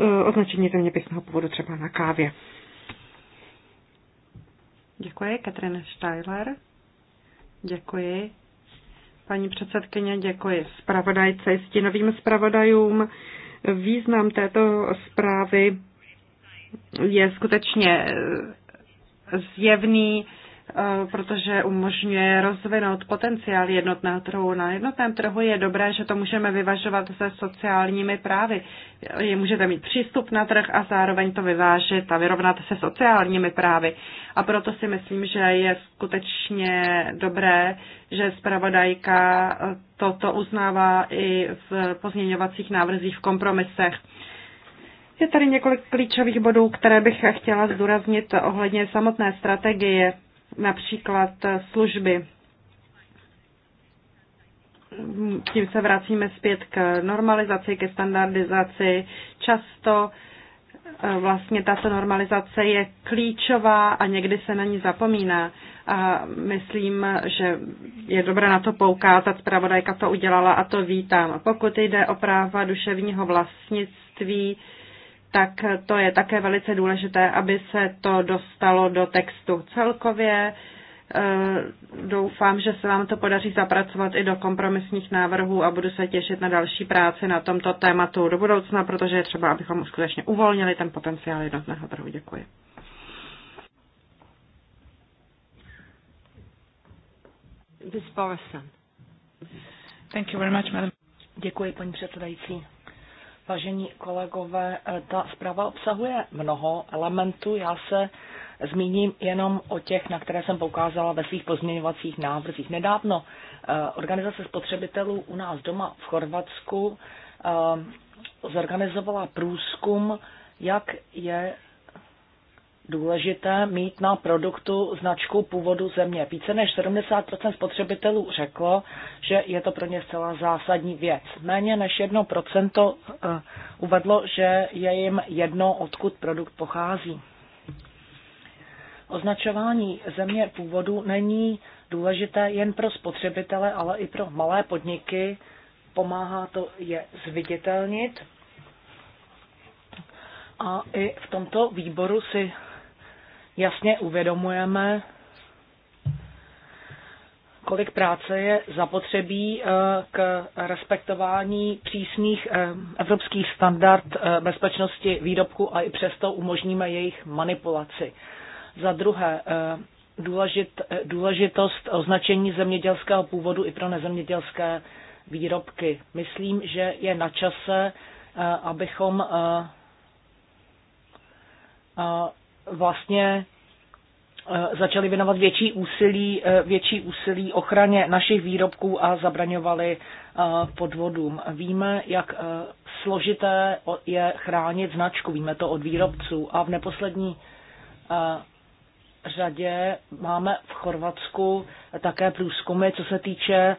eh, označení zeměpisného původu třeba na kávě. Děkuji, Katrin Steiler. Děkuji. Paní předsedkyně, děkuji zpravodajce stinovým zpravodajům. Význam této zprávy je skutečně zjevný Eh, protože umožňuje rozvinout potenciál jednotného trhu. Na jednotném trhu je dobré, že to můžeme vyvažovat se sociálními právy. Je můžete mít přístup na trh a zároveň to vyvážit a vyrovnat se sociálními právy. A proto si myslím, že je skutečně dobré, že zpravodajka toto uznává i v pozměňovacích návrzích v kompromisech. Je tady několik klíčových bodů, které bych chtěla zdůraznit ohledně samotné strategie například služby. Tím se vracíme zpět k normalizaci, ke standardizaci. Často eh, vlastně tato normalizace je klíčová a někdy se na ní zapomíná. A myslím, že je dobré na to poukázat, zpravodajka to udělala a to vítám. Pokud jde o práva duševního vlastnictví, tak to je také velice důležité, aby se to dostalo do textu celkově. E, doufám, že se vám to podaří zapracovat i do kompromisních návrhů a budu se těšit na další práci na tomto tématu do budoucna, protože je třeba, abychom skutečně uvolnili ten potenciál jednotného trhu. Děkuji. Thank you very much, madam. Děkuji, paní předsedající. Vážení kolegové, eh, ta zpráva obsahuje mnoho elementů. Já se zmíním jenom o těch, na které jsem poukázala ve svých pozměňovacích návrzích. Nedávno eh, organizace spotřebitelů u nás doma v Chorvatsku eh, zorganizovala průzkum, jak je důležité mít na produktu značku původu země. Více než 70 spotřebitelů řeklo, že je to pro ně zcela zásadní věc. Méně než 1 eh, uvedlo, že je jim jedno, odkud produkt pochází. Označování země původu není důležité jen pro spotřebitele, ale i pro malé podniky. Pomáhá to je zviditelnit. A i v tomto výboru si jasně uvědomujeme, kolik práce je zapotřebí eh, k respektování přísných eh, evropských standard eh, bezpečnosti výrobku a i přesto umožníme jejich manipulaci. Za druhé, důležit, důležitost označení zemědělského původu i pro nezemědělské výrobky. Myslím, že je na čase, abychom vlastně eh, začali věnovat větší úsilí, eh, větší úsilí ochraně našich výrobků a zabraňovali eh, podvodům. Víme, jak složité je chránit značku, víme to od výrobců a v neposlední řadě máme v Chorvatsku také průzkumy, co se týče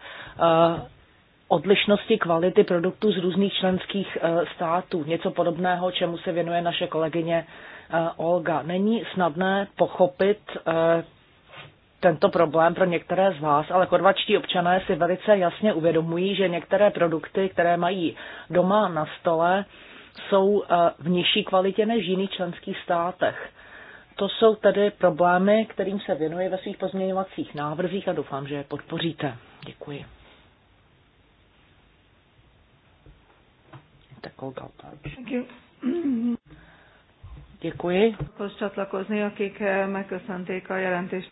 odlišnosti kvality produktů z různých členských států. Něco podobného, čemu se věnuje naše kolegyně Eh, Olga. Není snadné pochopit eh, tento problém pro některé z vás, ale chorvačtí občané si velice jasně uvědomují, že některé produkty, které mají doma na stole, jsou eh, v nižší kvalitě než v jiných členských státech. To jsou tedy problémy, kterým se věnuji ve svých pozměňovacích návrzích a doufám, že je podpoříte. Děkuji. Olga Thank you. Děkuji. akik megköszönték a jelentést.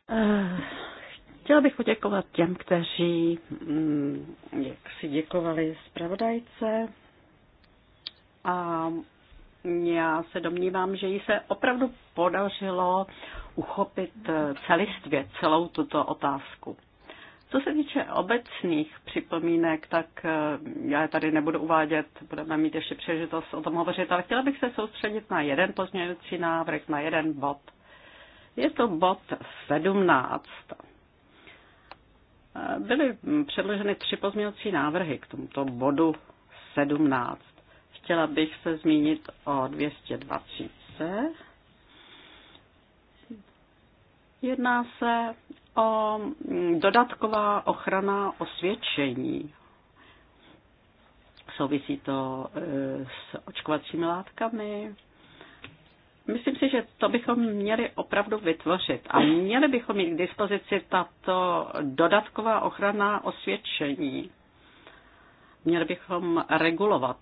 Chtěla bych poděkovat těm, kteří mm, jak si děkovali zpravodajce a já se domnívám, že jí se opravdu podařilo uchopit eh, celistvě celou tuto otázku. Co se týče obecných připomínek, tak eh, já je tady nebudu uvádět, budeme mít ještě příležitost o tom hovořit, ale chtěla bych se soustředit na jeden pozměňující návrh, na jeden bod. Je to bod 17. Eh, byly předloženy tři pozměňující návrhy k tomuto bodu 17. Chtěla bych se zmínit o 220. Jedná se o mm, dodatková ochrana osvědčení. Souvisí to e, s očkovacími látkami. Myslím si, že to bychom měli opravdu vytvořit a měli bychom mít k dispozici tato dodatková ochrana osvědčení. Měli bychom regulovat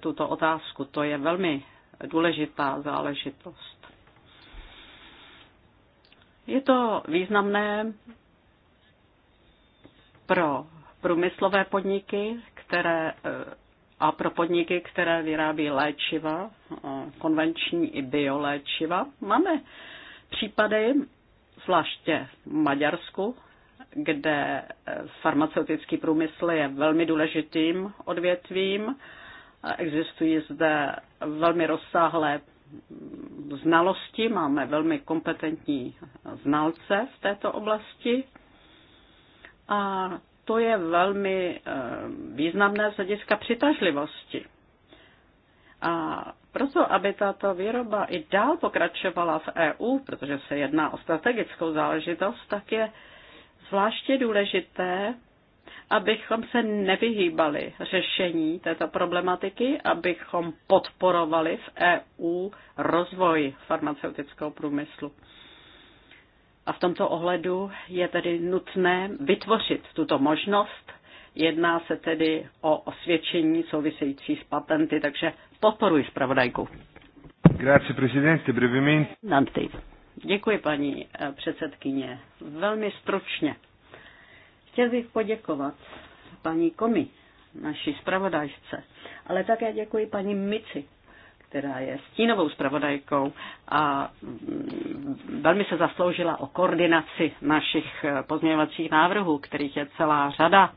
tuto otázku, to je velmi důležitá záležitost. Je to významné pro průmyslové podniky, které eh, a pro podniky, které vyrábí léčiva, eh, konvenční i bioléčiva. Máme případy, zvláště v Maďarsku, kde eh, farmaceutický průmysl je velmi důležitým odvětvím. Existují zde velmi rozsáhlé znalosti, máme velmi kompetentní znalce v této oblasti a to je velmi eh, významné z hlediska přitažlivosti. A proto, aby tato výroba i dál pokračovala v EU, protože se jedná o strategickou záležitost, tak je zvláště důležité abychom se nevyhýbali řešení této problematiky, abychom podporovali v EU rozvoj farmaceutického průmyslu. A v tomto ohledu je tedy nutné vytvořit tuto možnost. Jedná se tedy o osvědčení související s patenty, takže podporuji zpravodajku. Grazie, presidente, brevemente. Děkuji, paní eh, předsedkyně. Velmi stručně. Chtěl bych poděkovat paní Komi, naší zpravodajce, ale také děkuji paní Mici, která je stínovou zpravodajkou a mm, velmi se zasloužila o koordinaci našich eh, pozměňovacích návrhů, kterých je celá řada.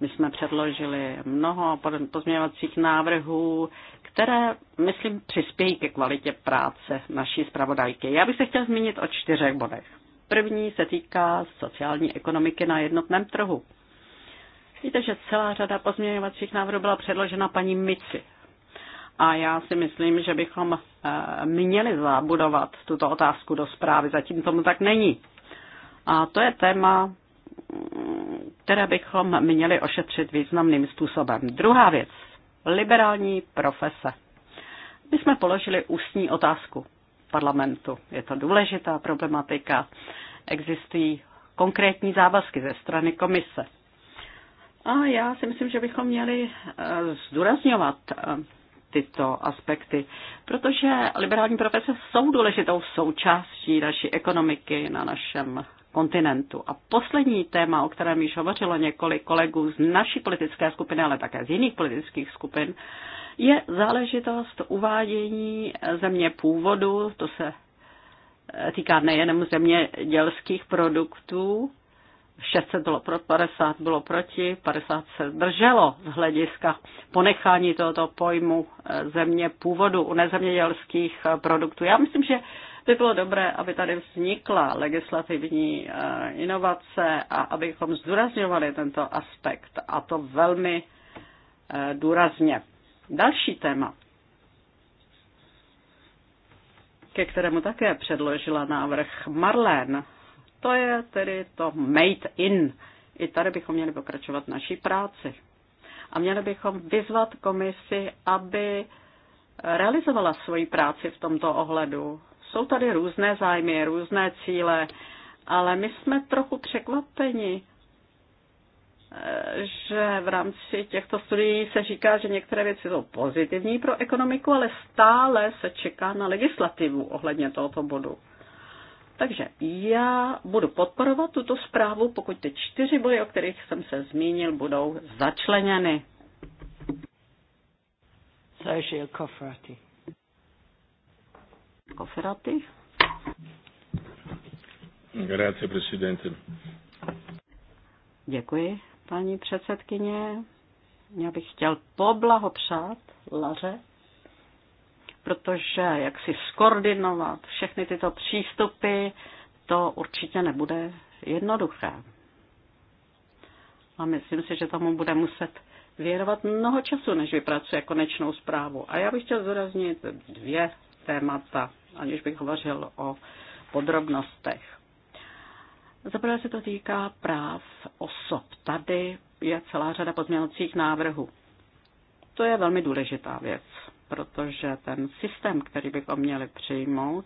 My jsme předložili mnoho pozměňovacích návrhů, které, myslím, přispějí ke kvalitě práce naší zpravodajky. Já bych se chtěl zmínit o čtyřech bodech. První se týká sociální ekonomiky na jednotném trhu. Víte, že celá řada pozměňovacích návrhů byla předložena paní Mici. A já si myslím, že bychom eh, měli zabudovat tuto otázku do zprávy. Zatím tomu tak není. A to je téma, které bychom měli ošetřit významným způsobem. Druhá věc. Liberální profese. My jsme položili ústní otázku parlamentu. Je to důležitá problematika. Existují konkrétní závazky ze strany komise. A já si myslím, že bychom měli eh, zdůrazňovat eh, tyto aspekty, protože liberální profese jsou důležitou součástí naší ekonomiky na našem kontinentu. A poslední téma, o kterém již hovořilo několik kolegů z naší politické skupiny, ale také z jiných politických skupin, je záležitost uvádění země původu, to se týká nejenom zemědělských produktů, 600 bylo pro, 50 bylo proti, 50 se drželo z hlediska ponechání tohoto pojmu eh, země původu u nezemědělských eh, produktů. Já myslím, že by bylo dobré, aby tady vznikla legislativní eh, inovace a abychom zdůrazňovali tento aspekt a to velmi důrazně. Další téma, ke kterému také předložila návrh Marlén, to je tedy to made in. I tady bychom měli pokračovat naší práci. A měli bychom vyzvat komisi, aby realizovala svoji práci v tomto ohledu. Jsou tady různé zájmy, různé cíle, ale my jsme trochu překvapeni, že v rámci těchto studií se říká, že některé věci jsou pozitivní pro ekonomiku, ale stále se čeká na legislativu ohledně tohoto bodu. Takže já budu podporovat tuto zprávu, pokud ty čtyři body, o kterých jsem se zmínil, budou začleněny. Sergio Grazie, Presidente. Děkuji, Paní předsedkyně, já bych chtěl poblahopřát Laře, protože jak si skoordinovat všechny tyto přístupy, to určitě nebude jednoduché. A myslím si, že tomu bude muset věnovat mnoho času, než vypracuje konečnou zprávu. A já bych chtěl zúraznit dvě témata, aniž bych hovořil o podrobnostech. Zaprvé se to týká práv osob. Tady je celá řada pozměňovacích návrhů. To je velmi důležitá věc, protože ten systém, který bychom měli přijmout,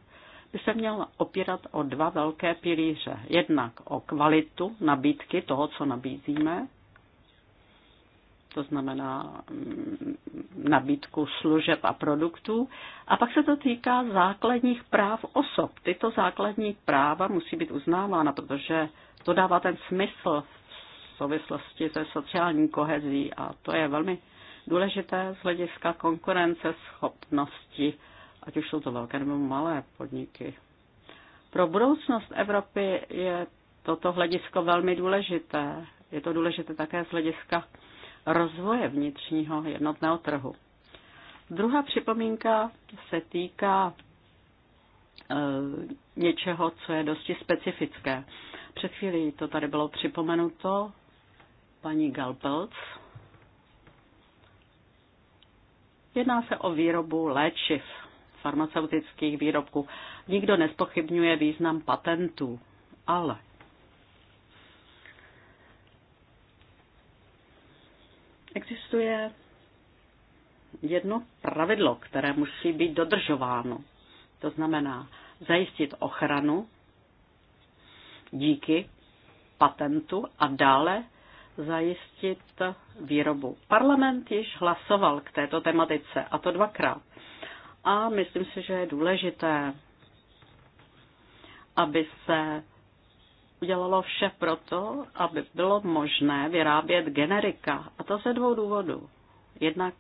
by se měl opírat o dva velké pilíře. Jednak o kvalitu nabídky toho, co nabízíme, to znamená mm, nabídku služeb a produktů. A pak se to týká základních práv osob. Tyto základní práva musí být uznávána, protože to dává ten smysl v souvislosti se sociální kohezí a to je velmi důležité z hlediska konkurence schopnosti, ať už jsou to velké nebo malé podniky. Pro budoucnost Evropy je toto hledisko velmi důležité. Je to důležité také z hlediska rozvoje vnitřního jednotného trhu. Druhá připomínka se týká eh, něčeho, co je dosti specifické. Před chvílí to tady bylo připomenuto paní Galpelc. Jedná se o výrobu léčiv, farmaceutických výrobků. Nikdo nespochybňuje význam patentů, ale Existuje jedno pravidlo, které musí být dodržováno. To znamená zajistit ochranu díky patentu a dále zajistit výrobu. Parlament již hlasoval k této tematice, a to dvakrát. A myslím si, že je důležité, aby se udělalo vše proto, aby bylo možné vyrábět generika. A to ze dvou důvodů. Jednak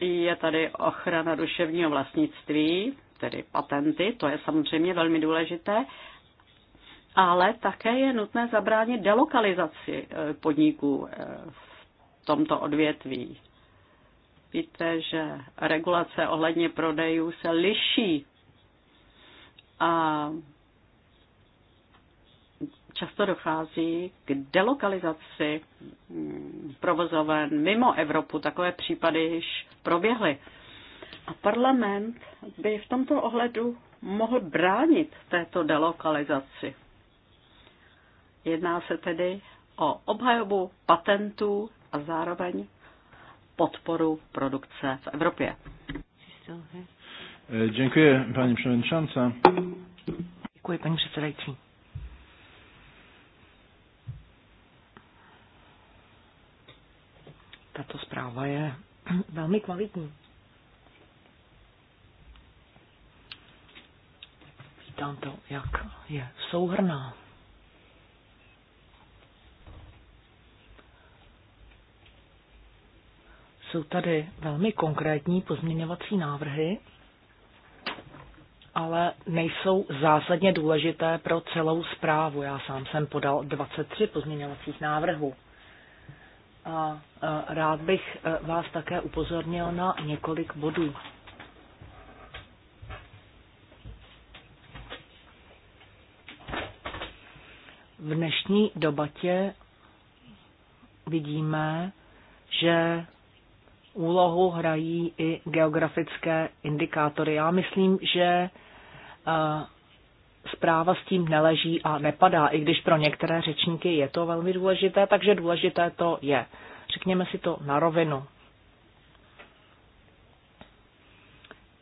je tady ochrana duševního vlastnictví, tedy patenty, to je samozřejmě velmi důležité, ale také je nutné zabránit delokalizaci eh, podniků eh, v tomto odvětví. Víte, že regulace ohledně prodejů se liší a často dochází k delokalizaci mm, provozoven mimo Evropu. Takové případy již proběhly. A parlament by v tomto ohledu mohl bránit této delokalizaci. Jedná se tedy o obhajobu patentů a zároveň podporu produkce v Evropě. E, Děkuji, paní předsedající. Děkuji, paní předsedající. Tato zpráva je (clears throat) velmi kvalitní. Vítám to, jak je souhrná. Jsou tady velmi konkrétní pozměňovací návrhy, ale nejsou zásadně důležité pro celou zprávu. Já sám jsem podal 23 pozměňovacích návrhů. A e, rád bych e, vás také upozornil na několik bodů. V dnešní debatě vidíme, že úlohu hrají i geografické indikátory. Já myslím, že eh, zpráva s tím neleží a nepadá, i když pro některé řečníky je to velmi důležité, takže důležité to je. Řekněme si to na rovinu.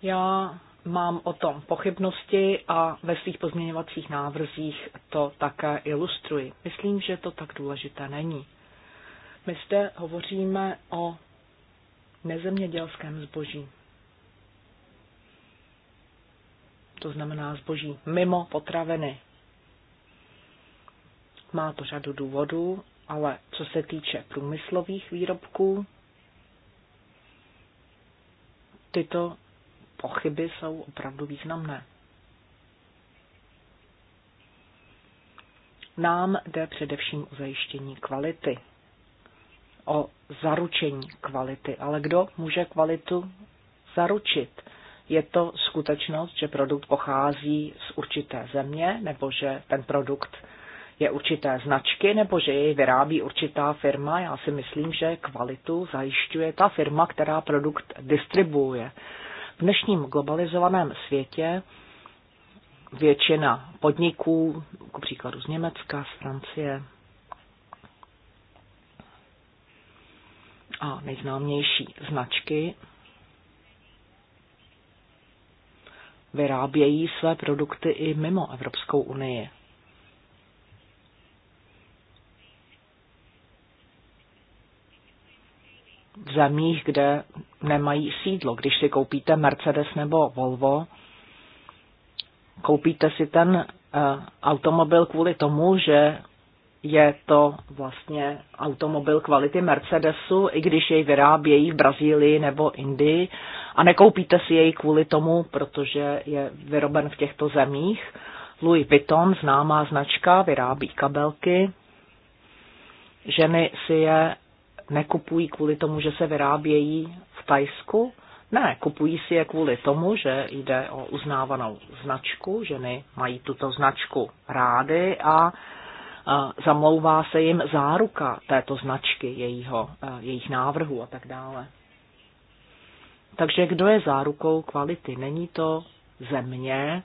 Já mám o tom pochybnosti a ve svých pozměňovacích návrzích to také ilustruji. Myslím, že to tak důležité není. My zde hovoříme o nezemědělském zboží. To znamená zboží mimo potraviny. Má to řadu důvodů, ale co se týče průmyslových výrobků, tyto pochyby jsou opravdu významné. Nám jde především o zajištění kvality o zaručení kvality. Ale kdo může kvalitu zaručit? Je to skutečnost, že produkt pochází z určité země, nebo že ten produkt je určité značky, nebo že jej vyrábí určitá firma. Já si myslím, že kvalitu zajišťuje ta firma, která produkt distribuuje. V dnešním globalizovaném světě většina podniků, k příkladu z Německa, z Francie, a nejznámější značky vyrábějí své produkty i mimo Evropskou unii. V zemích, kde nemají sídlo, když si koupíte Mercedes nebo Volvo, koupíte si ten eh, automobil kvůli tomu, že je to vlastně automobil kvality Mercedesu, i když jej vyrábějí v Brazílii nebo Indii a nekoupíte si jej kvůli tomu, protože je vyroben v těchto zemích. Louis Vuitton, známá značka, vyrábí kabelky. Ženy si je nekupují kvůli tomu, že se vyrábějí v Tajsku. Ne, kupují si je kvůli tomu, že jde o uznávanou značku, ženy mají tuto značku rády a zamlouvá se jim záruka této značky, jejího, eh, jejich návrhu a tak dále. Takže kdo je zárukou kvality? Není to země,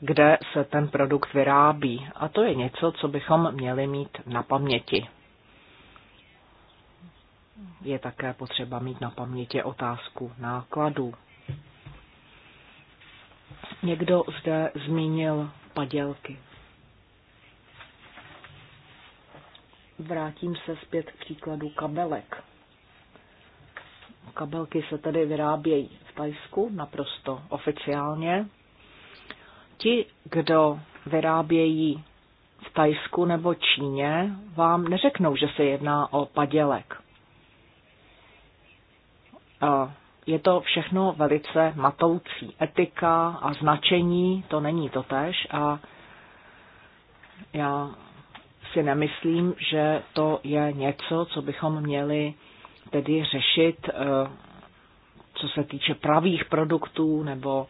kde se ten produkt vyrábí. A to je něco, co bychom měli mít na paměti. Je také potřeba mít na paměti otázku nákladů. Někdo zde zmínil padělky. Vrátím se zpět k příkladu kabelek. Kabelky se tedy vyrábějí v Tajsku naprosto oficiálně. Ti, kdo vyrábějí v Tajsku nebo Číně, vám neřeknou, že se jedná o padělek. A je to všechno velice matoucí. Etika a značení to není totéž a já si nemyslím, že to je něco, co bychom měli tedy řešit, eh, co se týče pravých produktů nebo,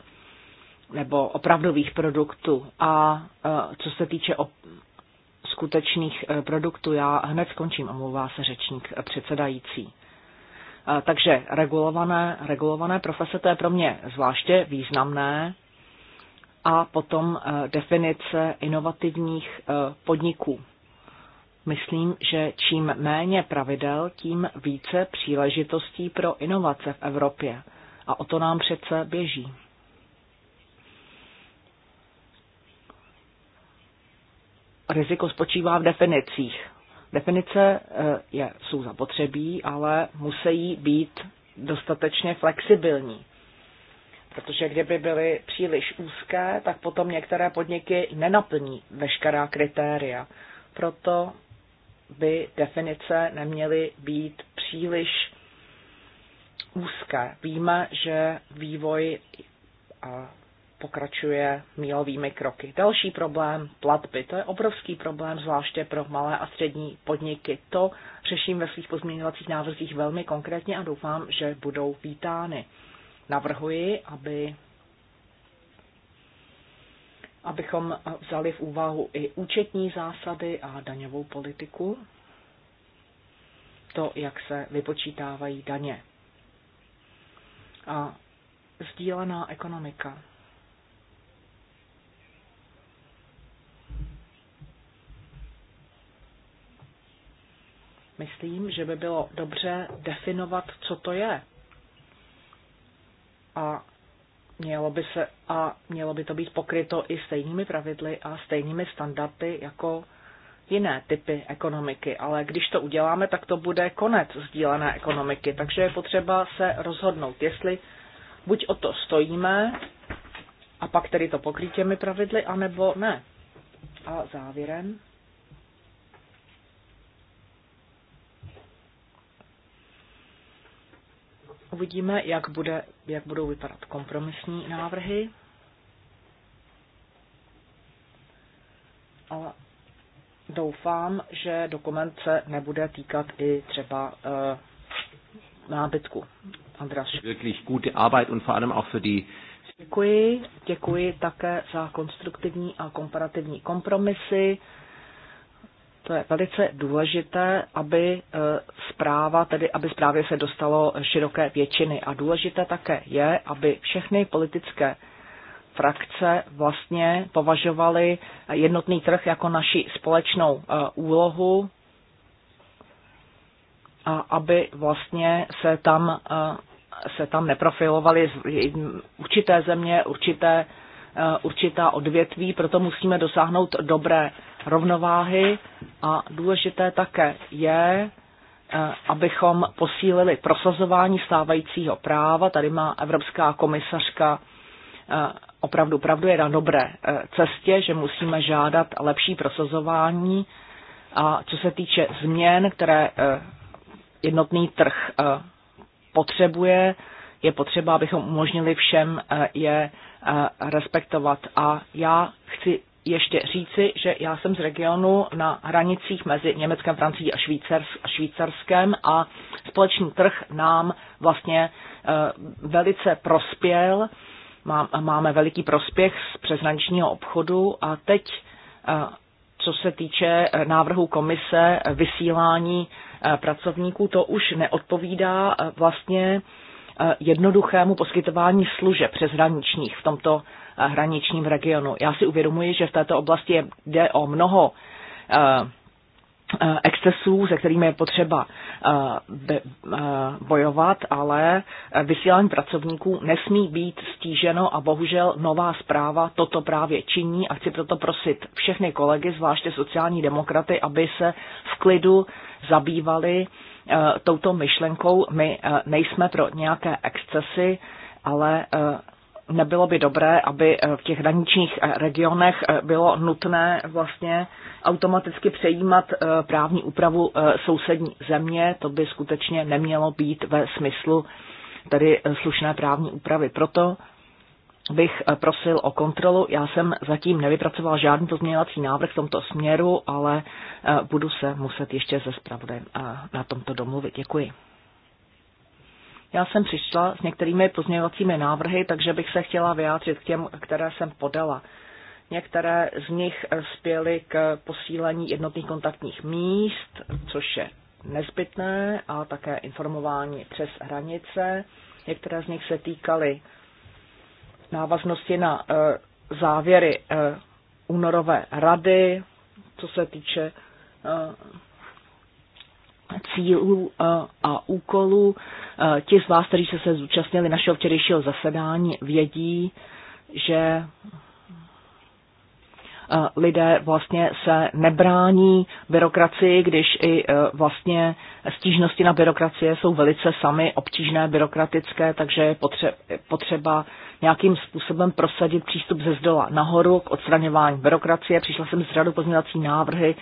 nebo opravdových produktů. A eh, co se týče op- skutečných eh, produktů, já hned skončím, omlouvá se řečník předsedající. Takže regulované, regulované profese, to je pro mě zvláště významné. A potom definice inovativních podniků. Myslím, že čím méně pravidel, tím více příležitostí pro inovace v Evropě. A o to nám přece běží. Riziko spočívá v definicích. Definice eh, je, jsou zapotřebí, ale musí být dostatečně flexibilní. Protože kdyby byly příliš úzké, tak potom některé podniky nenaplní veškerá kritéria. Proto by definice neměly být příliš úzké. Víme, že vývoj pokračuje mílovými kroky. Další problém platby. To je obrovský problém, zvláště pro malé a střední podniky. To řeším ve svých pozměňovacích návrzích velmi konkrétně a doufám, že budou vítány. Navrhuji, aby abychom vzali v úvahu i účetní zásady a daňovou politiku, to, jak se vypočítávají daně. A sdílená ekonomika. Myslím, že by bylo dobře definovat, co to je. A mělo by se a mělo by to být pokryto i stejnými pravidly a stejnými standardy jako jiné typy ekonomiky. Ale když to uděláme, tak to bude konec sdílené ekonomiky. Takže je potřeba se rozhodnout, jestli buď o to stojíme a pak tedy to pokrytěmi pravidly, anebo ne. A závěrem. Uvidíme, jak, bude, jak budou vypadat kompromisní návrhy. A doufám, že dokument se nebude týkat i třeba uh, nábytku. Andras. gute Arbeit und vor allem auch für die Děkuji, děkuji také za konstruktivní a komparativní kompromisy. To je velice důležité, aby e, zpráva, tedy aby zprávě se dostalo široké většiny. A důležité také je, aby všechny politické frakce vlastně považovaly jednotný trh jako naši společnou e, úlohu a aby vlastně se tam, e, se tam neprofilovaly určité země, určité Eh, určitá odvětví, proto musíme dosáhnout dobré rovnováhy a důležité také je, eh, abychom posílili prosazování stávajícího práva. Tady má Evropská komisařka eh, opravdu pravdu, je na dobré cestě, že musíme žádat lepší prosazování. A co se týče změn, které jednotný trh potřebuje, je potřeba, abychom umožnili všem je Eh, respektovat. A já chci ještě říci, že já jsem z regionu na hranicích mezi Německem, Francií a Švýcarskem a společný trh nám vlastně eh, velice prospěl. Máme veliký prospěch z přeshraničního obchodu a teď, eh, co se týče návrhu komise vysílání pracovníků, to už neodpovídá vlastně Eh, jednoduchému poskytování služeb přes hraničních v tomto eh, hraničním regionu. Já si uvědomuji, že v této oblasti jde o mnoho eh, excesů, se kterými je potřeba bojovat, ale vysílání pracovníků nesmí být stíženo a bohužel nová zpráva toto právě činí a chci proto prosit všechny kolegy, zvláště sociální demokraty, aby se v klidu zabývali Eh, touto myšlenkou. My eh, nejsme pro nějaké excesy, ale eh, nebylo by dobré, aby v těch hraničních regionech bylo nutné vlastně automaticky přejímat právní úpravu sousední země. To by skutečně nemělo být ve smyslu tedy slušné právní úpravy. Proto bych eh, prosil o kontrolu. Já jsem zatím nevypracoval žádný pozměňovací návrh v tomto směru, ale eh, budu se muset ještě ze zpravodajem eh, na tomto domluvit. Děkuji. Já jsem přišla s některými pozměňovacími návrhy, takže bych se chtěla vyjádřit k těm, které jsem podala. Některé z nich spěly k posílení jednotných kontaktních míst, což je nezbytné, a také informování přes hranice. Některé z nich se týkaly návaznosti na eh, závěry eh, únorové rady, co se týče eh, cílů a úkolů. Ti z vás, kteří se zúčastnili našeho včerejšího zasedání, vědí, že lidé vlastně se nebrání byrokracii, když i e, vlastně stížnosti na byrokracie jsou velice sami obtížné byrokratické, takže je potřeba nějakým způsobem prosadit přístup ze zdola nahoru k odstraňování byrokracie. Přišla jsem z řadu pozměňovací návrhy,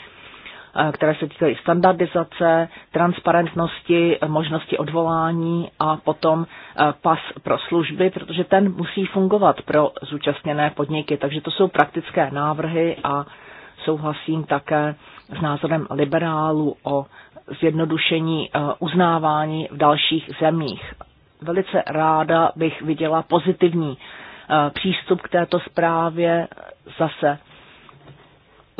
Eh, které se týkají standardizace, transparentnosti, možnosti odvolání a potom eh, pas pro služby, protože ten musí fungovat pro zúčastněné podniky. Takže to jsou praktické návrhy a souhlasím také s názorem liberálů o zjednodušení eh, uznávání v dalších zemích. Velice ráda bych viděla pozitivní přístup k této zprávě. Zase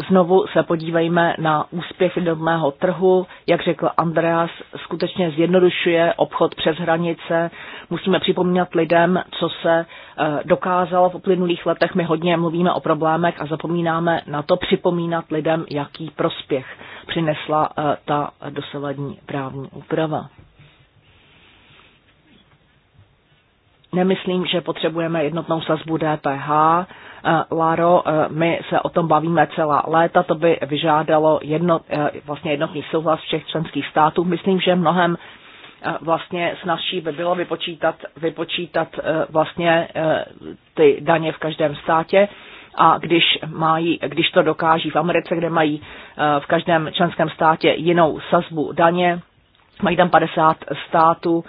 Znovu se podívejme na úspěch jednotného trhu. Jak řekl Andreas, skutečně zjednodušuje obchod přes hranice. Musíme připomínat lidem, co se eh, dokázalo v uplynulých letech. My hodně mluvíme o problémech a zapomínáme na to připomínat lidem, jaký prospěch přinesla eh, ta dosavadní právní úprava. Nemyslím, že potřebujeme jednotnou sazbu DPH. Eh, Laro, eh, my se o tom bavíme celá léta, to by vyžádalo jedno, eh, vlastně jednotný souhlas všech členských států. Myslím, že mnohem vlastně snažší by bylo vypočítat, vypočítat vlastně ty daně v každém státě a když, mají, když to dokáží v Americe, kde mají v každém členském státě jinou sazbu daně, mají tam 50 států,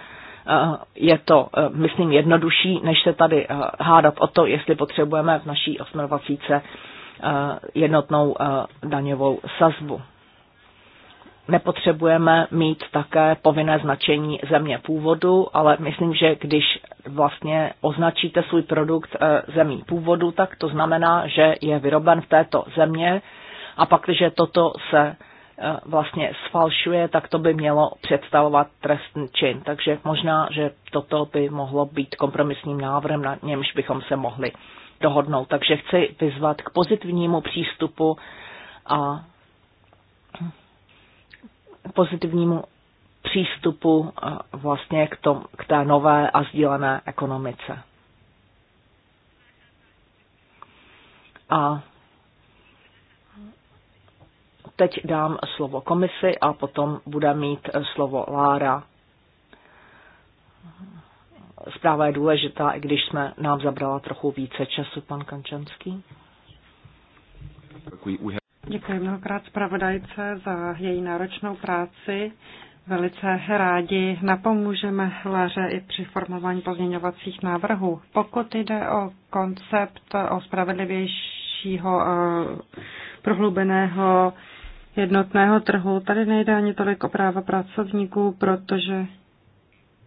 Eh, je to, eh, myslím, jednodušší, než se tady eh, hádat o to, jestli potřebujeme v naší 28 jednotnou daňovou sazbu. Nepotřebujeme mít také povinné značení země původu, ale myslím, že když vlastně označíte svůj produkt zemí původu, tak to znamená, že je vyroben v této země a pak, když toto se Eh, vlastně sfalšuje, tak to by mělo představovat trestný čin. Takže možná, že toto by mohlo být kompromisním návrhem, na němž bychom se mohli dohodnout. Takže chci vyzvat k pozitivnímu přístupu a pozitivnímu přístupu eh, vlastně k, tom, k té nové a sdílené ekonomice. A Teď dám slovo komisi a potom bude mít slovo Lára. Zpráva je důležitá, i když jsme nám zabrala trochu více času, pan Kančanský. Děkuji mnohokrát zpravodajce za její náročnou práci. Velice rádi napomůžeme Láře i při formování pozměňovacích návrhů. Pokud jde o koncept o spravedlivějšího eh, prohlubeného jednotného trhu. Tady nejde ani tolik o práva pracovníků, protože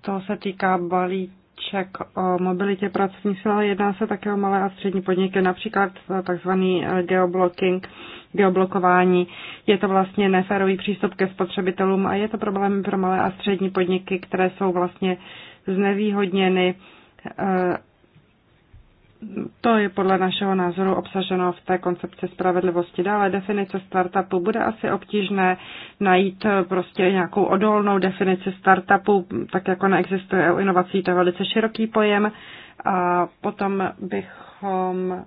to se týká balíček o mobilitě pracovní sil, ale jedná se také o malé a střední podniky, například takzvaný geoblocking, geoblokování. Je to vlastně neférový přístup ke spotřebitelům a je to problém pro malé a střední podniky, které jsou vlastně znevýhodněny eh, to je podle našeho názoru obsaženo v té koncepci spravedlivosti. Dále definice startupu. Bude asi obtížné najít eh, prostě nějakou odolnou definici startupu, tak jako neexistuje u inovací, to je velice široký pojem. A potom bychom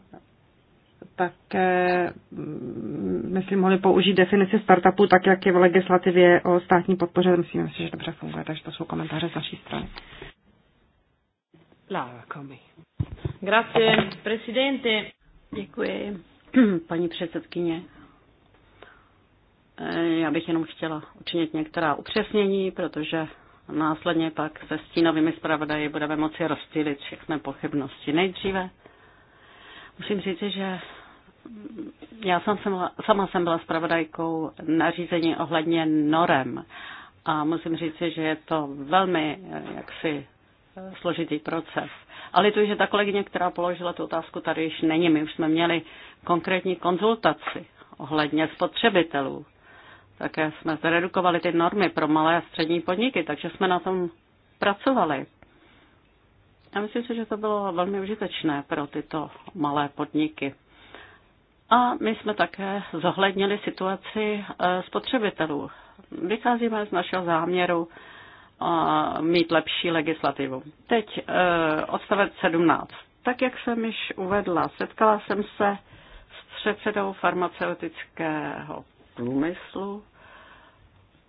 také, mm, myslím, mohli použít definici startupu tak, jak je v legislativě o státní podpoře. Myslím si, že dobře funguje, takže to jsou komentáře z naší strany. Lára Komi. Grazie, presidente. Děkuji, (clears throat) paní předsedkyně. Eh, já bych jenom chtěla učinit některá upřesnění, protože následně pak se stínovými zpravodaji budeme moci rozstýlit všechny pochybnosti. Nejdříve musím říct, že já jsem, sama jsem byla zpravodajkou nařízení ohledně norem a musím říct, že je to velmi eh, jaksi eh, složitý proces. A lituji, že ta kolegyně, která položila tu otázku, tady již není. My už jsme měli konkrétní konzultaci ohledně spotřebitelů. Také jsme zredukovali ty normy pro malé a střední podniky, takže jsme na tom pracovali. Já myslím si, že to bylo velmi užitečné pro tyto malé podniky. A my jsme také zohlednili situaci eh, spotřebitelů. Vycházíme z našeho záměru mít lepší legislativu. Teď eh, odstavec 17. Tak, jak jsem již uvedla, setkala jsem se s předsedou farmaceutického průmyslu,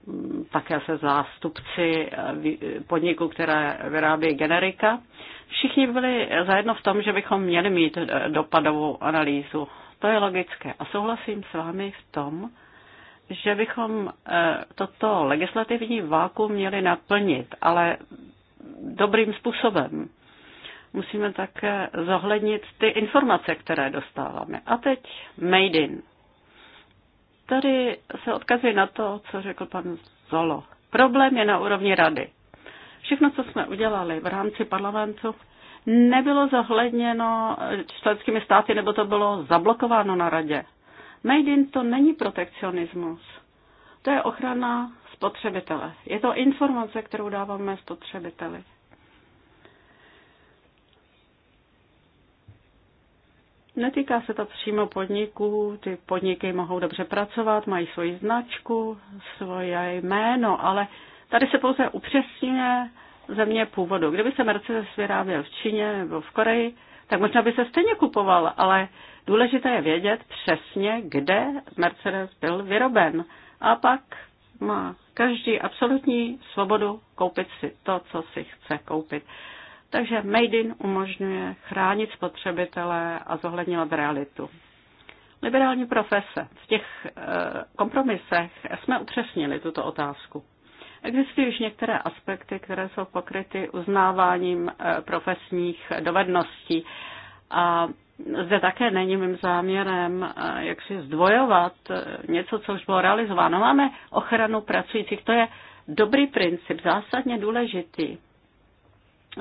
mm, také se zástupci eh, podniků, které vyrábí generika. Všichni byli zajedno v tom, že bychom měli mít eh, dopadovou analýzu. To je logické. A souhlasím s vámi v tom, že bychom eh, toto legislativní váku měli naplnit, ale dobrým způsobem. Musíme také zohlednit ty informace, které dostáváme. A teď Made in. Tady se odkazuje na to, co řekl pan Zolo. Problém je na úrovni rady. Všechno, co jsme udělali v rámci parlamentu, nebylo zohledněno členskými státy, nebo to bylo zablokováno na radě. Made in to není protekcionismus. To je ochrana spotřebitele. Je to informace, kterou dáváme spotřebiteli. Netýká se to přímo podniků, ty podniky mohou dobře pracovat, mají svoji značku, svoje jméno, ale tady se pouze upřesňuje země původu. Kdyby se Mercedes vyráběl v Číně nebo v Koreji, tak možná by se stejně kupoval, ale Důležité je vědět přesně, kde Mercedes byl vyroben. A pak má každý absolutní svobodu koupit si to, co si chce koupit. Takže Made in umožňuje chránit spotřebitele a zohlednit realitu. Liberální profese. V těch eh, kompromisech jsme upřesnili tuto otázku. Existují už některé aspekty, které jsou pokryty uznáváním eh, profesních dovedností. A zde také není mým záměrem, eh, jak si zdvojovat eh, něco, co už bylo realizováno. Máme ochranu pracujících, to je dobrý princip, zásadně důležitý.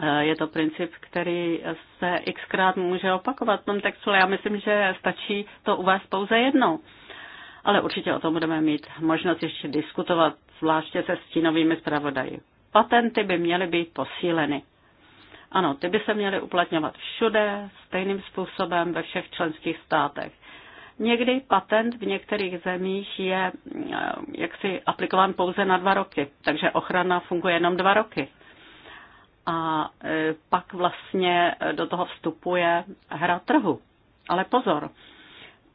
Eh, je to princip, který se xkrát může opakovat v tom textu, ale já myslím, že stačí to u vás pouze jednou. Ale určitě o tom budeme mít možnost ještě diskutovat, zvláště se stínovými zpravodaji. Patenty by měly být posíleny. Ano, ty by se měly uplatňovat všude, stejným způsobem ve všech členských státech. Někdy patent v některých zemích je eh, jaksi aplikován pouze na dva roky, takže ochrana funguje jenom dva roky. A eh, pak vlastně eh, do toho vstupuje hra trhu. Ale pozor,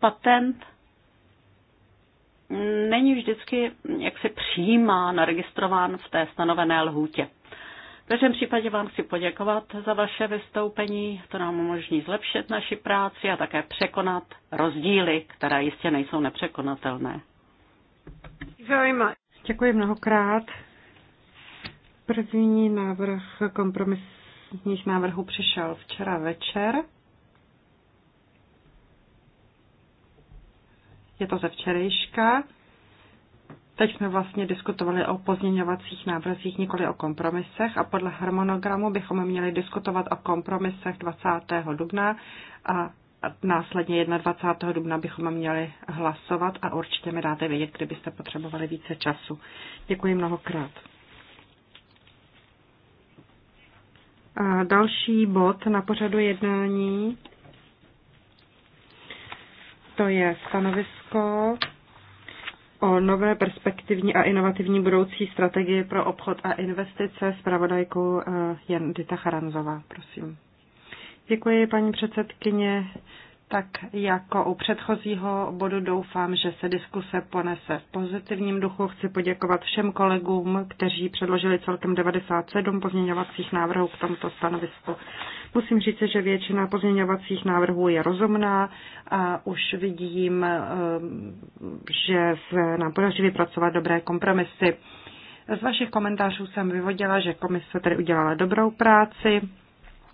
patent není vždycky jaksi přijímán, registrován v té stanovené lhůtě každém případě vám chci poděkovat za vaše vystoupení, to nám umožní zlepšit naši práci a také překonat rozdíly, které jistě nejsou nepřekonatelné. Very much. Děkuji mnohokrát. První návrh kompromisních návrhů přišel včera večer. Je to ze včerejška. Teď jsme vlastně diskutovali o pozměňovacích návrzích, nikoli o kompromisech a podle harmonogramu bychom měli diskutovat o kompromisech 20. dubna a následně 21. dubna bychom měli hlasovat a určitě mi dáte vědět, kdybyste potřebovali více času. Děkuji mnohokrát. A další bod na pořadu jednání to je stanovisko o nové perspektivní a inovativní budoucí strategii pro obchod a investice s pravodajkou eh, Jan Dita Charanzová. Prosím. Děkuji, paní předsedkyně. Tak jako u předchozího bodu doufám, že se diskuse ponese v pozitivním duchu. Chci poděkovat všem kolegům, kteří předložili celkem 97 pozměňovacích návrhů k tomuto stanovisku. Musím říct, že většina pozměňovacích návrhů je rozumná a už vidím, eh, že se nám podaří vypracovat dobré kompromisy. Z vašich komentářů jsem vyvodila, že komise tedy udělala dobrou práci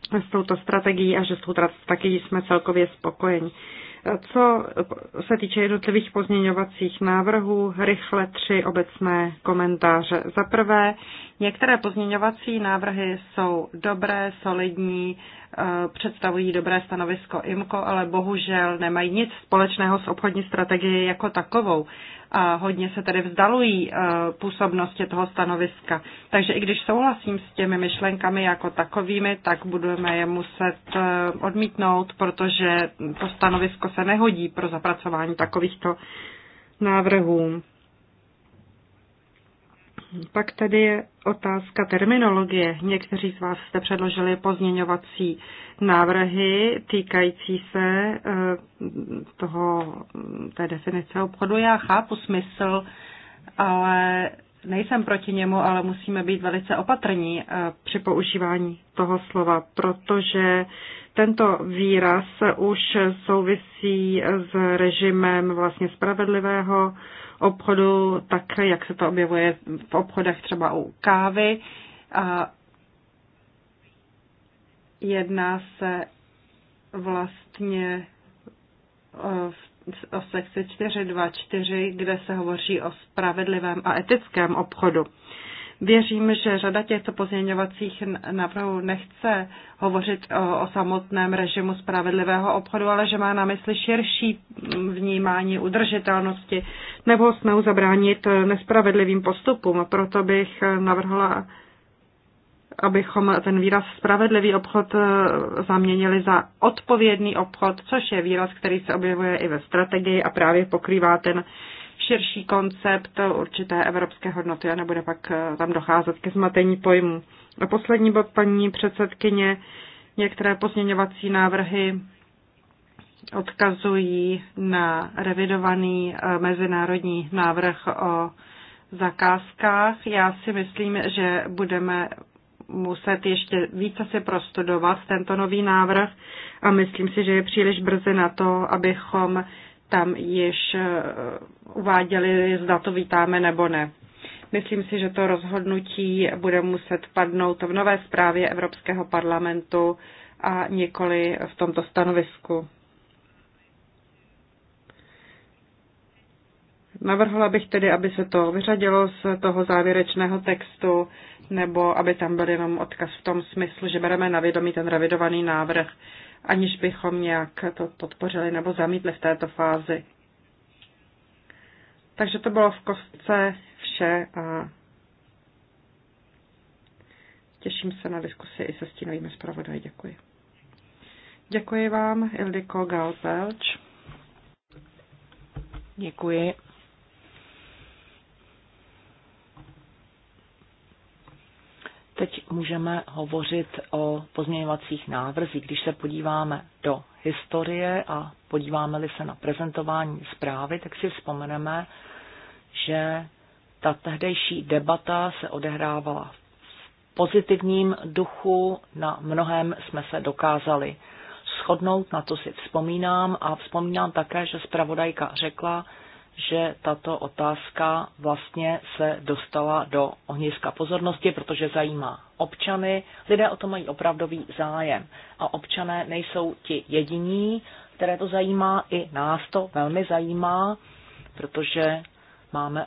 s touto strategií a že s tou strategií jsme celkově spokojeni. Co se týče jednotlivých pozměňovacích návrhů, rychle tři obecné komentáře. Za prvé, některé pozměňovací návrhy jsou dobré, solidní Eh, představují dobré stanovisko IMCO, ale bohužel nemají nic společného s obchodní strategií jako takovou. A hodně se tedy vzdalují eh, působnosti toho stanoviska. Takže i když souhlasím s těmi myšlenkami jako takovými, tak budeme je muset eh, odmítnout, protože to stanovisko se nehodí pro zapracování takovýchto návrhů. Pak tady je otázka terminologie. Někteří z vás jste předložili pozměňovací návrhy týkající se eh, toho, té definice obchodu. Já chápu smysl, ale nejsem proti němu, ale musíme být velice opatrní eh, při používání toho slova, protože tento výraz už souvisí s režimem vlastně spravedlivého obchodu, tak jak se to objevuje v obchodech třeba u kávy. A jedná se vlastně o sekci 424, kde se hovoří o spravedlivém a etickém obchodu. Věřím, že řada těchto pozměňovacích návrhů nechce hovořit o, o samotném režimu spravedlivého obchodu, ale že má na mysli širší vnímání udržitelnosti nebo snahu zabránit nespravedlivým postupům. Proto bych navrhla, abychom ten výraz spravedlivý obchod e, zaměnili za odpovědný obchod, což je výraz, který se objevuje i ve strategii a právě pokrývá ten širší koncept určité evropské hodnoty a nebude pak eh, tam docházet ke zmatení pojmů. A poslední bod, paní předsedkyně, některé pozměňovací návrhy odkazují na revidovaný eh, mezinárodní návrh o zakázkách. Já si myslím, že budeme muset ještě více si prostudovat tento nový návrh a myslím si, že je příliš brzy na to, abychom tam již eh, uváděli, zda to vítáme nebo ne. Myslím si, že to rozhodnutí bude muset padnout v nové zprávě Evropského parlamentu a nikoli v tomto stanovisku. Navrhla bych tedy, aby se to vyřadilo z toho závěrečného textu, nebo aby tam byl jenom odkaz v tom smyslu, že bereme na vědomí ten revidovaný návrh aniž bychom nějak to podpořili nebo zamítli v této fázi. Takže to bylo v kostce vše a těším se na diskusi i se stínovými zpravodaji. Děkuji. Děkuji vám, Ildiko Galpelč. Děkuji. Teď můžeme hovořit o pozměňovacích návrzích. Když se podíváme do historie a podíváme-li se na prezentování zprávy, tak si vzpomeneme, že ta tehdejší debata se odehrávala v pozitivním duchu, na mnohem jsme se dokázali shodnout, na to si vzpomínám a vzpomínám také, že zpravodajka řekla, že tato otázka vlastně se dostala do ohniska pozornosti, protože zajímá občany. Lidé o to mají opravdový zájem a občané nejsou ti jediní, které to zajímá, i nás to velmi zajímá, protože máme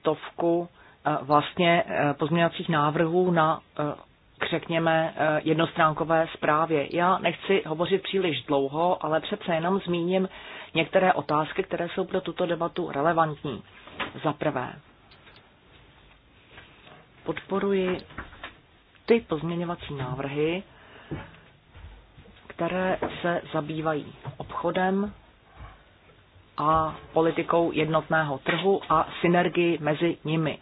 stovku eh, vlastně eh, pozměňovacích návrhů na eh, k řekněme eh, jednostránkové zprávě. Já nechci hovořit příliš dlouho, ale přece jenom zmíním některé otázky, které jsou pro tuto debatu relevantní. Za prvé, podporuji ty pozměňovací návrhy, které se zabývají obchodem a politikou jednotného trhu a synergii mezi nimi.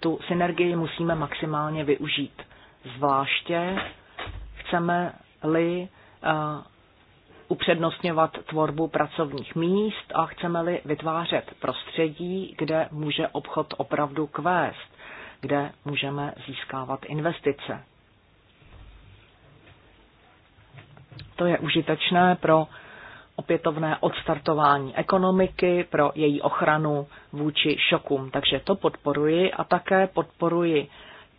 Tu synergii musíme maximálně využít zvláště chceme-li eh, upřednostňovat tvorbu pracovních míst a chceme-li vytvářet prostředí, kde může obchod opravdu kvést, kde můžeme získávat investice. To je užitečné pro opětovné odstartování ekonomiky, pro její ochranu vůči šokům. Takže to podporuji a také podporuji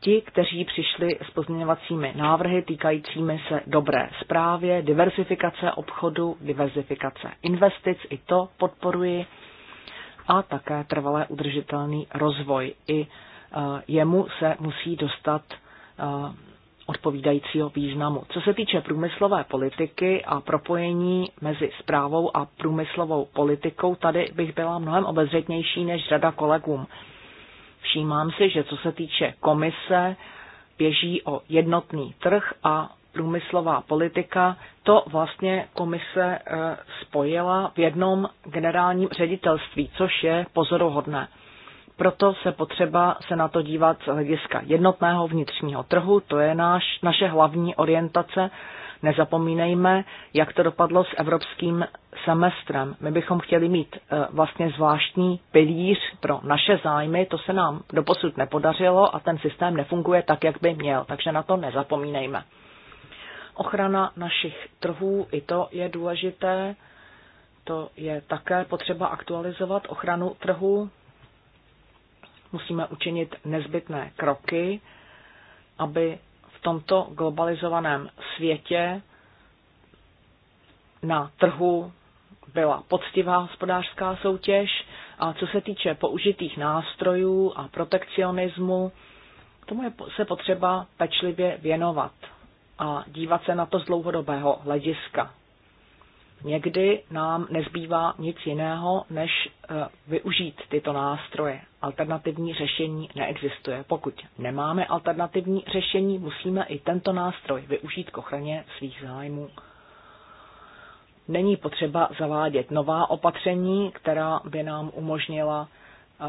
ti, kteří přišli s pozměňovacími návrhy týkajícími se dobré zprávě, diversifikace obchodu, diversifikace investic, i to podporuji, a také trvalé udržitelný rozvoj. I e, jemu se musí dostat e, odpovídajícího významu. Co se týče průmyslové politiky a propojení mezi zprávou a průmyslovou politikou, tady bych byla mnohem obezřetnější než řada kolegům Všímám si, že co se týče komise, běží o jednotný trh a průmyslová politika, to vlastně komise eh, spojila v jednom generálním ředitelství, což je pozoruhodné. Proto se potřeba se na to dívat z hlediska jednotného vnitřního trhu, to je náš, naše hlavní orientace Nezapomínejme, jak to dopadlo s evropským semestrem. My bychom chtěli mít eh, vlastně zvláštní pilíř pro naše zájmy, to se nám doposud nepodařilo a ten systém nefunguje tak, jak by měl, takže na to nezapomínejme. Ochrana našich trhů, i to je důležité, to je také potřeba aktualizovat ochranu trhů. Musíme učinit nezbytné kroky, aby tomto globalizovaném světě na trhu byla poctivá hospodářská soutěž a co se týče použitých nástrojů a protekcionismu, tomu je se potřeba pečlivě věnovat a dívat se na to z dlouhodobého hlediska. Někdy nám nezbývá nic jiného, než eh, využít tyto nástroje alternativní řešení neexistuje. Pokud nemáme alternativní řešení, musíme i tento nástroj využít k ochraně svých zájmů. Není potřeba zavádět nová opatření, která by nám umožnila eh,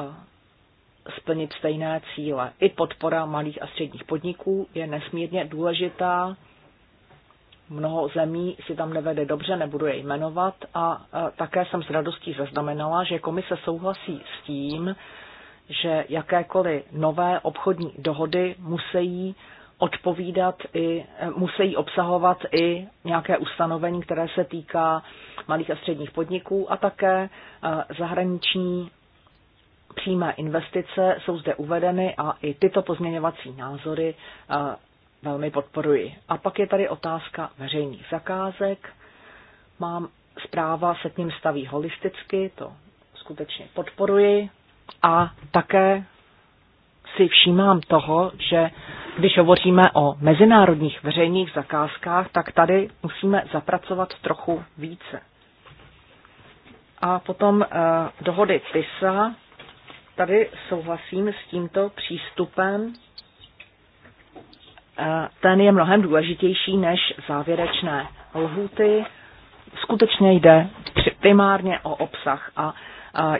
splnit stejné cíle. I podpora malých a středních podniků je nesmírně důležitá. Mnoho zemí si tam nevede dobře, nebudu je jmenovat. A eh, také jsem s radostí zaznamenala, že komise souhlasí s tím, že jakékoliv nové obchodní dohody musí odpovídat i, musí obsahovat i nějaké ustanovení, které se týká malých a středních podniků a také eh, zahraniční přímé investice jsou zde uvedeny a i tyto pozměňovací názory eh, velmi podporuji. A pak je tady otázka veřejných zakázek. Mám zpráva se k ním staví holisticky, to skutečně podporuji. A také si všímám toho, že když hovoříme o mezinárodních veřejných zakázkách, tak tady musíme zapracovat trochu více. A potom eh, dohody TISA. Tady souhlasím s tímto přístupem. Eh, ten je mnohem důležitější než závěrečné lhuty. Skutečně jde primárně o obsah a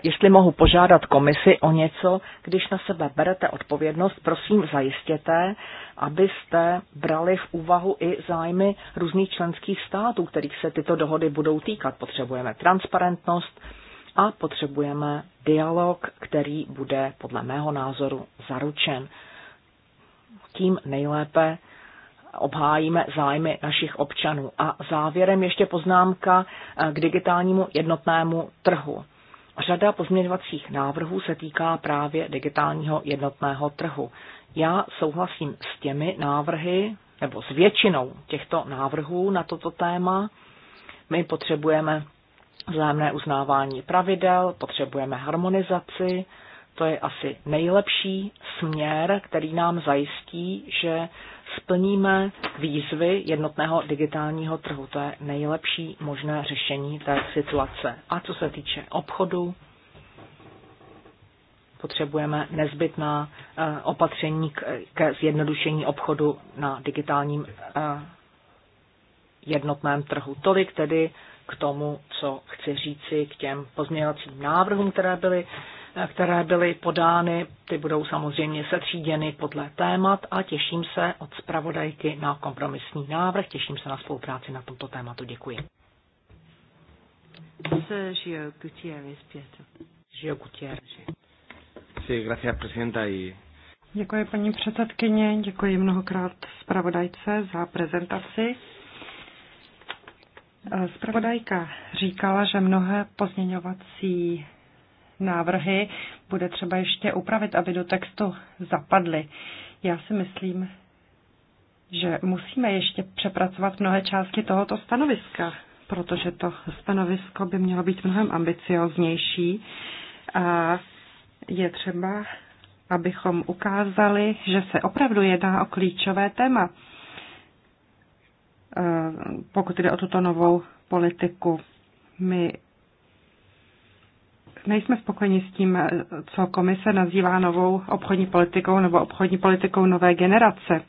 jestli mohu požádat komisi o něco, když na sebe berete odpovědnost, prosím zajistěte, abyste brali v úvahu i zájmy různých členských států, kterých se tyto dohody budou týkat. Potřebujeme transparentnost a potřebujeme dialog, který bude podle mého názoru zaručen. Tím nejlépe obhájíme zájmy našich občanů. A závěrem ještě poznámka k digitálnímu jednotnému trhu. Řada pozměňovacích návrhů se týká právě digitálního jednotného trhu. Já souhlasím s těmi návrhy, nebo s většinou těchto návrhů na toto téma. My potřebujeme vzájemné uznávání pravidel, potřebujeme harmonizaci, to je asi nejlepší směr, který nám zajistí, že splníme výzvy jednotného digitálního trhu. To je nejlepší možné řešení té situace. A co se týče obchodu, potřebujeme nezbytná eh, opatření ke zjednodušení obchodu na digitálním eh, jednotném trhu. Tolik tedy k tomu, co chci říci k těm pozměňovacím návrhům, které byly které byly podány, ty budou samozřejmě setříděny podle témat a těším se od zpravodajky na kompromisní návrh, těším se na spolupráci na tomto tématu. Děkuji. Sergio Gutierrez Pietro. Sergio Gutierrez. Sí, gracias, presidenta. Y... Děkuji paní předsedkyně, děkuji mnohokrát zpravodajce za prezentaci. Zpravodajka říkala, že mnohé pozměňovací návrhy bude třeba ještě upravit, aby do textu zapadly. Já si myslím, že musíme ještě přepracovat mnohé části tohoto stanoviska, protože to stanovisko by mělo být mnohem ambicioznější a je třeba, abychom ukázali, že se opravdu jedná o klíčové téma, e, pokud jde o tuto novou politiku. My nejsme spokojeni s tím, co komise nazývá novou obchodní politikou nebo obchodní politikou nové generace,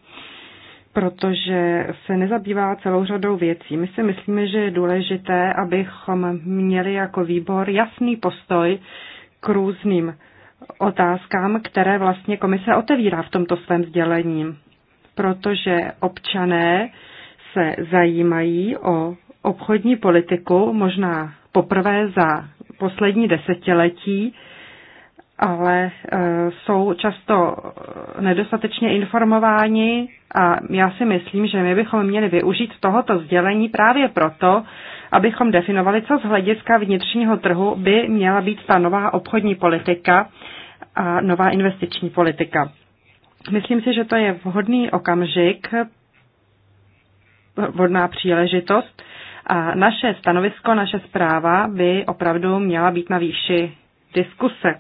protože se nezabývá celou řadou věcí. My si myslíme, že je důležité, abychom měli jako výbor jasný postoj k různým otázkám, které vlastně komise otevírá v tomto svém sdělení, protože občané se zajímají o obchodní politiku možná poprvé za poslední desetiletí, ale eh, jsou často nedostatečně informováni a já si myslím, že my bychom měli využít tohoto sdělení právě proto, abychom definovali, co z hlediska vnitřního trhu by měla být ta nová obchodní politika a nová investiční politika. Myslím si, že to je vhodný okamžik, vhodná příležitost, a naše stanovisko, naše zpráva by opravdu měla být na výši diskuse.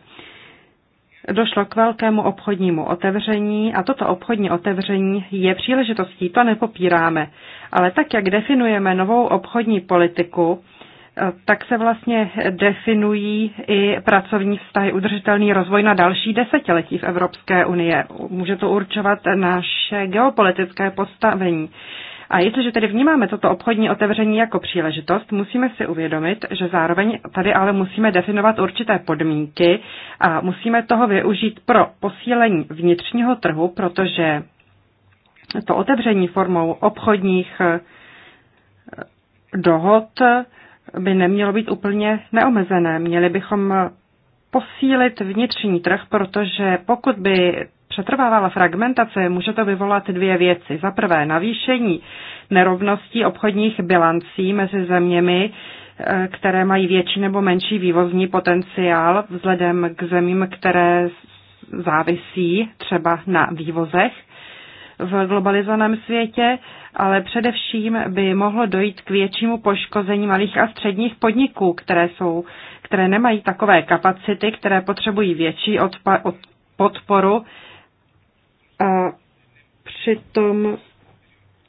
Došlo k velkému obchodnímu otevření a toto obchodní otevření je příležitostí, to nepopíráme. Ale tak, jak definujeme novou obchodní politiku, tak se vlastně definují i pracovní vztahy, udržitelný rozvoj na další desetiletí v Evropské unie. Může to určovat naše geopolitické postavení. A jestliže tedy vnímáme toto obchodní otevření jako příležitost, musíme si uvědomit, že zároveň tady ale musíme definovat určité podmínky a musíme toho využít pro posílení vnitřního trhu, protože to otevření formou obchodních eh, dohod by nemělo být úplně neomezené. Měli bychom posílit vnitřní trh, protože pokud by přetrvávala fragmentace, může to vyvolat dvě věci. Za prvé navýšení nerovností obchodních bilancí mezi zeměmi, eh, které mají větší nebo menší vývozní potenciál vzhledem k zemím, které závisí třeba na vývozech v globalizovaném světě, ale především by mohlo dojít k většímu poškození malých a středních podniků, které, jsou, které nemají takové kapacity, které potřebují větší odpa- od- podporu a přitom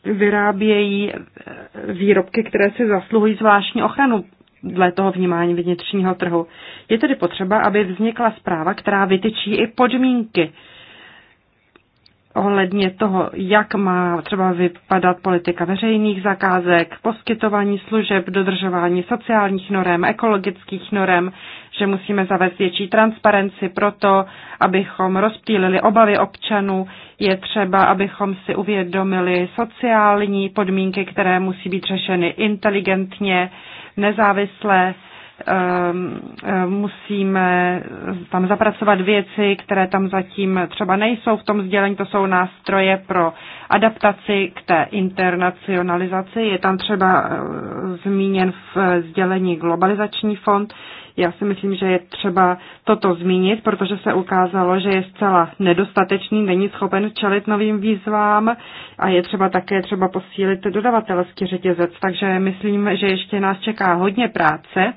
vyrábějí eh, výrobky, které si zasluhují zvláštní ochranu dle toho vnímání vnitřního trhu. Je tedy potřeba, aby vznikla zpráva, která vytyčí i podmínky ohledně toho, jak má třeba vypadat politika veřejných zakázek, poskytování služeb, dodržování sociálních norem, ekologických norem, že musíme zavést větší transparenci proto, abychom rozptýlili obavy občanů. Je třeba, abychom si uvědomili sociální podmínky, které musí být řešeny inteligentně, nezávisle. Ehm, ehm, musíme tam zapracovat věci, které tam zatím třeba nejsou v tom sdělení. To jsou nástroje pro adaptaci k té internacionalizaci. Je tam třeba ehm, zmíněn v sdělení globalizační fond já si myslím, že je třeba toto zmínit, protože se ukázalo, že je zcela nedostatečný, není schopen čelit novým výzvám a je třeba také třeba posílit dodavatelský řetězec. Takže myslím, že ještě nás čeká hodně práce.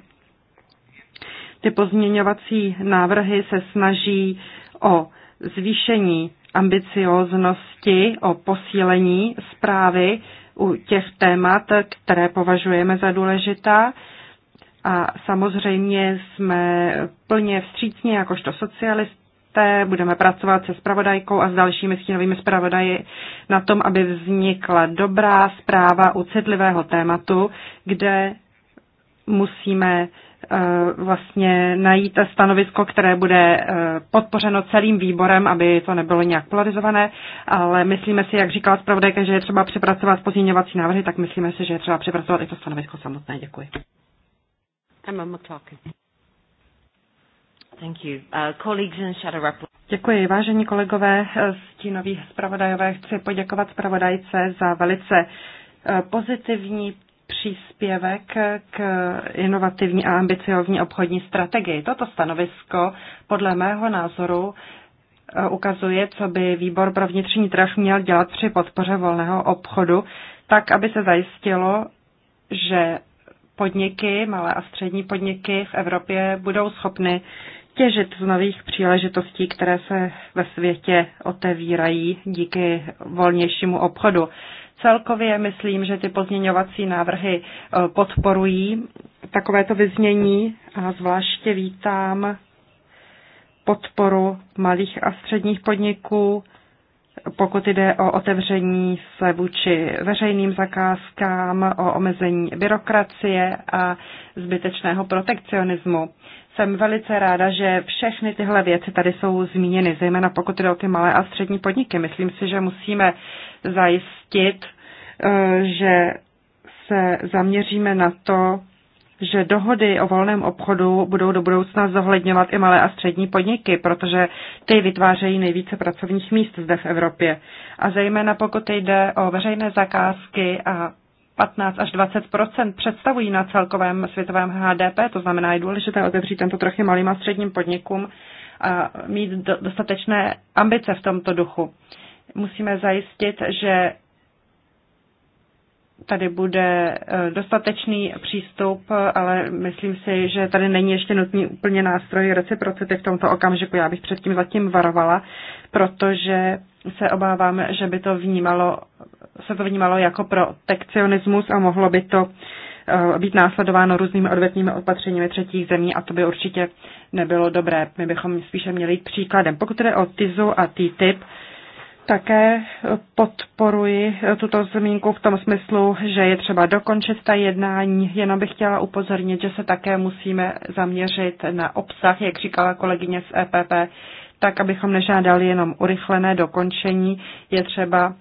Ty pozměňovací návrhy se snaží o zvýšení ambicioznosti, o posílení zprávy u těch témat, které považujeme za důležitá a samozřejmě jsme plně vstřícní jakožto socialisté, budeme pracovat se spravodajkou a s dalšími stínovými spravodaji na tom, aby vznikla dobrá zpráva u citlivého tématu, kde musíme eh, vlastně najít stanovisko, které bude eh, podpořeno celým výborem, aby to nebylo nějak polarizované, ale myslíme si, jak říkala zpravodajka, že je třeba přepracovat pozměňovací návrhy, tak myslíme si, že je třeba přepracovat i to stanovisko samotné. Děkuji. Emma McLaughlin. Thank you. Uh, colleagues and shadow Děkuji, vážení kolegové, eh, stínoví zpravodajové. Chci poděkovat zpravodajce za velice eh, pozitivní příspěvek k inovativní a ambiciozní obchodní strategii. Toto stanovisko podle mého názoru eh, ukazuje, co by výbor pro vnitřní trh měl dělat při podpoře volného obchodu, tak aby se zajistilo, že podniky, malé a střední podniky v Evropě budou schopny těžit z nových příležitostí, které se ve světě otevírají díky volnějšímu obchodu. Celkově myslím, že ty pozměňovací návrhy e, podporují takovéto vyznění a zvláště vítám podporu malých a středních podniků, pokud jde o otevření se vůči veřejným zakázkám, o omezení byrokracie a zbytečného protekcionismu. Jsem velice ráda, že všechny tyhle věci tady jsou zmíněny, zejména pokud jde o ty malé a střední podniky. Myslím si, že musíme zajistit, eh, že se zaměříme na to, že dohody o volném obchodu budou do budoucna zohledňovat i malé a střední podniky, protože ty vytvářejí nejvíce pracovních míst zde v Evropě. A zejména pokud jde o veřejné zakázky a 15 až 20 představují na celkovém světovém HDP, to znamená, je důležité otevřít tento trochy malým a středním podnikům a mít dostatečné ambice v tomto duchu. Musíme zajistit, že tady bude eh, dostatečný přístup, ale myslím si, že tady není ještě nutný úplně nástroj reciprocity v tomto okamžiku. Já bych předtím zatím varovala, protože se obávám, že by to vnímalo, se to vnímalo jako protekcionismus a mohlo by to eh, být následováno různými odvetními opatřeními třetích zemí a to by určitě nebylo dobré. My bychom spíše měli jít příkladem. Pokud jde o TIZu a TTIP, také podporuji tuto zmínku v tom smyslu, že je třeba dokončit ta jednání. Jenom bych chtěla upozornit, že se také musíme zaměřit na obsah, jak říkala kolegyně z EPP, tak abychom nežádali jenom urychlené dokončení. Je třeba,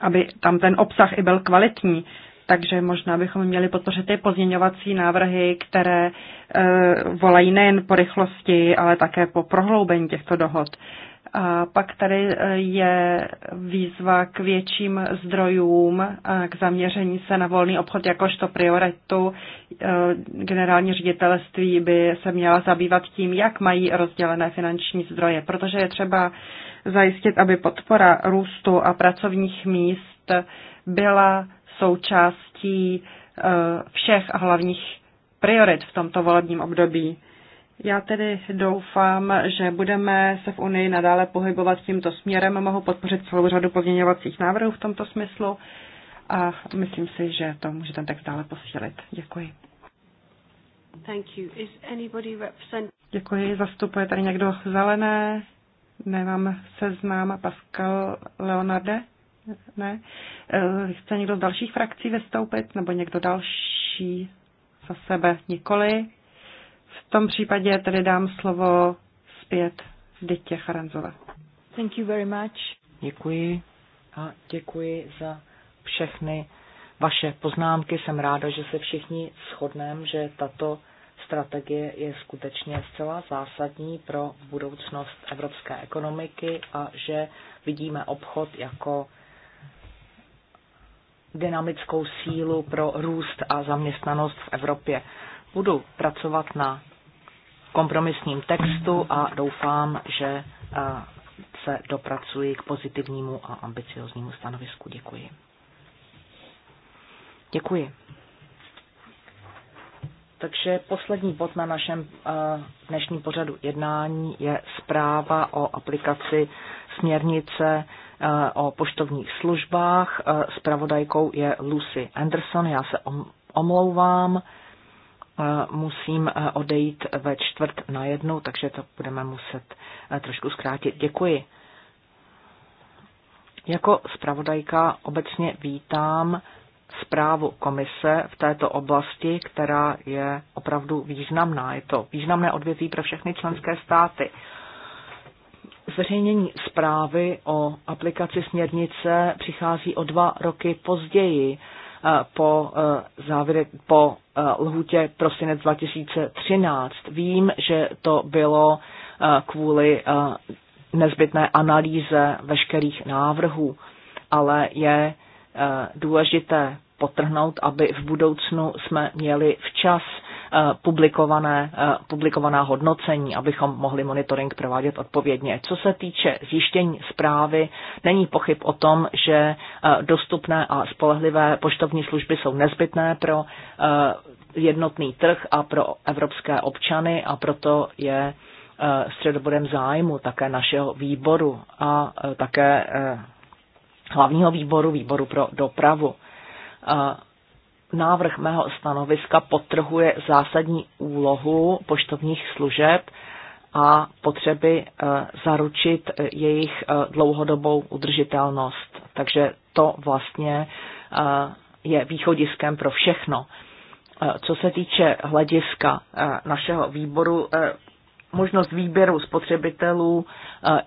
aby tam ten obsah i byl kvalitní. Takže možná bychom měli podpořit ty pozměňovací návrhy, které e, volají nejen po rychlosti, ale také po prohloubení těchto dohod. E, a pak tady e, je výzva k větším zdrojům, k zaměření se na volný obchod jakožto prioritu. E, generální ředitelství by se měla zabývat tím, jak mají rozdělené finanční zdroje, protože je třeba zajistit, aby podpora růstu a pracovních míst byla součástí e, všech a hlavních priorit v tomto volebním období. Já tedy doufám, že budeme se v Unii nadále pohybovat tímto směrem. Mohu podpořit celou řadu pozměňovacích návrhů v tomto smyslu a myslím si, že to může ten text dále posílit. Děkuji. Thank you. Is anybody represent... Děkuji. Zastupuje tady někdo zelené? Nemám seznám. Pascal Leonarde? Ne. Eh, chce někdo z dalších frakcí vystoupit? Nebo někdo další za sebe? Nikoli. V tom případě tedy dám slovo zpět Dytě Charanzové. Thank you very much. Děkuji a děkuji za všechny vaše poznámky. Jsem ráda, že se všichni shodneme, že tato strategie je skutečně zcela zásadní pro budoucnost evropské ekonomiky a že vidíme obchod jako dynamickou sílu pro růst a zaměstnanost v Evropě. Budu pracovat na kompromisním textu a doufám, že eh, se dopracuji k pozitivnímu a ambicioznímu stanovisku. Děkuji. Děkuji. Takže poslední bod na našem eh, dnešním pořadu jednání je zpráva o aplikaci směrnice eh, o poštovních službách. Spravodajkou je Lucy Anderson, já se omlouvám musím e, odejít ve čtvrt na jednu, takže to budeme muset e, trošku zkrátit. Děkuji. Jako zpravodajka obecně vítám zprávu komise v této oblasti, která je opravdu významná. Je to významné odvětví pro všechny členské státy. Zveřejnění zprávy o aplikaci směrnice přichází o dva roky později po, e, závěre, po e, lhutě prosinec 2013. Vím, že to bylo e, kvůli nezbytné analýze veškerých návrhů, ale je důležité potrhnout, aby v budoucnu jsme měli včas Eh, publikované, eh, publikovaná hodnocení, abychom mohli monitoring provádět odpovědně. Co se týče zjištění zprávy, není pochyb o tom, že eh, dostupné a spolehlivé poštovní služby jsou nezbytné pro jednotný trh a pro evropské občany a proto je středobodem zájmu také našeho výboru a také hlavního výboru, výboru pro dopravu návrh mého stanoviska potrhuje zásadní úlohu poštovních služeb a potřeby e, zaručit e, jejich e, dlouhodobou udržitelnost. Takže to vlastně je východiskem pro všechno. Co se týče hlediska našeho výboru, možnost výběru spotřebitelů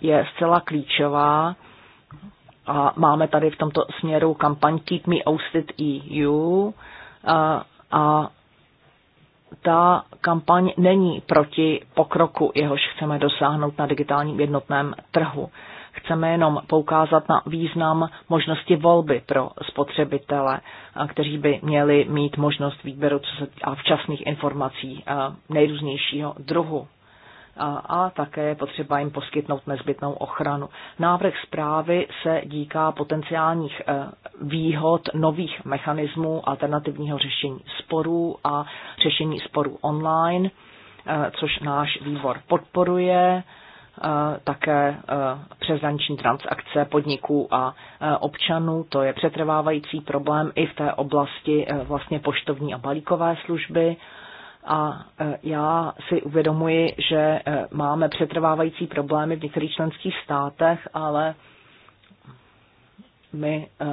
je zcela klíčová a máme tady v tomto směru kampaň Keep Me Ousted EU a, a ta kampaň není proti pokroku, jehož chceme dosáhnout na digitálním jednotném trhu. Chceme jenom poukázat na význam možnosti volby pro spotřebitele, kteří by měli mít možnost výběru a včasných informací nejrůznějšího druhu a, a také je potřeba jim poskytnout nezbytnou ochranu. Návrh zprávy se díká potenciálních e, výhod nových mechanismů alternativního řešení sporů a řešení sporů online, e, což náš výbor podporuje e, také přeshraniční transakce podniků a občanů. To je přetrvávající problém i v té oblasti vlastně poštovní a balíkové služby a e, já si uvědomuji, že e, máme přetrvávající problémy v některých členských státech, ale my e,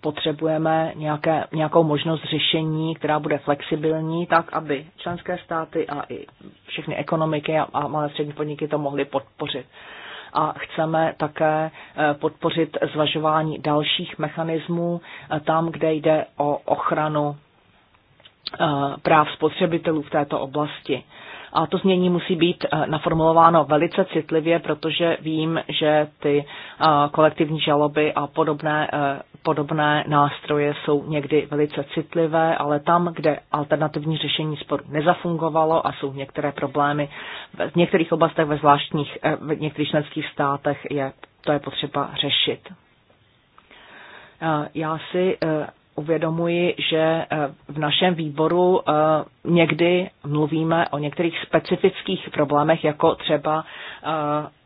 potřebujeme nějaké, nějakou možnost řešení, která bude flexibilní, tak aby členské státy a i všechny ekonomiky a, malé střední podniky to mohly podpořit. A chceme také podpořit zvažování dalších mechanismů tam, kde jde o ochranu Eh, práv spotřebitelů v této oblasti. A to změní musí být eh, naformulováno velice citlivě, protože vím, že ty eh, kolektivní žaloby a podobné, podobné nástroje jsou někdy velice citlivé, ale tam, kde alternativní řešení sporu nezafungovalo a jsou některé problémy v některých oblastech ve zvláštních, v některých členských státech, je, to je potřeba řešit. Já si uvědomuji, že eh, v našem výboru eh, někdy mluvíme o některých specifických problémech, jako třeba eh,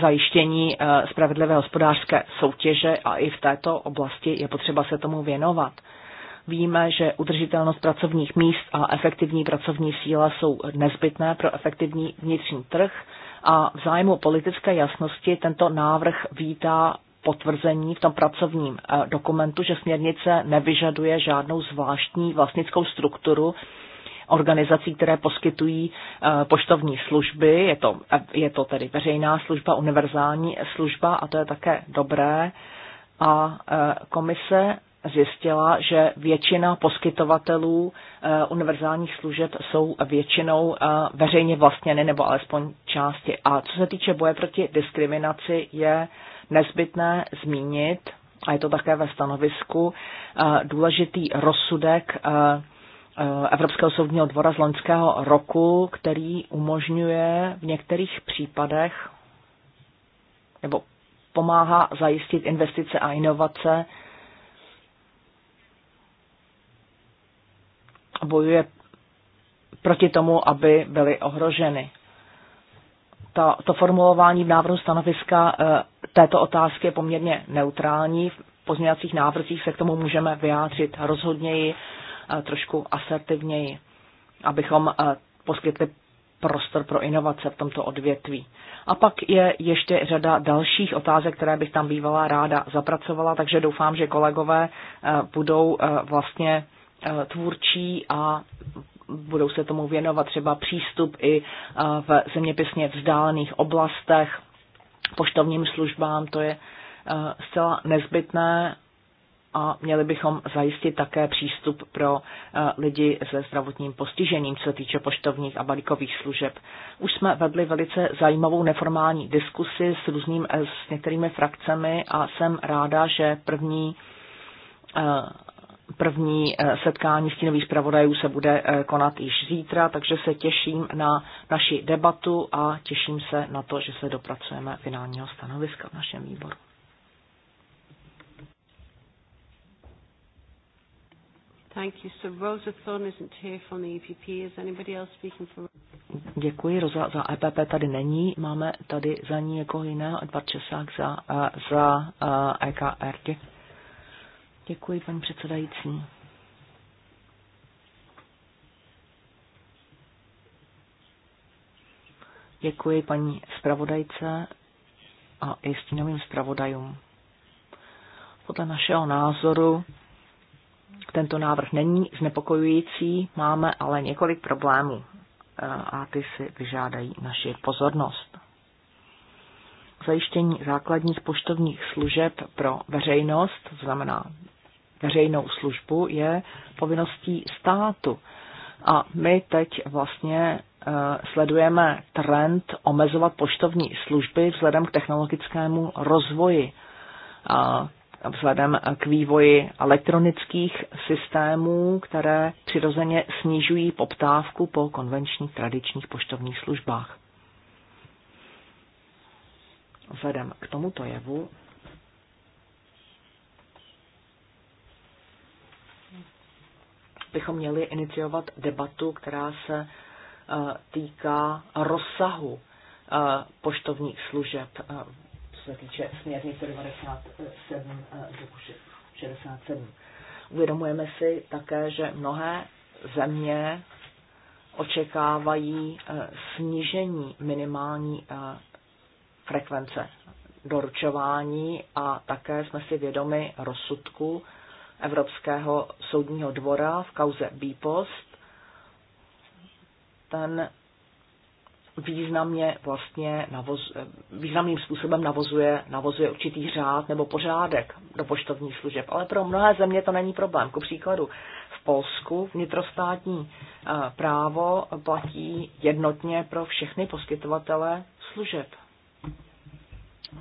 zajištění spravedlivé hospodářské soutěže a i v této oblasti je potřeba se tomu věnovat. Víme, že udržitelnost pracovních míst a efektivní pracovní síla jsou nezbytné pro efektivní vnitřní trh a v zájmu politické jasnosti tento návrh vítá potvrzení v tom pracovním eh, dokumentu, že směrnice nevyžaduje žádnou zvláštní vlastnickou strukturu organizací, které poskytují eh, poštovní služby. Je to, je to tedy veřejná služba, univerzální služba a to je také dobré. A eh, komise zjistila, že většina poskytovatelů univerzálních služeb jsou většinou veřejně vlastněny nebo alespoň části. A co se týče boje proti diskriminaci, je nezbytné zmínit, a je to také ve stanovisku, eh, důležitý rozsudek eh, eh, Evropského soudního dvora z loňského roku, který umožňuje v některých případech nebo pomáhá zajistit investice a inovace, bojuje proti tomu, aby byly ohroženy. To, to formulování v návrhu stanoviska této otázky je poměrně neutrální. V pozměňovacích návrzích se k tomu můžeme vyjádřit rozhodněji, eh, trošku asertivněji, abychom eh, poskytli prostor pro inovace v tomto odvětví. A pak je ještě řada dalších otázek, které bych tam bývala ráda zapracovala, takže doufám, že kolegové eh, budou vlastně tvůrčí a budou se tomu věnovat třeba přístup i v zeměpisně vzdálených oblastech, poštovním službám. To je eh, zcela nezbytné a měli bychom zajistit také přístup pro eh, lidi se zdravotním postižením, co se týče poštovních a balíkových služeb. Už jsme vedli velice zajímavou neformální diskusi s, různým, eh, s některými frakcemi a jsem ráda, že první První eh, setkání stínových zpravodajů se bude eh, konat již zítra, takže se těším na naši debatu a těším se na to, že se dopracujeme finálního stanoviska v našem výboru. E Děkuji, Rosa za EPP tady není. Máme tady za ní jako jiného Edward Česák za, eh, za EKR. E Děkuji. Děkuji, paní předsedající. Děkuji paní zpravodajce a i stínovým zpravodajům. Podle našeho názoru tento návrh není znepokojující, máme ale několik problémů eh, a ty si vyžádají naši pozornost. Zajištění základních poštovních služeb pro veřejnost, to znamená veřejnou službu je povinností státu. A my teď vlastně eh, sledujeme trend omezovat poštovní služby vzhledem k technologickému rozvoji, a vzhledem k vývoji elektronických systémů, které přirozeně snižují poptávku po konvenčních tradičních poštovních službách. Vzhledem k tomuto jevu bychom měli iniciovat debatu, která se eh, týká rozsahu eh, poštovních služeb, eh, co se týče směrnice 97 67. Uvědomujeme si také, že mnohé země očekávají snížení minimální frekvence doručování a také jsme si vědomi rozsudku Evropského soudního dvora v kauze bípost Ten významně vlastně navoz, významným způsobem navozuje, navozuje určitý řád nebo pořádek do poštovních služeb. Ale pro mnohé země to není problém. Ku příkladu v Polsku vnitrostátní eh, právo platí jednotně pro všechny poskytovatele služeb.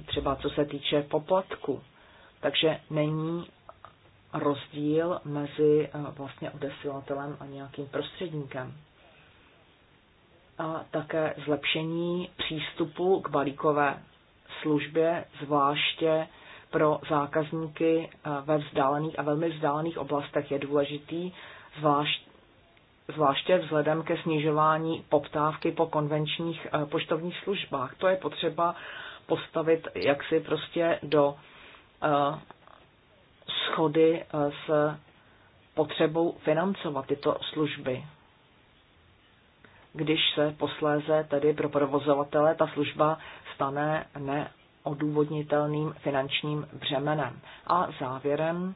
Třeba co se týče poplatku. Takže není rozdíl mezi eh, vlastně odesilatelem a nějakým prostředníkem. A také zlepšení přístupu k balíkové službě, zvláště pro zákazníky eh, ve vzdálených a velmi vzdálených oblastech je důležitý, zvlášť, zvláště vzhledem ke snižování poptávky po konvenčních eh, poštovních službách. To je potřeba postavit jaksi prostě do schody eh, s potřebou financovat tyto služby. Když se posléze tedy pro provozovatele ta služba stane neodůvodnitelným finančním břemenem. A závěrem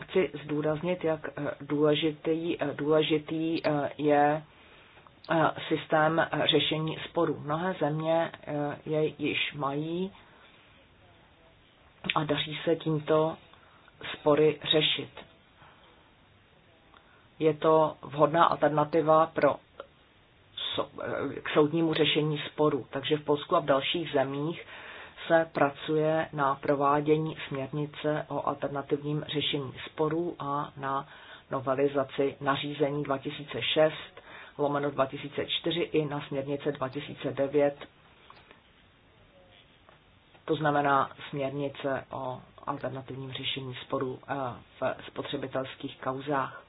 chci zdůraznit, jak eh, důležitý, eh, důležitý je systém řešení sporů. Mnohé země jej již mají a daří se tímto spory řešit. Je to vhodná alternativa pro eh, k soudnímu řešení sporu. Takže v Polsku a v dalších zemích se pracuje na provádění směrnice o alternativním řešení sporů a na novelizaci nařízení 2006 lomeno 2004 i na směrnice 2009, to znamená směrnice o alternativním řešení sporů eh, v spotřebitelských kauzách.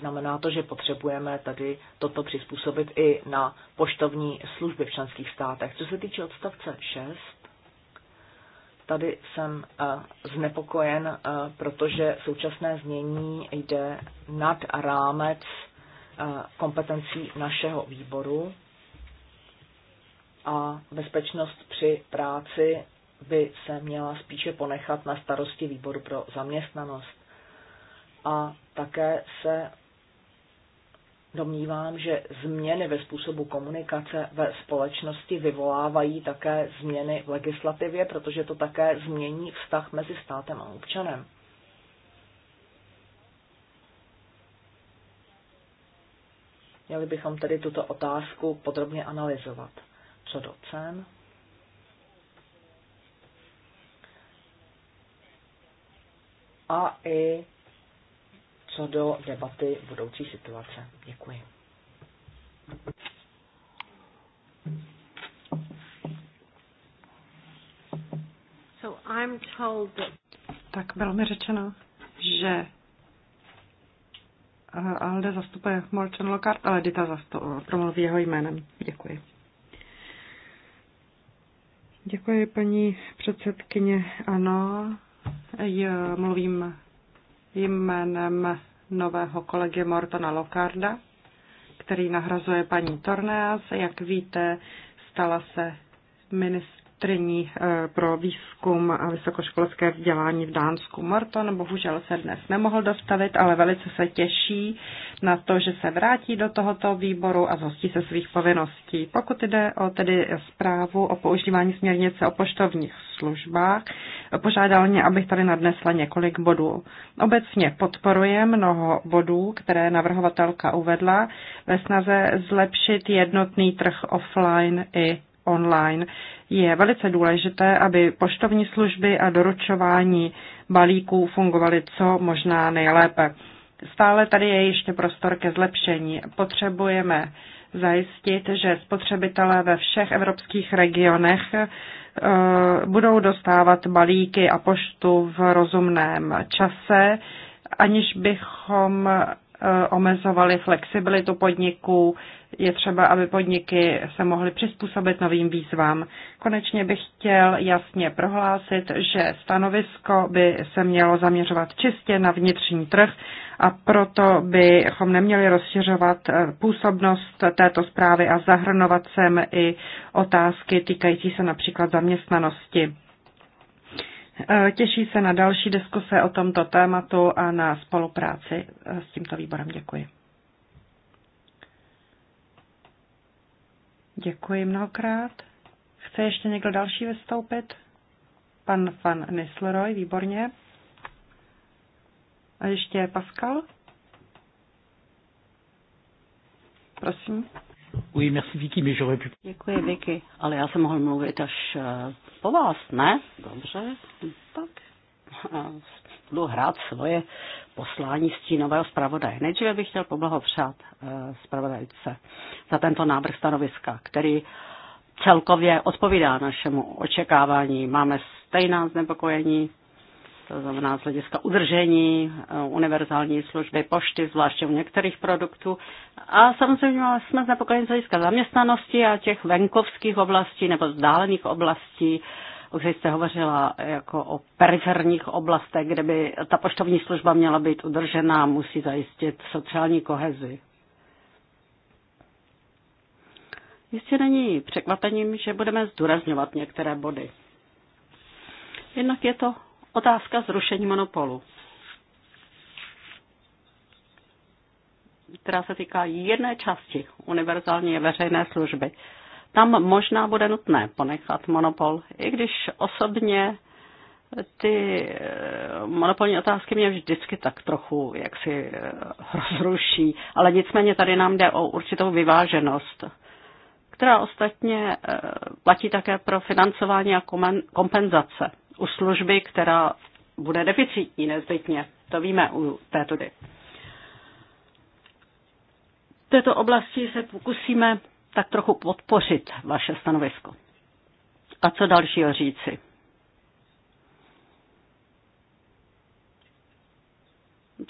Znamená to, že potřebujeme tady toto přizpůsobit i na poštovní služby v členských státech. Co se týče odstavce 6, tady jsem eh, znepokojen, eh, protože současné změní jde nad rámec kompetencí našeho výboru a bezpečnost při práci by se měla spíše ponechat na starosti výboru pro zaměstnanost. A také se domnívám, že změny ve způsobu komunikace ve společnosti vyvolávají také změny v legislativě, protože to také změní vztah mezi státem a občanem. Měli bychom tedy tuto otázku podrobně analyzovat. Co do cen? a i co do debaty budoucí situace. Děkuji. So I'm told that... Tak bylo mi řečeno, že eh, Alde zastupuje Morton Lockhart, ale Dita promluví jeho jménem. Děkuji. Děkuji, paní předsedkyně. Ano, mluvím jménem nového kolegy Mortona Lokarda, který nahrazuje paní Torneas. Jak víte, stala se ministr ministrní eh, pro výzkum a vysokoškolské vzdělání v Dánsku. Morton no, bohužel se dnes nemohl dostavit, ale velice se těší na to, že se vrátí do tohoto výboru a zhostí se svých povinností. Pokud jde o tedy zprávu o používání směrnice o poštovních službách, požádal mě, abych tady nadnesla několik bodů. Obecně podporuje mnoho bodů, které navrhovatelka uvedla ve snaze zlepšit jednotný trh offline i online. Je velice důležité, aby poštovní služby a doručování balíků fungovaly co možná nejlépe. Stále tady je ještě prostor ke zlepšení. Potřebujeme zajistit, že spotřebitelé ve všech evropských regionech eh, budou dostávat balíky a poštu v rozumném čase, aniž bychom Eh, omezovali flexibilitu podniků, je třeba, aby podniky se mohly přizpůsobit novým výzvám. Konečně bych chtěl jasně prohlásit, že stanovisko by se mělo zaměřovat čistě na vnitřní trh a proto bychom neměli rozšiřovat eh, působnost této zprávy a zahrnovat sem i otázky týkající se například zaměstnanosti. E, těší se na další diskuse o tomto tématu a na spolupráci e, s tímto výborem. Děkuji. Děkuji mnohokrát. Chce ještě někdo další vystoupit? Pan Van Nisleroy, výborně. A ještě Pascal? Prosím. Děkuji Vicky, ale já jsem mohl mluvit až eh, po vás, ne? Dobře, tak budu hrát svoje poslání stínového zpravodaje. Nejdříve bych chtěl poblahopřát eh, zpravodajce za tento návrh stanoviska, který celkově odpovídá našemu očekávání. Máme stejná znepokojení, to znamená z hlediska udržení eh, univerzální služby pošty, zvláště u některých produktů. A samozřejmě jsme znepokojeni z hlediska zaměstnanosti a těch venkovských oblastí nebo vzdálených oblastí, o kterých jste hovořila jako o periferních oblastech, kde by ta poštovní služba měla být udržená, musí zajistit sociální kohezi. Jistě není překvapením, že budeme zdůrazňovat některé body. Jednak je to Otázka zrušení monopolu, která se týká jedné části univerzální veřejné služby. Tam možná bude nutné ponechat monopol, i když osobně ty eh, monopolní otázky mě vždycky tak trochu jaksi eh, rozruší, ale nicméně tady nám jde o určitou vyváženost, která ostatně eh, platí také pro financování a kompenzace u služby, která bude deficitní nezbytně. To víme u této dy. V této oblasti se pokusíme tak trochu podpořit vaše stanovisko. A co dalšího říci?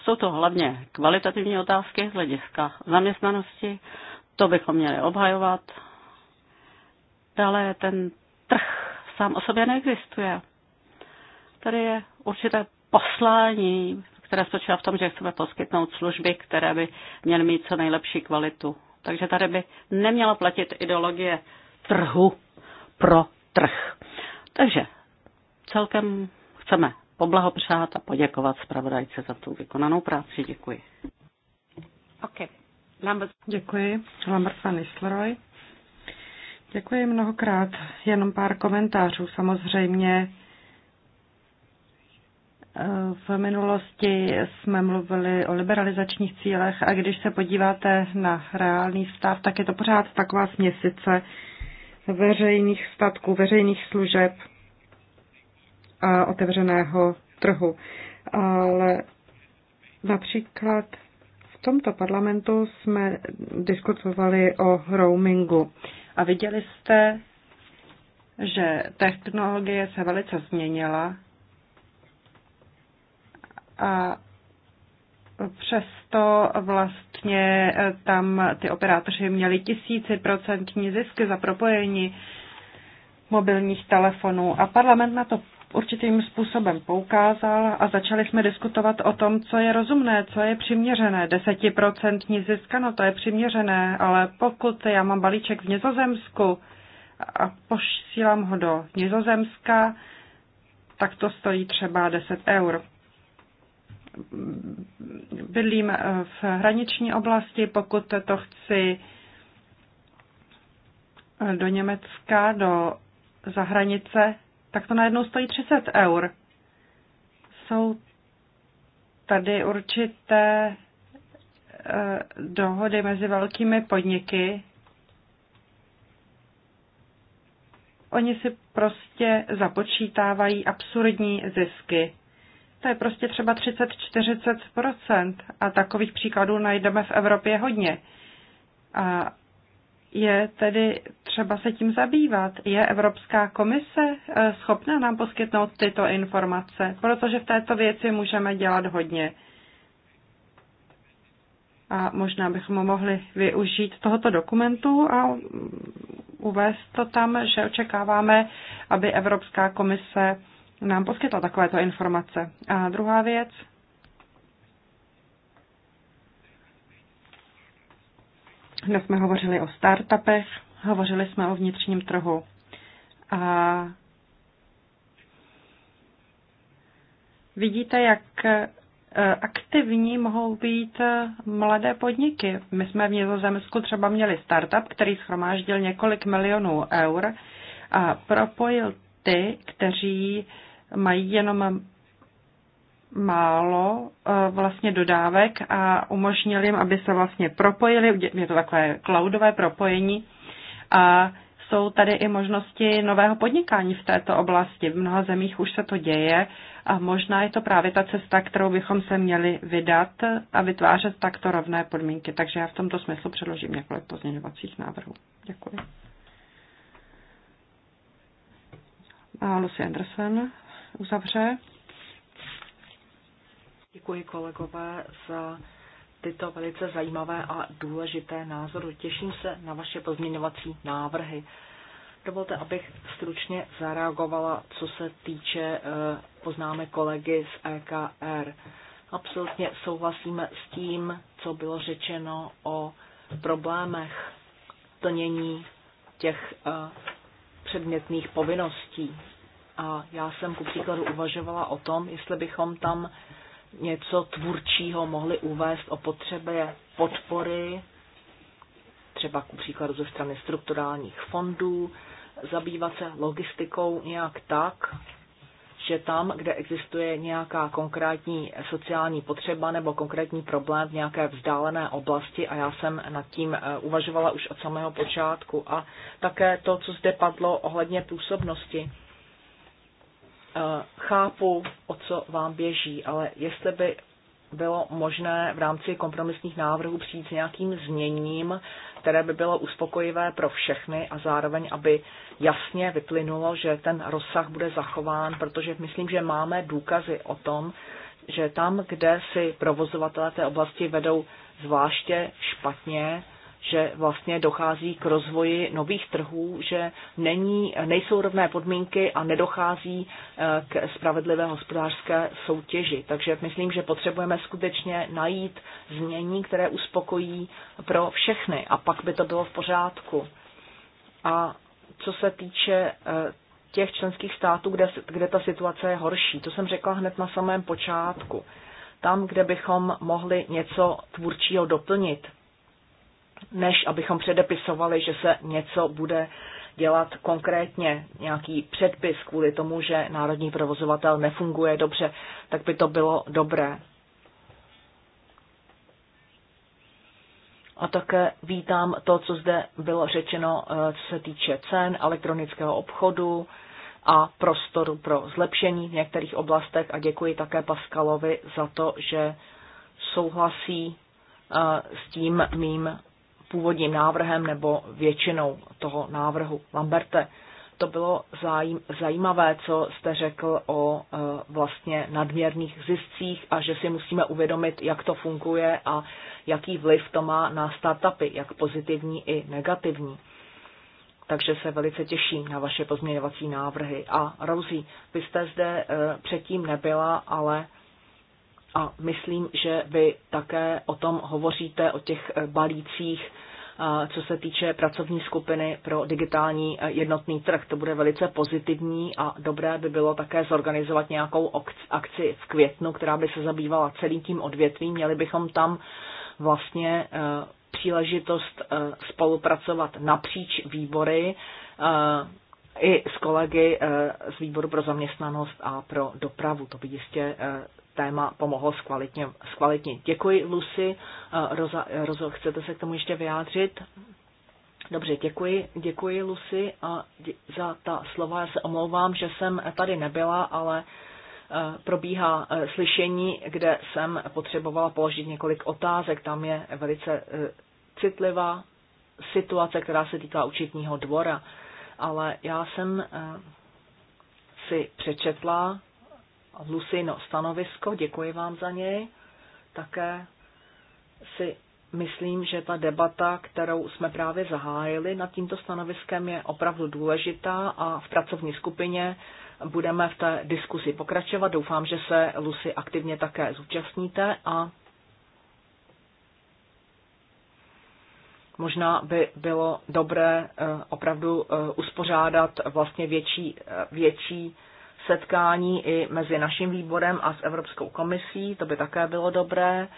Jsou to hlavně kvalitativní otázky z hlediska zaměstnanosti, to bychom měli obhajovat. Dále ten trh sám o sobě neexistuje. Tady je určité poslání, které spočívá v tom, že chceme poskytnout služby, které by měly mít co nejlepší kvalitu. Takže tady by neměla platit ideologie trhu pro trh. Takže celkem chceme poblahopřát a poděkovat zpravodajce za tu vykonanou práci. Děkuji. OK. Lambert. Děkuji. Lambert van Nisleroy. Děkuji mnohokrát. Jenom pár komentářů. Samozřejmě v minulosti jsme mluvili o liberalizačních cílech a když se podíváte na reálný stav, tak je to pořád taková směsice veřejných statků, veřejných služeb a otevřeného trhu. Ale například v tomto parlamentu jsme diskutovali o roamingu a viděli jste, že technologie se velice změnila a přesto vlastně eh, tam ty operátoři měli procentní zisky za propojení mobilních telefonů a parlament na to určitým způsobem poukázal a začali jsme diskutovat o tom, co je rozumné, co je přiměřené. Desetiprocentní zisk, no to je přiměřené, ale pokud já mám balíček v Nizozemsku a posílám ho do Nizozemska, tak to stojí třeba 10 eur bydlím eh, v hraniční oblasti, pokud to chci eh, do Německa, do zahranice, tak to najednou stojí 30 eur. Jsou tady určité eh, dohody mezi velkými podniky. Oni si prostě započítávají absurdní zisky. To je prostě třeba 30-40 a takových příkladů najdeme v Evropě hodně. A je tedy třeba se tím zabývat. Je Evropská komise eh, schopna nám poskytnout tyto informace, protože v této věci můžeme dělat hodně. A možná bychom mohli využít tohoto dokumentu a uvést to tam, že očekáváme, aby Evropská komise nám poskytla takovéto informace. A druhá věc, Dnes jsme hovořili o startupech, hovořili jsme o vnitřním trhu. A vidíte, jak eh, aktivní mohou být eh, mladé podniky. My jsme v Nizozemsku třeba měli startup, který schromáždil několik milionů eur a propojil ty, kteří mají jenom málo eh, vlastně dodávek a umožnil jim, aby se vlastně propojili, je to takové cloudové propojení a jsou tady i možnosti nového podnikání v této oblasti. V mnoha zemích už se to děje a možná je to právě ta cesta, kterou bychom se měli vydat a vytvářet takto rovné podmínky. Takže já v tomto smyslu předložím několik pozměňovacích návrhů. Děkuji. A Lucy Anderson uzavře. Děkuji kolegové za tyto velice zajímavé a důležité názory. Těším se na vaše pozměňovací návrhy. Dovolte, abych stručně zareagovala, co se týče eh, poznámek kolegy z EKR. Absolutně souhlasíme s tím, co bylo řečeno o problémech plnění těch eh, předmětných povinností. A já jsem ku příkladu uvažovala o tom, jestli bychom tam něco tvůrčího mohli uvést o potřebě podpory, třeba ku příkladu ze strany strukturálních fondů, zabývat se logistikou nějak tak, že tam, kde existuje nějaká konkrétní sociální potřeba nebo konkrétní problém v nějaké vzdálené oblasti, a já jsem nad tím eh, uvažovala už od samého počátku, a také to, co zde padlo ohledně působnosti, Eh, chápu, o co vám běží, ale jestli by bylo možné v rámci kompromisních návrhů přijít s nějakým změním, které by bylo uspokojivé pro všechny a zároveň, aby jasně vyplynulo, že ten rozsah bude zachován, protože myslím, že máme důkazy o tom, že tam, kde si provozovatelé té oblasti vedou zvláště špatně, že vlastně dochází k rozvoji nových trhů, že není, nejsou rovné podmínky a nedochází eh, k spravedlivé hospodářské soutěži. Takže myslím, že potřebujeme skutečně najít změní, které uspokojí pro všechny a pak by to bylo v pořádku. A co se týče eh, těch členských států, kde, kde ta situace je horší. To jsem řekla hned na samém počátku. Tam, kde bychom mohli něco tvůrčího doplnit, než abychom předepisovali, že se něco bude dělat konkrétně nějaký předpis kvůli tomu, že národní provozovatel nefunguje dobře, tak by to bylo dobré. A také vítám to, co zde bylo řečeno, eh, co se týče cen, elektronického obchodu a prostoru pro zlepšení v některých oblastech. A děkuji také Paskalovi za to, že souhlasí eh, s tím mým původním návrhem nebo většinou toho návrhu. Lamberte, to bylo zajím, zajímavé, co jste řekl o e, vlastně nadměrných ziscích a že si musíme uvědomit, jak to funguje a jaký vliv to má na startupy, jak pozitivní i negativní. Takže se velice těším na vaše pozměňovací návrhy. A Rosie, vy jste zde e, předtím nebyla, ale a myslím, že vy také o tom hovoříte, o těch eh, balících, eh, co se týče pracovní skupiny pro digitální eh, jednotný trh. To bude velice pozitivní a dobré by bylo také zorganizovat nějakou akci v květnu, která by se zabývala celým tím odvětvím. Měli bychom tam vlastně příležitost spolupracovat napříč výbory i s kolegy z výboru pro zaměstnanost a pro dopravu. To by jistě téma pomohlo zkvalitně, zkvalitnit. Děkuji, Lucy. Eh, Roza, Rozo, chcete se k tomu ještě vyjádřit? Dobře, děkuji, děkuji Lucy a dě, za ta slova. Já se omlouvám, že jsem tady nebyla, ale eh, probíhá eh, slyšení, kde jsem potřebovala položit několik otázek. Tam je velice citlivá situace, která se týká učitního dvora. Ale já jsem si přečetla Lusino, stanovisko, děkuji vám za něj. Také si myslím, že ta debata, kterou jsme právě zahájili nad tímto stanoviskem, je opravdu důležitá a v pracovní skupině budeme v té diskusi pokračovat. Doufám, že se Lucy aktivně také zúčastníte a možná by bylo dobré eh, opravdu eh, uspořádat vlastně větší, eh, větší setkání i mezi naším výborem a s Evropskou komisí, to by také bylo dobré,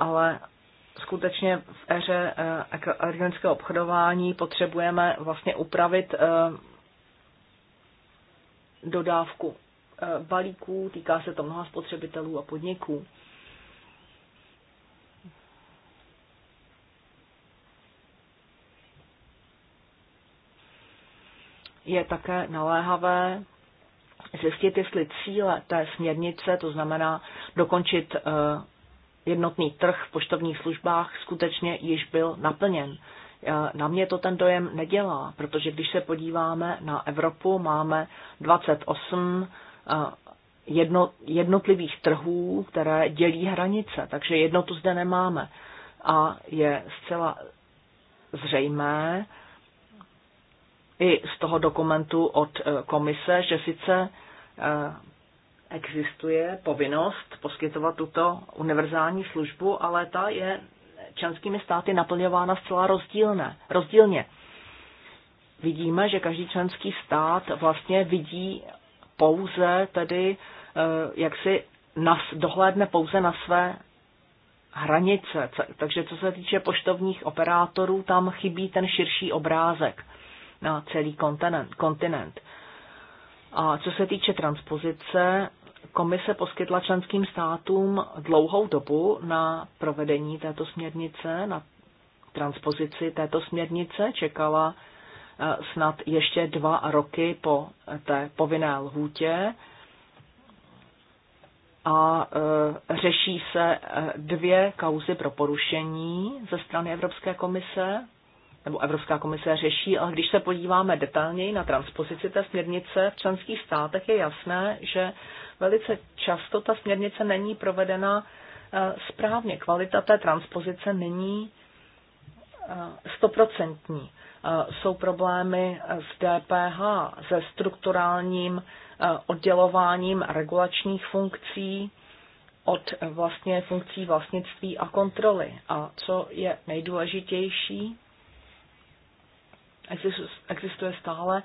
ale skutečně v éře eh, elektronického obchodování potřebujeme vlastně upravit eh, dodávku eh, balíků, týká se to mnoha spotřebitelů a podniků. Je také naléhavé zjistit, jestli cíle té směrnice, to znamená dokončit eh, jednotný trh v poštovních službách, skutečně již byl naplněn. Eh, na mě to ten dojem nedělá, protože když se podíváme na Evropu, máme 28 eh, jedno, jednotlivých trhů, které dělí hranice, takže jednotu zde nemáme. A je zcela zřejmé, i z toho dokumentu od eh, komise, že sice eh, existuje povinnost poskytovat tuto univerzální službu, ale ta je členskými státy naplňována zcela rozdílné, rozdílně. Vidíme, že každý členský stát vlastně vidí pouze tedy, eh, jak si nas, dohlédne pouze na své hranice. Takže co se týče poštovních operátorů, tam chybí ten širší obrázek na celý kontinent. A co se týče transpozice, komise poskytla členským státům dlouhou dobu na provedení této směrnice, na transpozici této směrnice, čekala eh, snad ještě dva roky po té povinné lhůtě a eh, řeší se eh, dvě kauzy pro porušení ze strany Evropské komise nebo Evropská komise řeší, ale když se podíváme detailněji na transpozici té směrnice v členských státech, je jasné, že velice často ta směrnice není provedena eh, správně. Kvalita té transpozice není eh, stoprocentní. Eh, jsou problémy s DPH, se strukturálním oddělováním regulačních funkcí od vlastně funkcí vlastnictví a kontroly. A co je nejdůležitější, Existuje stále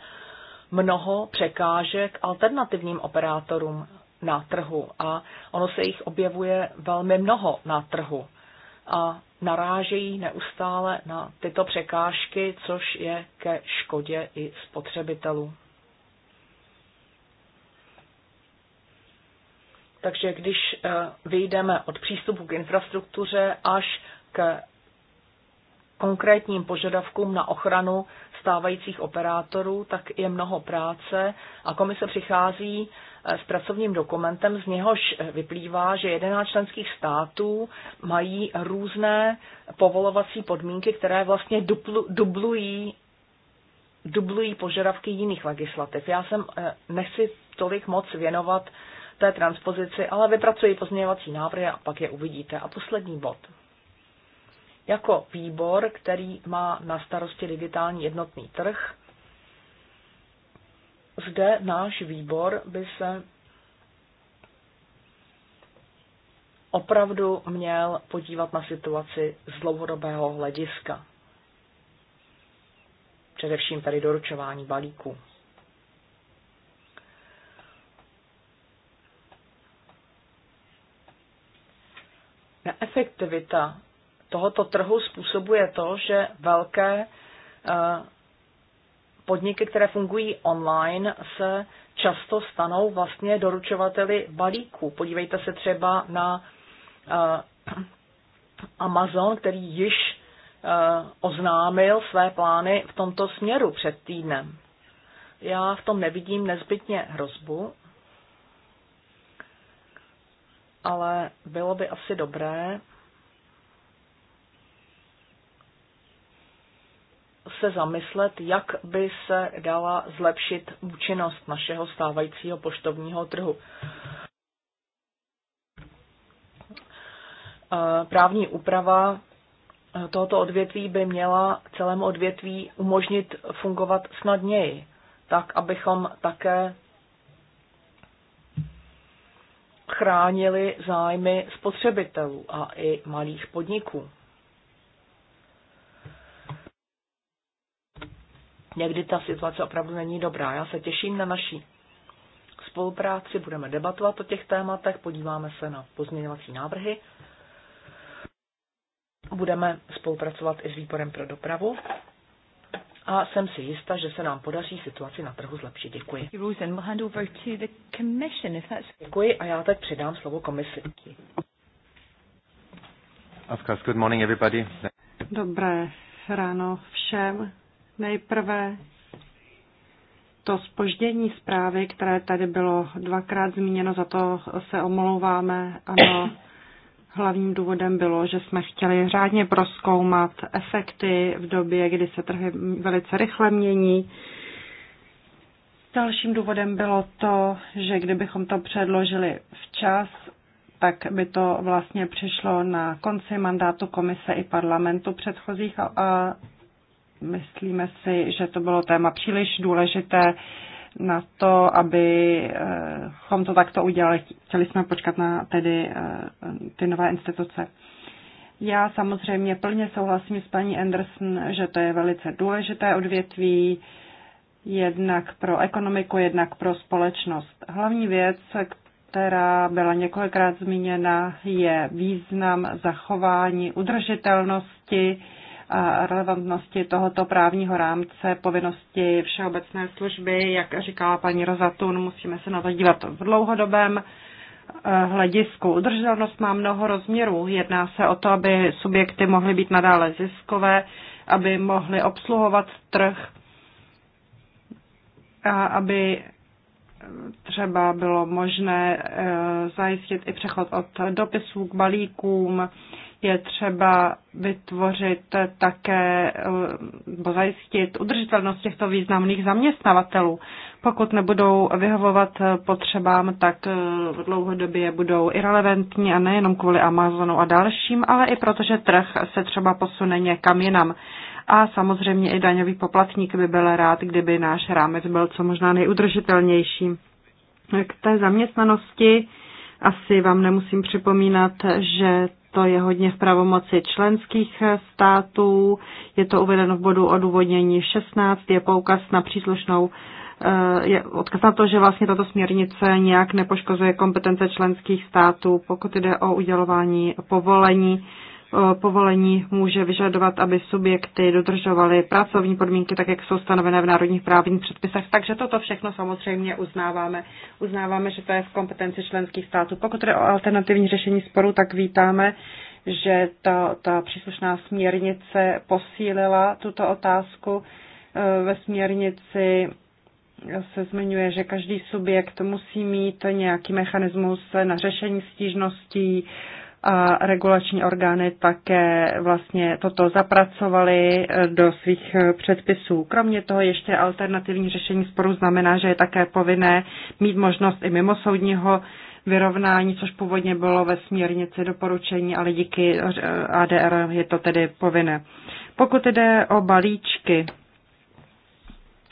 mnoho překážek alternativním operátorům na trhu a ono se jich objevuje velmi mnoho na trhu a narážejí neustále na tyto překážky, což je ke škodě i spotřebitelů. Takže když eh, vyjdeme od přístupu k infrastruktuře až k konkrétním požadavkům na ochranu stávajících operátorů, tak je mnoho práce a komise přichází eh, s pracovním dokumentem, z něhož eh, vyplývá, že 11 členských států mají různé povolovací podmínky, které vlastně duplu, dublují, dublují požadavky jiných legislativ. Já jsem eh, nechci tolik moc věnovat té transpozici, ale vypracuji pozměňovací návrhy a pak je uvidíte. A poslední bod – jako výbor, který má na starosti digitální jednotný trh, zde náš výbor by se opravdu měl podívat na situaci z dlouhodobého hlediska. Především tady doručování balíků. Neefektivita tohoto trhu způsobuje to, že velké eh, podniky, které fungují online, se často stanou vlastně doručovateli balíků. Podívejte se třeba na eh, Amazon, který již eh, oznámil své plány v tomto směru před týdnem. Já v tom nevidím nezbytně hrozbu, ale bylo by asi dobré se zamyslet, jak by se dala zlepšit účinnost našeho stávajícího poštovního trhu. Eh, právní úprava eh, tohoto odvětví by měla celému odvětví umožnit fungovat snadněji, tak abychom také chránili zájmy spotřebitelů a i malých podniků. někdy ta situace opravdu není dobrá. Já se těším na naší spolupráci, budeme debatovat o těch tématech, podíváme se na pozměňovací návrhy. Budeme spolupracovat i s výborem pro dopravu a jsem si jista, že se nám podaří situaci na trhu zlepšit. Děkuji. Děkuji a já teď předám slovo komisi. Of course, good morning everybody. Dobré ráno všem. Nejprve to spoždění zprávy, které tady bylo dvakrát zmíněno, za to se omlouváme. Ano, hlavním důvodem bylo, že jsme chtěli řádně proskoumat efekty v době, kdy se trhy velice rychle mění. Dalším důvodem bylo to, že kdybychom to předložili včas, tak by to vlastně přišlo na konci mandátu komise i parlamentu předchozích a, a Myslíme si, že to bylo téma příliš důležité na to, abychom to takto udělali. Chtěli jsme počkat na tedy eh, ty nové instituce. Já samozřejmě plně souhlasím s paní Anderson, že to je velice důležité odvětví, jednak pro ekonomiku, jednak pro společnost. Hlavní věc, která byla několikrát zmíněna, je význam zachování udržitelnosti relevantnosti tohoto právního rámce povinnosti všeobecné služby. Jak říkala paní Rozatun, musíme se na to dívat v dlouhodobém eh, hledisku. Udržitelnost má mnoho rozměrů. Jedná se o to, aby subjekty mohly být nadále ziskové, aby mohly obsluhovat trh a aby třeba bylo možné eh, zajistit i přechod od dopisů k balíkům, je třeba vytvořit také nebo zajistit udržitelnost těchto významných zaměstnavatelů. Pokud nebudou vyhovovat potřebám, tak v dlouhodobě budou irrelevantní a nejenom kvůli Amazonu a dalším, ale i protože trh se třeba posune někam jinam. A samozřejmě i daňový poplatník by byl rád, kdyby náš rámec byl co možná nejudržitelnější. K té zaměstnanosti asi vám nemusím připomínat, že to je hodně v pravomoci členských států, je to uvedeno v bodu odůvodnění 16, je poukaz na příslušnou eh, je odkaz na to, že vlastně tato směrnice nějak nepoškozuje kompetence členských států, pokud jde o udělování povolení povolení může vyžadovat, aby subjekty dodržovaly pracovní podmínky, tak jak jsou stanovené v národních právních předpisech. Takže toto všechno samozřejmě uznáváme. Uznáváme, že to je v kompetenci členských států. Pokud je o alternativní řešení sporu, tak vítáme, že ta, ta příslušná směrnice posílila tuto otázku. E, ve směrnici se zmiňuje, že každý subjekt musí mít nějaký mechanismus na řešení stížností, a regulační orgány také vlastně toto zapracovaly eh, do svých eh, předpisů. Kromě toho ještě alternativní řešení sporu znamená, že je také povinné mít možnost i mimo soudního vyrovnání, což původně bylo ve směrnici doporučení, ale díky eh, ADR je to tedy povinné. Pokud jde o balíčky,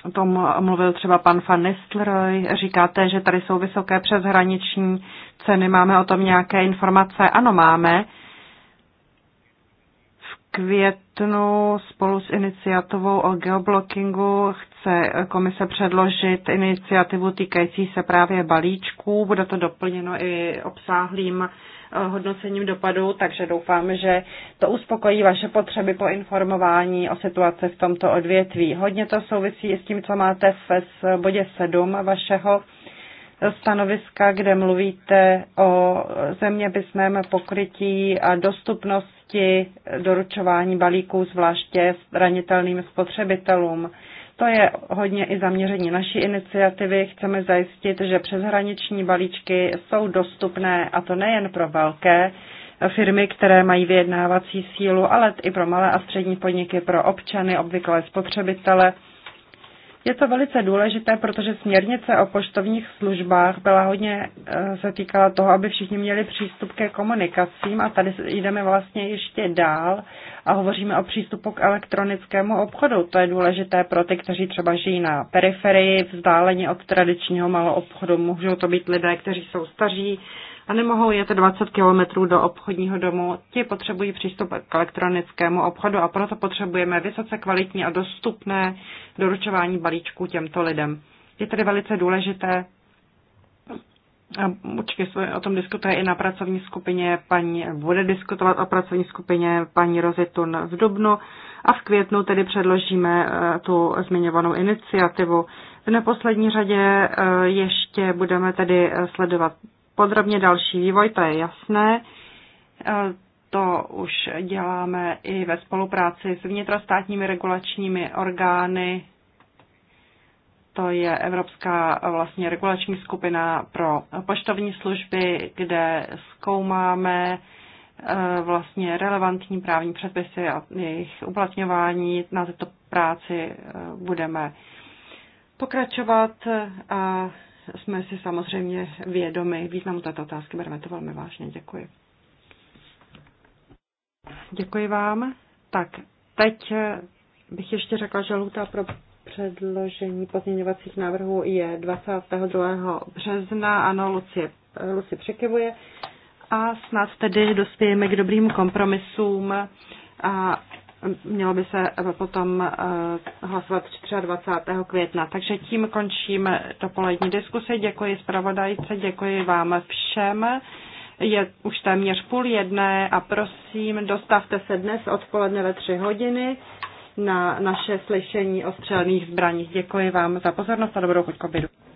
o tom mluvil třeba pan Van Nistelrooy, říkáte, že tady jsou vysoké přeshraniční ceny, máme o tom nějaké informace? Ano, máme. V květnu spolu s iniciativou o geoblockingu chce komise předložit iniciativu týkající se právě balíčků. Bude to doplněno i obsáhlým Eh, hodnocením dopadu, takže doufám, že to uspokojí vaše potřeby po informování o situaci v tomto odvětví. Hodně to souvisí i s tím, co máte v bodě 7 vašeho stanoviska, kde mluvíte o zeměpisném pokrytí a dostupnosti doručování balíků, zvláště zranitelným spotřebitelům. To je hodně i zaměření naší iniciativy. Chceme zajistit, že přeshraniční balíčky jsou dostupné, a to nejen pro velké firmy, které mají vyjednávací sílu, ale i pro malé a střední podniky, pro občany, obvyklé spotřebitele, je to velice důležité, protože směrnice o poštovních službách byla hodně eh, se týkala toho, aby všichni měli přístup ke komunikacím a tady jdeme vlastně ještě dál a hovoříme o přístupu k elektronickému obchodu. To je důležité pro ty, kteří třeba žijí na periferii, vzdáleně od tradičního malou obchodu. Můžou to být lidé, kteří jsou staří, a nemohou jet 20 kilometrů do obchodního domu. Ti potřebují přístup k elektronickému obchodu a proto potřebujeme vysoce kvalitní a dostupné doručování balíčků těmto lidem. Je tedy velice důležité, a určitě se o tom diskutuje i na pracovní skupině, paní bude diskutovat o pracovní skupině paní Rozitun v Dubnu a v květnu tedy předložíme e, tu zmiňovanou iniciativu. V neposlední řadě e, ještě budeme tedy sledovat podrobně další vývoj, to je jasné. E, to už děláme i ve spolupráci s vnitrostátními regulačními orgány. To je Evropská vlastně regulační skupina pro poštovní služby, kde zkoumáme e, vlastně relevantní právní předpisy a jejich uplatňování. Na této práci e, budeme pokračovat a jsme si samozřejmě vědomi významu této otázky, bereme to velmi vážně. Děkuji. Děkuji vám. Tak teď bych ještě řekla, že lhůta pro předložení pozměňovacích návrhů je 22. března. Ano, Lucie, Lucie překivuje. A snad tedy dospějeme k dobrým kompromisům a Mělo by se potom eh, hlasovat 24. května. Takže tím končím dopolední diskusi. Děkuji zpravodajce, děkuji vám všem. Je už téměř půl jedné a prosím, dostavte se dnes odpoledne ve tři hodiny na naše slyšení o střelných zbraních. Děkuji vám za pozornost a dobrou chuť k obědu.